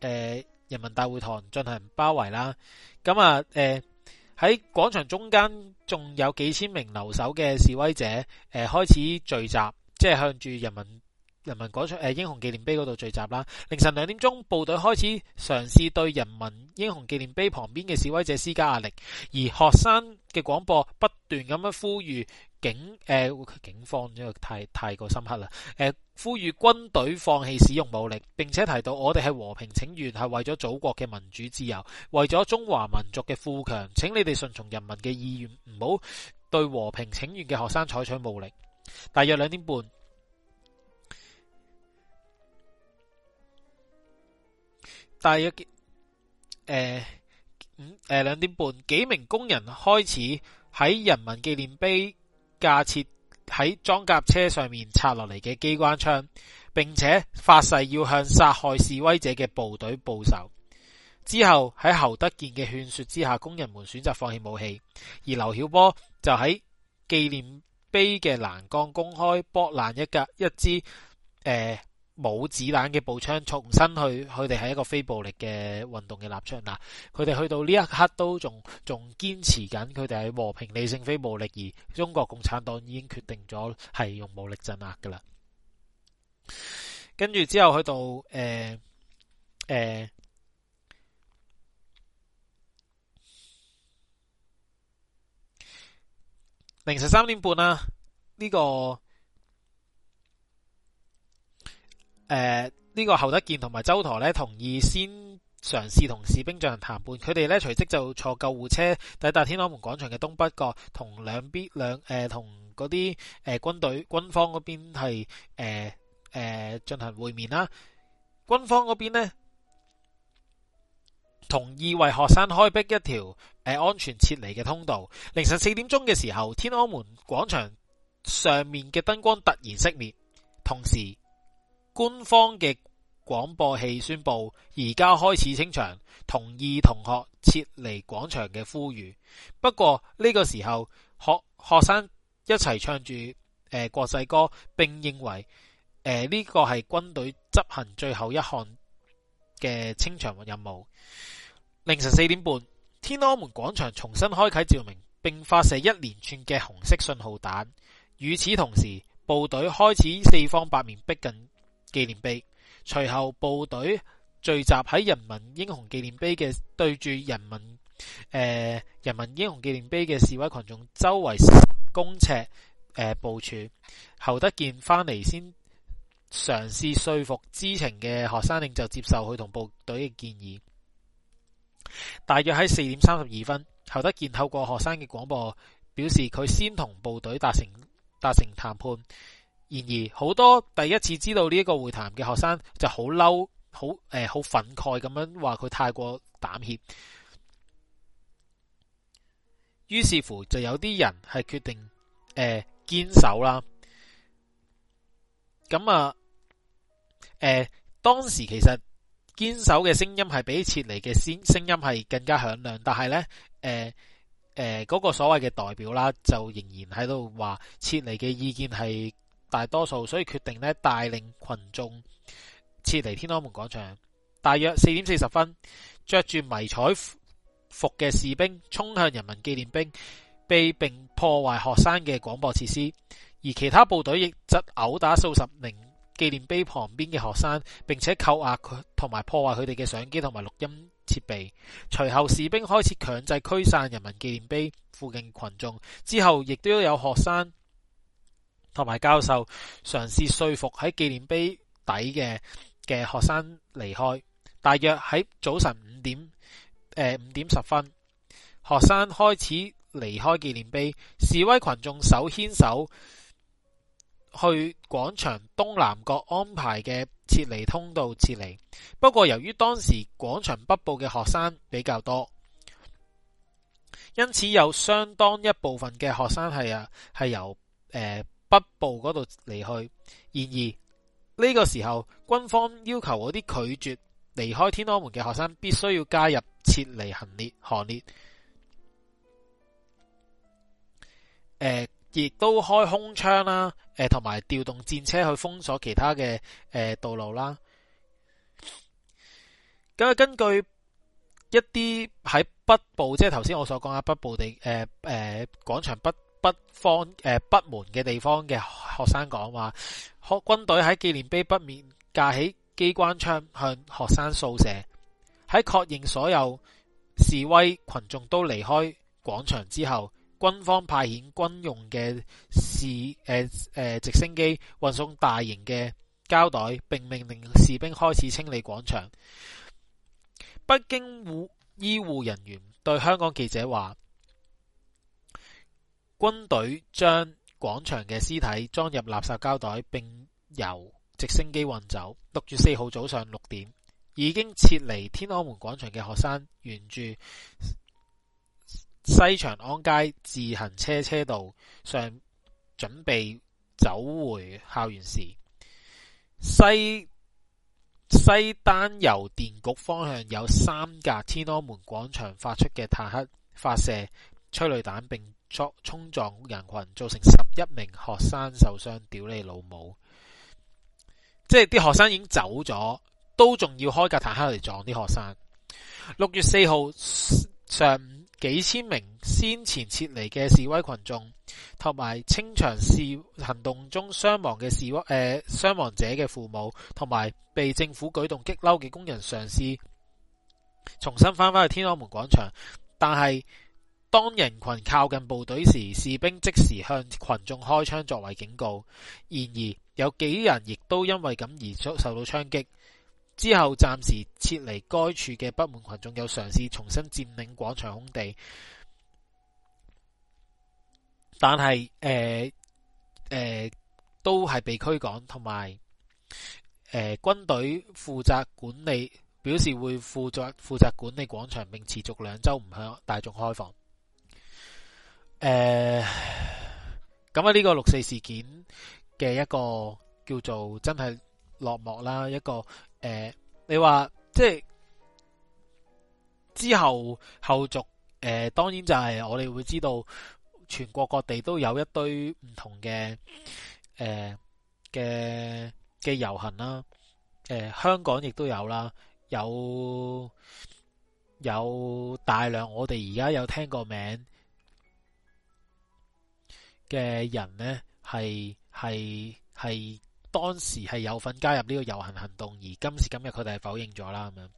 呃、人民大會堂進行包圍啦。咁、嗯、啊，誒喺廣場中間仲有幾千名留守嘅示威者，誒、呃、開始聚集，即係向住人民人民廣場誒英雄紀念碑嗰度聚集啦。凌晨兩點鐘，部隊開始嘗試對人民英雄紀念碑旁邊嘅示威者施加壓力，而學生嘅廣播不斷咁樣呼籲。警、呃，警方因為太太過深刻啦、呃，呼籲軍隊放棄使用武力，並且提到我哋係和平請願，係為咗祖國嘅民主自由，為咗中華民族嘅富強。請你哋順從人民嘅意願，唔好對和平請願嘅學生採取武力。大約兩點半，大約誒五誒兩點半，幾名工人開始喺人民紀念碑。架設喺裝甲車上面拆落嚟嘅機關槍，並且發誓要向殺害示威者嘅部隊報仇。之後喺侯德健嘅勸說之下，工人們選擇放棄武器，而劉曉波就喺紀念碑嘅欄杆公開駁爛一格一支、呃冇子彈嘅步槍，重新去佢哋係一個非暴力嘅運動嘅立場。嗱，佢哋去到呢一刻都仲仲堅持緊，佢哋喺和平理性非暴力，而中國共產黨已經決定咗係用武力鎮壓噶啦。跟住之後去到誒誒凌晨三點半啊呢個。誒、呃，呢、這個侯德健同埋周陀咧，同意先嘗試同士兵進行談判。佢哋咧隨即就坐救護車抵達天安門廣場嘅東北角，同兩邊兩誒、呃、同嗰啲誒軍隊軍方嗰邊係誒誒進行會面啦。軍方嗰邊呢，同意為學生開闢一條誒、呃、安全撤離嘅通道。凌晨四點鐘嘅時候，天安門廣場上面嘅燈光突然熄滅，同時。官方嘅廣播器宣布，而家開始清場，同意同學撤離廣場嘅呼籲。不過呢個時候，學學生一齊唱住誒、呃、國際歌，並認為誒呢個係軍隊執行最後一項嘅清場任務。凌晨四點半，天安門廣場重新開啟照明，並發射一連串嘅紅色信號彈。與此同時，部隊開始四方八面逼近。紀念碑。隨後部隊聚集喺人民英雄紀念碑嘅對住人民誒、呃、人民英雄紀念碑嘅示威群眾周圍十公尺、呃、部署侯德健，翻嚟，先嘗試說服知情嘅學生領袖，接受佢同部隊嘅建議。大約喺四點三十二分，侯德健透過學生嘅廣播表示，佢先同部隊達成達成談判。然而，好多第一次知道呢一個會談嘅學生就好嬲，好誒，好、呃、憤慨咁樣話佢太過膽怯。於是乎，就有啲人係決定誒、呃、堅守啦。咁啊，誒，當時其實堅守嘅聲音係比撤離嘅聲聲音係更加響亮，但係呢，誒、呃、誒，嗰、呃那個所謂嘅代表啦，就仍然喺度話撤離嘅意見係。大多數，所以決定呢帶領群眾撤離天安門廣場。大約四點四十分，着住迷彩服嘅士兵衝向人民紀念碑，被並破壞學生嘅廣播設施。而其他部隊亦則毆打數十名紀念碑旁邊嘅學生，並且扣押佢同埋破壞佢哋嘅相機同埋錄音設備。隨後，士兵開始強制驅散人民紀念碑附近群眾。之後，亦都有學生。同埋教授嘗試說服喺紀念碑底嘅嘅學生離開。大約喺早晨五點，呃、五點十分，學生開始離開紀念碑。示威群眾手牽手去廣場東南角安排嘅撤離通道撤離。不過，由於當時廣場北部嘅學生比較多，因此有相當一部分嘅學生係啊，係由、呃北部嗰度離去，然而呢個時候，軍方要求嗰啲拒絕離開天安門嘅學生，必須要加入撤離行列行列。誒，亦、呃、都開空槍啦、啊，誒、呃，同埋調動戰車去封鎖其他嘅誒、呃、道路啦。咁啊，根據一啲喺北部，即係頭先我所講嘅，北部地誒誒廣場北。北方誒、呃、北門嘅地方嘅學生講話，學軍隊喺紀念碑北面架起機關槍向學生掃射。喺確認所有示威群眾都離開廣場之後，軍方派遣軍用嘅士誒誒直升機運送大型嘅膠袋，並命令士兵開始清理廣場。北京護醫護人員對香港記者話。軍隊將廣場嘅屍體裝入垃圾膠袋，並由直升機運走。六月四號早上六點，已經撤離天安門廣場嘅學生，沿住西長安街自行車車道上準備走回校園時，西西單郵電局方向有三架天安門廣場發出嘅坦克發射催淚彈，並，衝撞人群，造成十一名學生受傷。屌你老母！即係啲學生已經走咗，都仲要開架坦克嚟撞啲學生。六月四號上午，幾千名先前撤離嘅示威群眾，同埋清場示行動中傷亡嘅示威誒傷亡者嘅父母，同埋被政府舉動激嬲嘅工人，上司嘗試，重新返返去天安門廣場，但係。當人群靠近部隊時，士兵即時向群眾開槍作為警告。然而有幾人亦都因為咁而受到槍擊。之後暫時撤離該處嘅不滿群眾又嘗試重新佔領廣場空地，但係誒，誒都係被驅趕，同埋誒，軍隊負責管理表示會負責負責管理廣場，並持續兩周唔向大眾開放。誒、呃，咁啊呢個六四事件嘅一個叫做真係落幕啦，一個誒、呃，你話即係之後後續誒、呃，當然就係我哋會知道全國各地都有一堆唔同嘅誒嘅嘅遊行啦，誒、呃，香港亦都有啦，有有大量我哋而家有聽過名嘅人呢，係係係當時係有份加入呢個遊行行動，而今時今日佢哋係否認咗啦咁樣。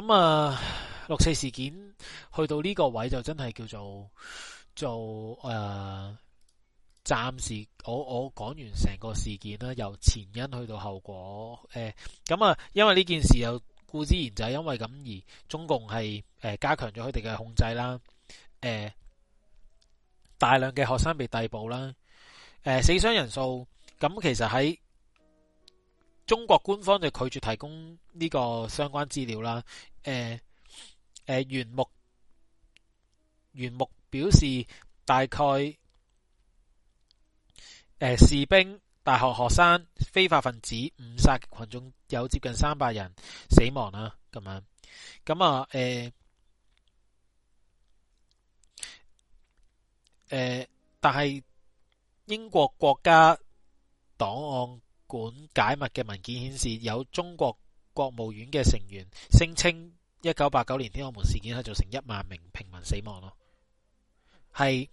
咁啊，六四事件去到呢個位就真係叫做做誒，暫時我我講完成個事件啦，由前因去到後果。誒，咁啊，因為呢件事又固之然就係因為咁而中共係誒加強咗佢哋嘅控制啦。誒。大量嘅學生被逮捕啦，誒、呃，死傷人數咁，其實喺中國官方就拒絕提供呢個相關資料啦，誒、呃，誒、呃，袁木袁木表示大概誒、呃、士兵、大學學生、非法分子、誤殺群眾有接近三百人死亡啦，咁樣，咁啊，誒、呃。誒、呃，但係英國國家檔案館解密嘅文件顯示，有中國國務院嘅成員聲稱，一九八九年天安門事件係造成一萬名平民死亡咯，係、那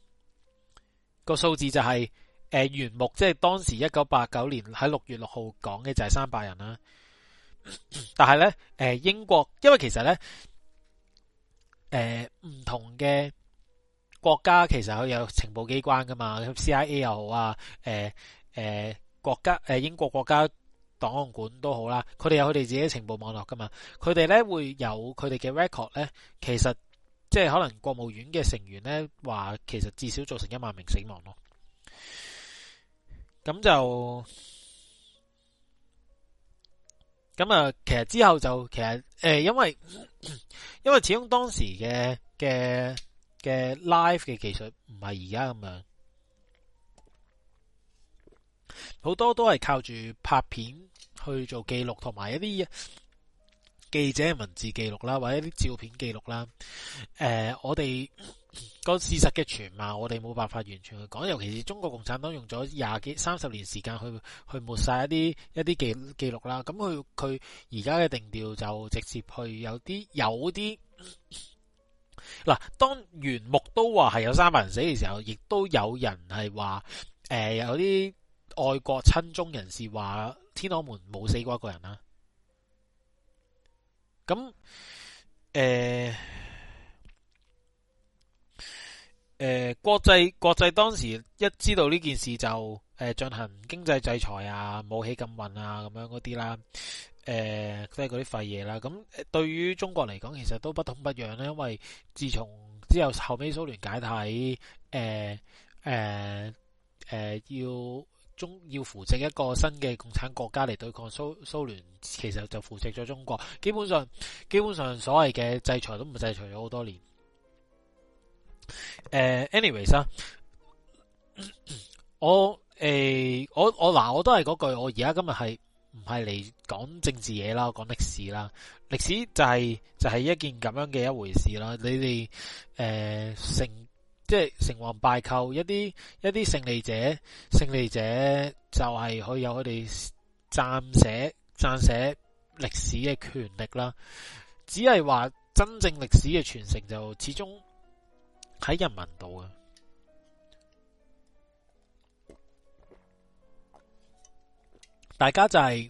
個數字就係、是、誒、呃、原木，即、就、係、是、當時一九八九年喺六月六號講嘅就係三百人啦。但係呢，誒、呃、英國因為其實呢，誒、呃、唔同嘅。國家其實佢有情報機關噶嘛，CIA 又好啊，呃呃、國家、呃、英國國家檔案館都好啦、啊，佢哋有佢哋自己情報網絡噶嘛，佢哋咧會有佢哋嘅 record 咧，其實即係可能國務院嘅成員咧話，其實至少造成一萬名死亡咯。咁就咁啊，其實之後就其實、呃、因為因為始終當時嘅嘅。嘅 live 嘅技術唔係而家咁樣，好多都係靠住拍片去做記錄，同埋一啲記者文字記錄啦，或者啲照片記錄啦。呃，我哋個事實嘅全貌，我哋冇辦法完全去講。尤其是中國共產黨用咗廿幾三十年時間去去抹晒一啲一啲記記錄啦。咁佢佢而家嘅定調就直接去有啲有啲。嗱，當袁木都話係有三百人死嘅時候，亦都有人係話，誒、呃、有啲愛國親中人士話天安門冇死過一個人啦。咁，誒、呃，誒、呃，國際國際當時一知道呢件事就，誒、呃、進行經濟制裁啊、武器禁運啊咁樣嗰啲啦。誒、呃，即係嗰啲廢嘢啦。咁對於中國嚟講，其實都不痛不癢啦。因為自從之後後尾蘇聯解體，誒誒誒，要中要扶植一個新嘅共產國家嚟對抗蘇蘇聯，其實就扶植咗中國。基本上基本上，所謂嘅制裁都唔制裁咗好多年。誒、呃，anyways 啊，我誒、欸、我我嗱，我都係嗰句，我而家今日係。唔係嚟講政治嘢啦，講歷史啦。歷史就係、是、就係、是、一件咁樣嘅一回事啦。你哋誒、呃、成即係成王敗寇，一啲一啲勝利者，勝利者就係可以有佢哋撰寫撰寫歷史嘅權力啦。只係話真正歷史嘅傳承就始終喺人民度嘅。大家就係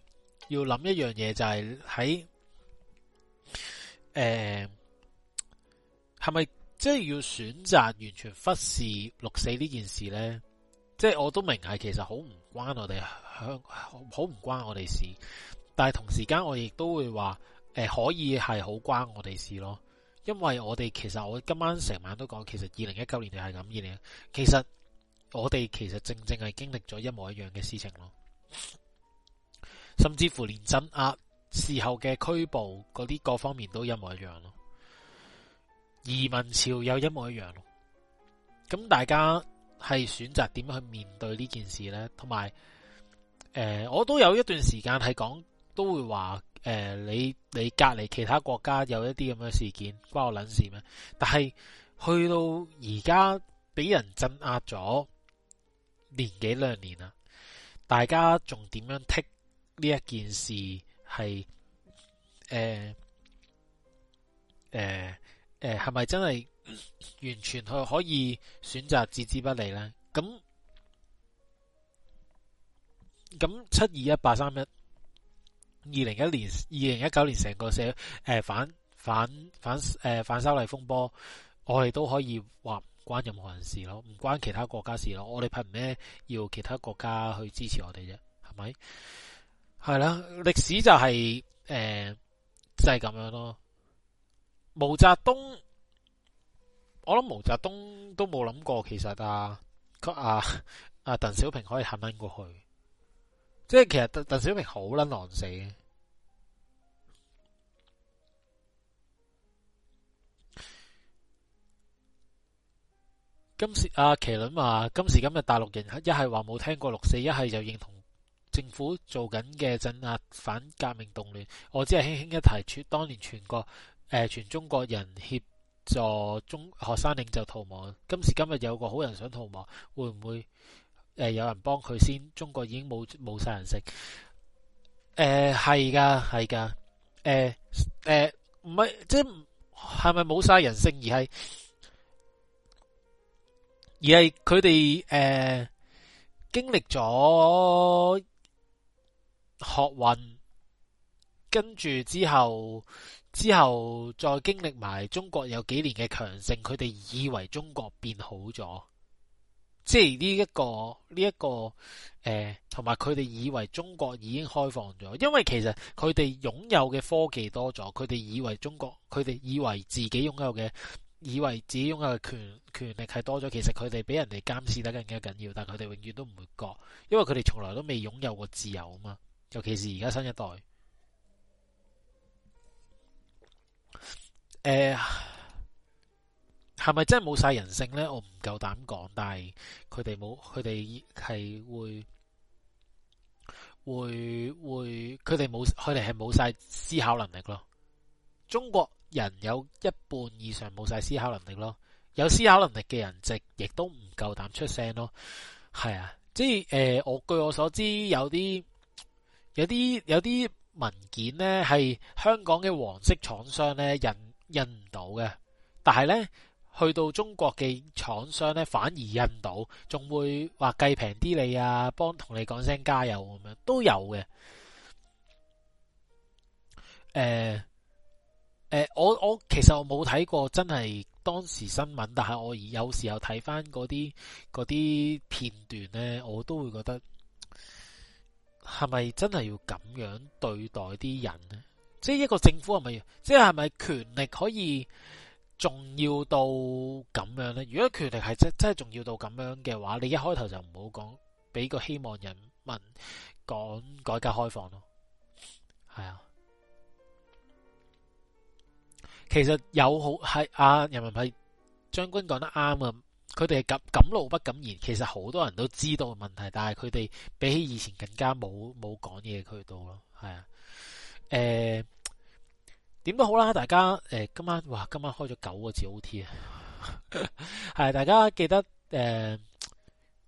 要諗一樣嘢，就係喺誒係咪即係要選擇完全忽視六四呢件事呢？即係我都明係其實好唔關我哋香好唔關我哋事，但係同時間我亦都會話誒可以係好關我哋事咯，因為我哋其實我今晚成晚都講，其實二零一九年就係咁，二零一其實我哋其實正正係經歷咗一模一樣嘅事情咯。甚至乎連鎮壓事後嘅拘捕嗰啲各方面都一模一樣咯。移民潮又一模一樣咯。咁大家係選擇點去面對呢件事呢？同埋誒，我都有一段時間係講都會話誒、呃，你你隔離，其他國家有一啲咁嘅事件關我撚事咩？但係去到而家俾人鎮壓咗年幾兩年啦，大家仲點樣剔？呢一件事係誒誒誒，係、呃、咪、呃呃、真係完全去可以選擇置之不理呢？咁咁，七二一八三一二零一年二零一九年，成個社誒、呃、反反反誒、呃、反修例風波，我哋都可以話唔關任何人事咯，唔關其他國家事咯。我哋憑咩要其他國家去支持我哋啫？係咪？係啦，歷史就係、是、誒、呃，就係、是、咁樣咯。毛澤東，我諗毛澤東都冇諗過，其實啊，啊鄧、啊啊、小平可以行翻過去，即係其實鄧鄧小平好撚狼死嘅。今時阿、啊、麒麟話，今時今日大陸人一係話冇聽過六四，一係就認同政府做緊嘅鎮壓反革命動亂，我只係輕輕一提出。當年全國誒，全中國人協助中學生領袖逃亡。今時今日有個好人想逃亡，會唔會誒有人幫佢先？中國已經冇冇晒人性。誒係噶，係噶，誒誒唔係即係係咪冇晒人性，而係而係佢哋誒經歷咗。學運跟住之後之後再經歷埋中國有幾年嘅強盛，佢哋以為中國變好咗，即係呢一個呢一個誒，同埋佢哋以為中國已經開放咗，因為其實佢哋擁有嘅科技多咗，佢哋以為中國佢哋以為自己擁有嘅以為自己擁有嘅權權力係多咗。其實佢哋俾人哋監視得更加緊要，但係佢哋永遠都唔會覺，因為佢哋從來都未擁有過自由啊嘛。尤其是而家新一代，誒、呃，係咪真係冇晒人性呢？我唔夠膽講，但係佢哋冇，佢哋係會會會，佢哋冇，佢哋係冇晒思考能力咯。中國人有一半以上冇晒思考能力咯，有思考能力嘅人，直亦都唔夠膽出聲咯。係啊，即係誒、呃，我據我所知有啲。有啲有啲文件呢係香港嘅黃色廠商呢印印唔到嘅，但係呢去到中國嘅廠商呢，反而印到，仲會話計平啲你啊，幫同你講聲加油咁樣都有嘅。誒、呃呃、我我其實我冇睇過真係當時新聞，但係我有時候睇翻嗰啲嗰啲片段呢，我都會覺得。係咪真係要咁樣對待啲人咧？即係一個政府係咪？即係係咪權力可以重要到咁樣呢？如果權力係真真係重要到咁樣嘅話，你一開頭就唔好講，俾個希望人民講改革開放咯。係啊，其實有好係啊，人民係將軍講得啱啊。佢哋敢敢怒不敢言，其實好多人都知道嘅問題，但係佢哋比起以前更加冇冇講嘢嘅渠道咯，係啊，誒，點都好啦，大家誒、呃、今晚哇，今晚開咗九個字 OT 啊，係 [laughs] [laughs] 大家記得誒。呃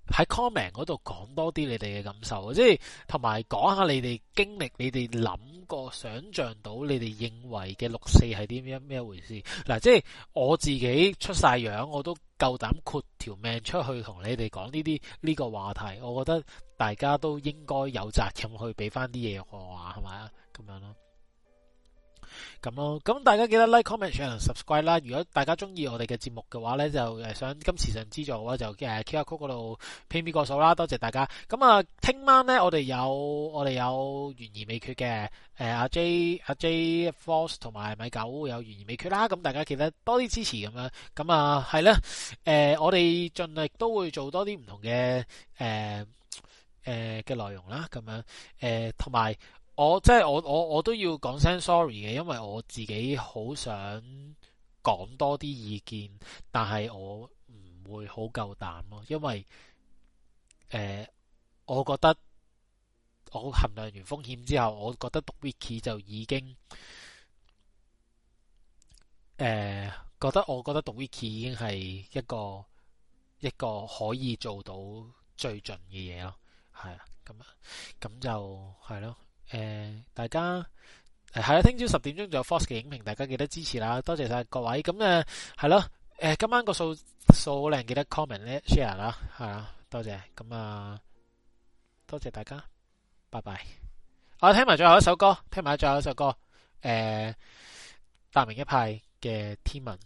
喺 comment 嗰度講多啲你哋嘅感受，即係同埋講下你哋經歷，你哋諗過、想像到，你哋認為嘅六四係點樣咩回事？嗱、就是，即係我自己出晒樣，我都夠膽豁條命出去同你哋講呢啲呢個話題。我覺得大家都應該有責任去俾翻啲嘢我話，係咪啊？咁樣咯。咁咯，咁大家記得 like、comment、share、subscribe 啦。如果大家中意我哋嘅節目嘅話咧，就誒想今次上資助嘅話，就誒 QR Code 嗰度 pay me 個數啦。多謝大家。咁啊，聽晚咧我哋有我哋有懸而未決嘅，誒、啊、阿 J 阿、啊、J Force 同埋米九有懸而未決啦。咁大家記得多啲支持咁樣。咁啊係啦，誒、呃，我哋盡力都會做多啲唔同嘅誒誒嘅內容啦。咁樣誒同埋。呃我即係我我我都要講聲 sorry 嘅，因為我自己好想講多啲意見，但係我唔會好夠膽咯，因為誒、呃，我覺得我衡量完風險之後，我覺得讀 wiki 就已經誒、呃，覺得我覺得讀 wiki 已經係一個一個可以做到最盡嘅嘢咯，係啊，咁啊，咁就係咯。誒、呃，大家係啦，聽朝十點鐘仲有 Force 嘅影評，大家記得支持啦，多謝晒各位。咁、嗯、啊，係、嗯、咯，誒、嗯嗯，今晚個數數好靚，記得 comment share 啦、嗯，係啦，多謝，咁、嗯、啊，多謝大家，拜拜。我、啊、聽埋最後一首歌，聽埋最後一首歌，誒、呃，達明一派嘅天問。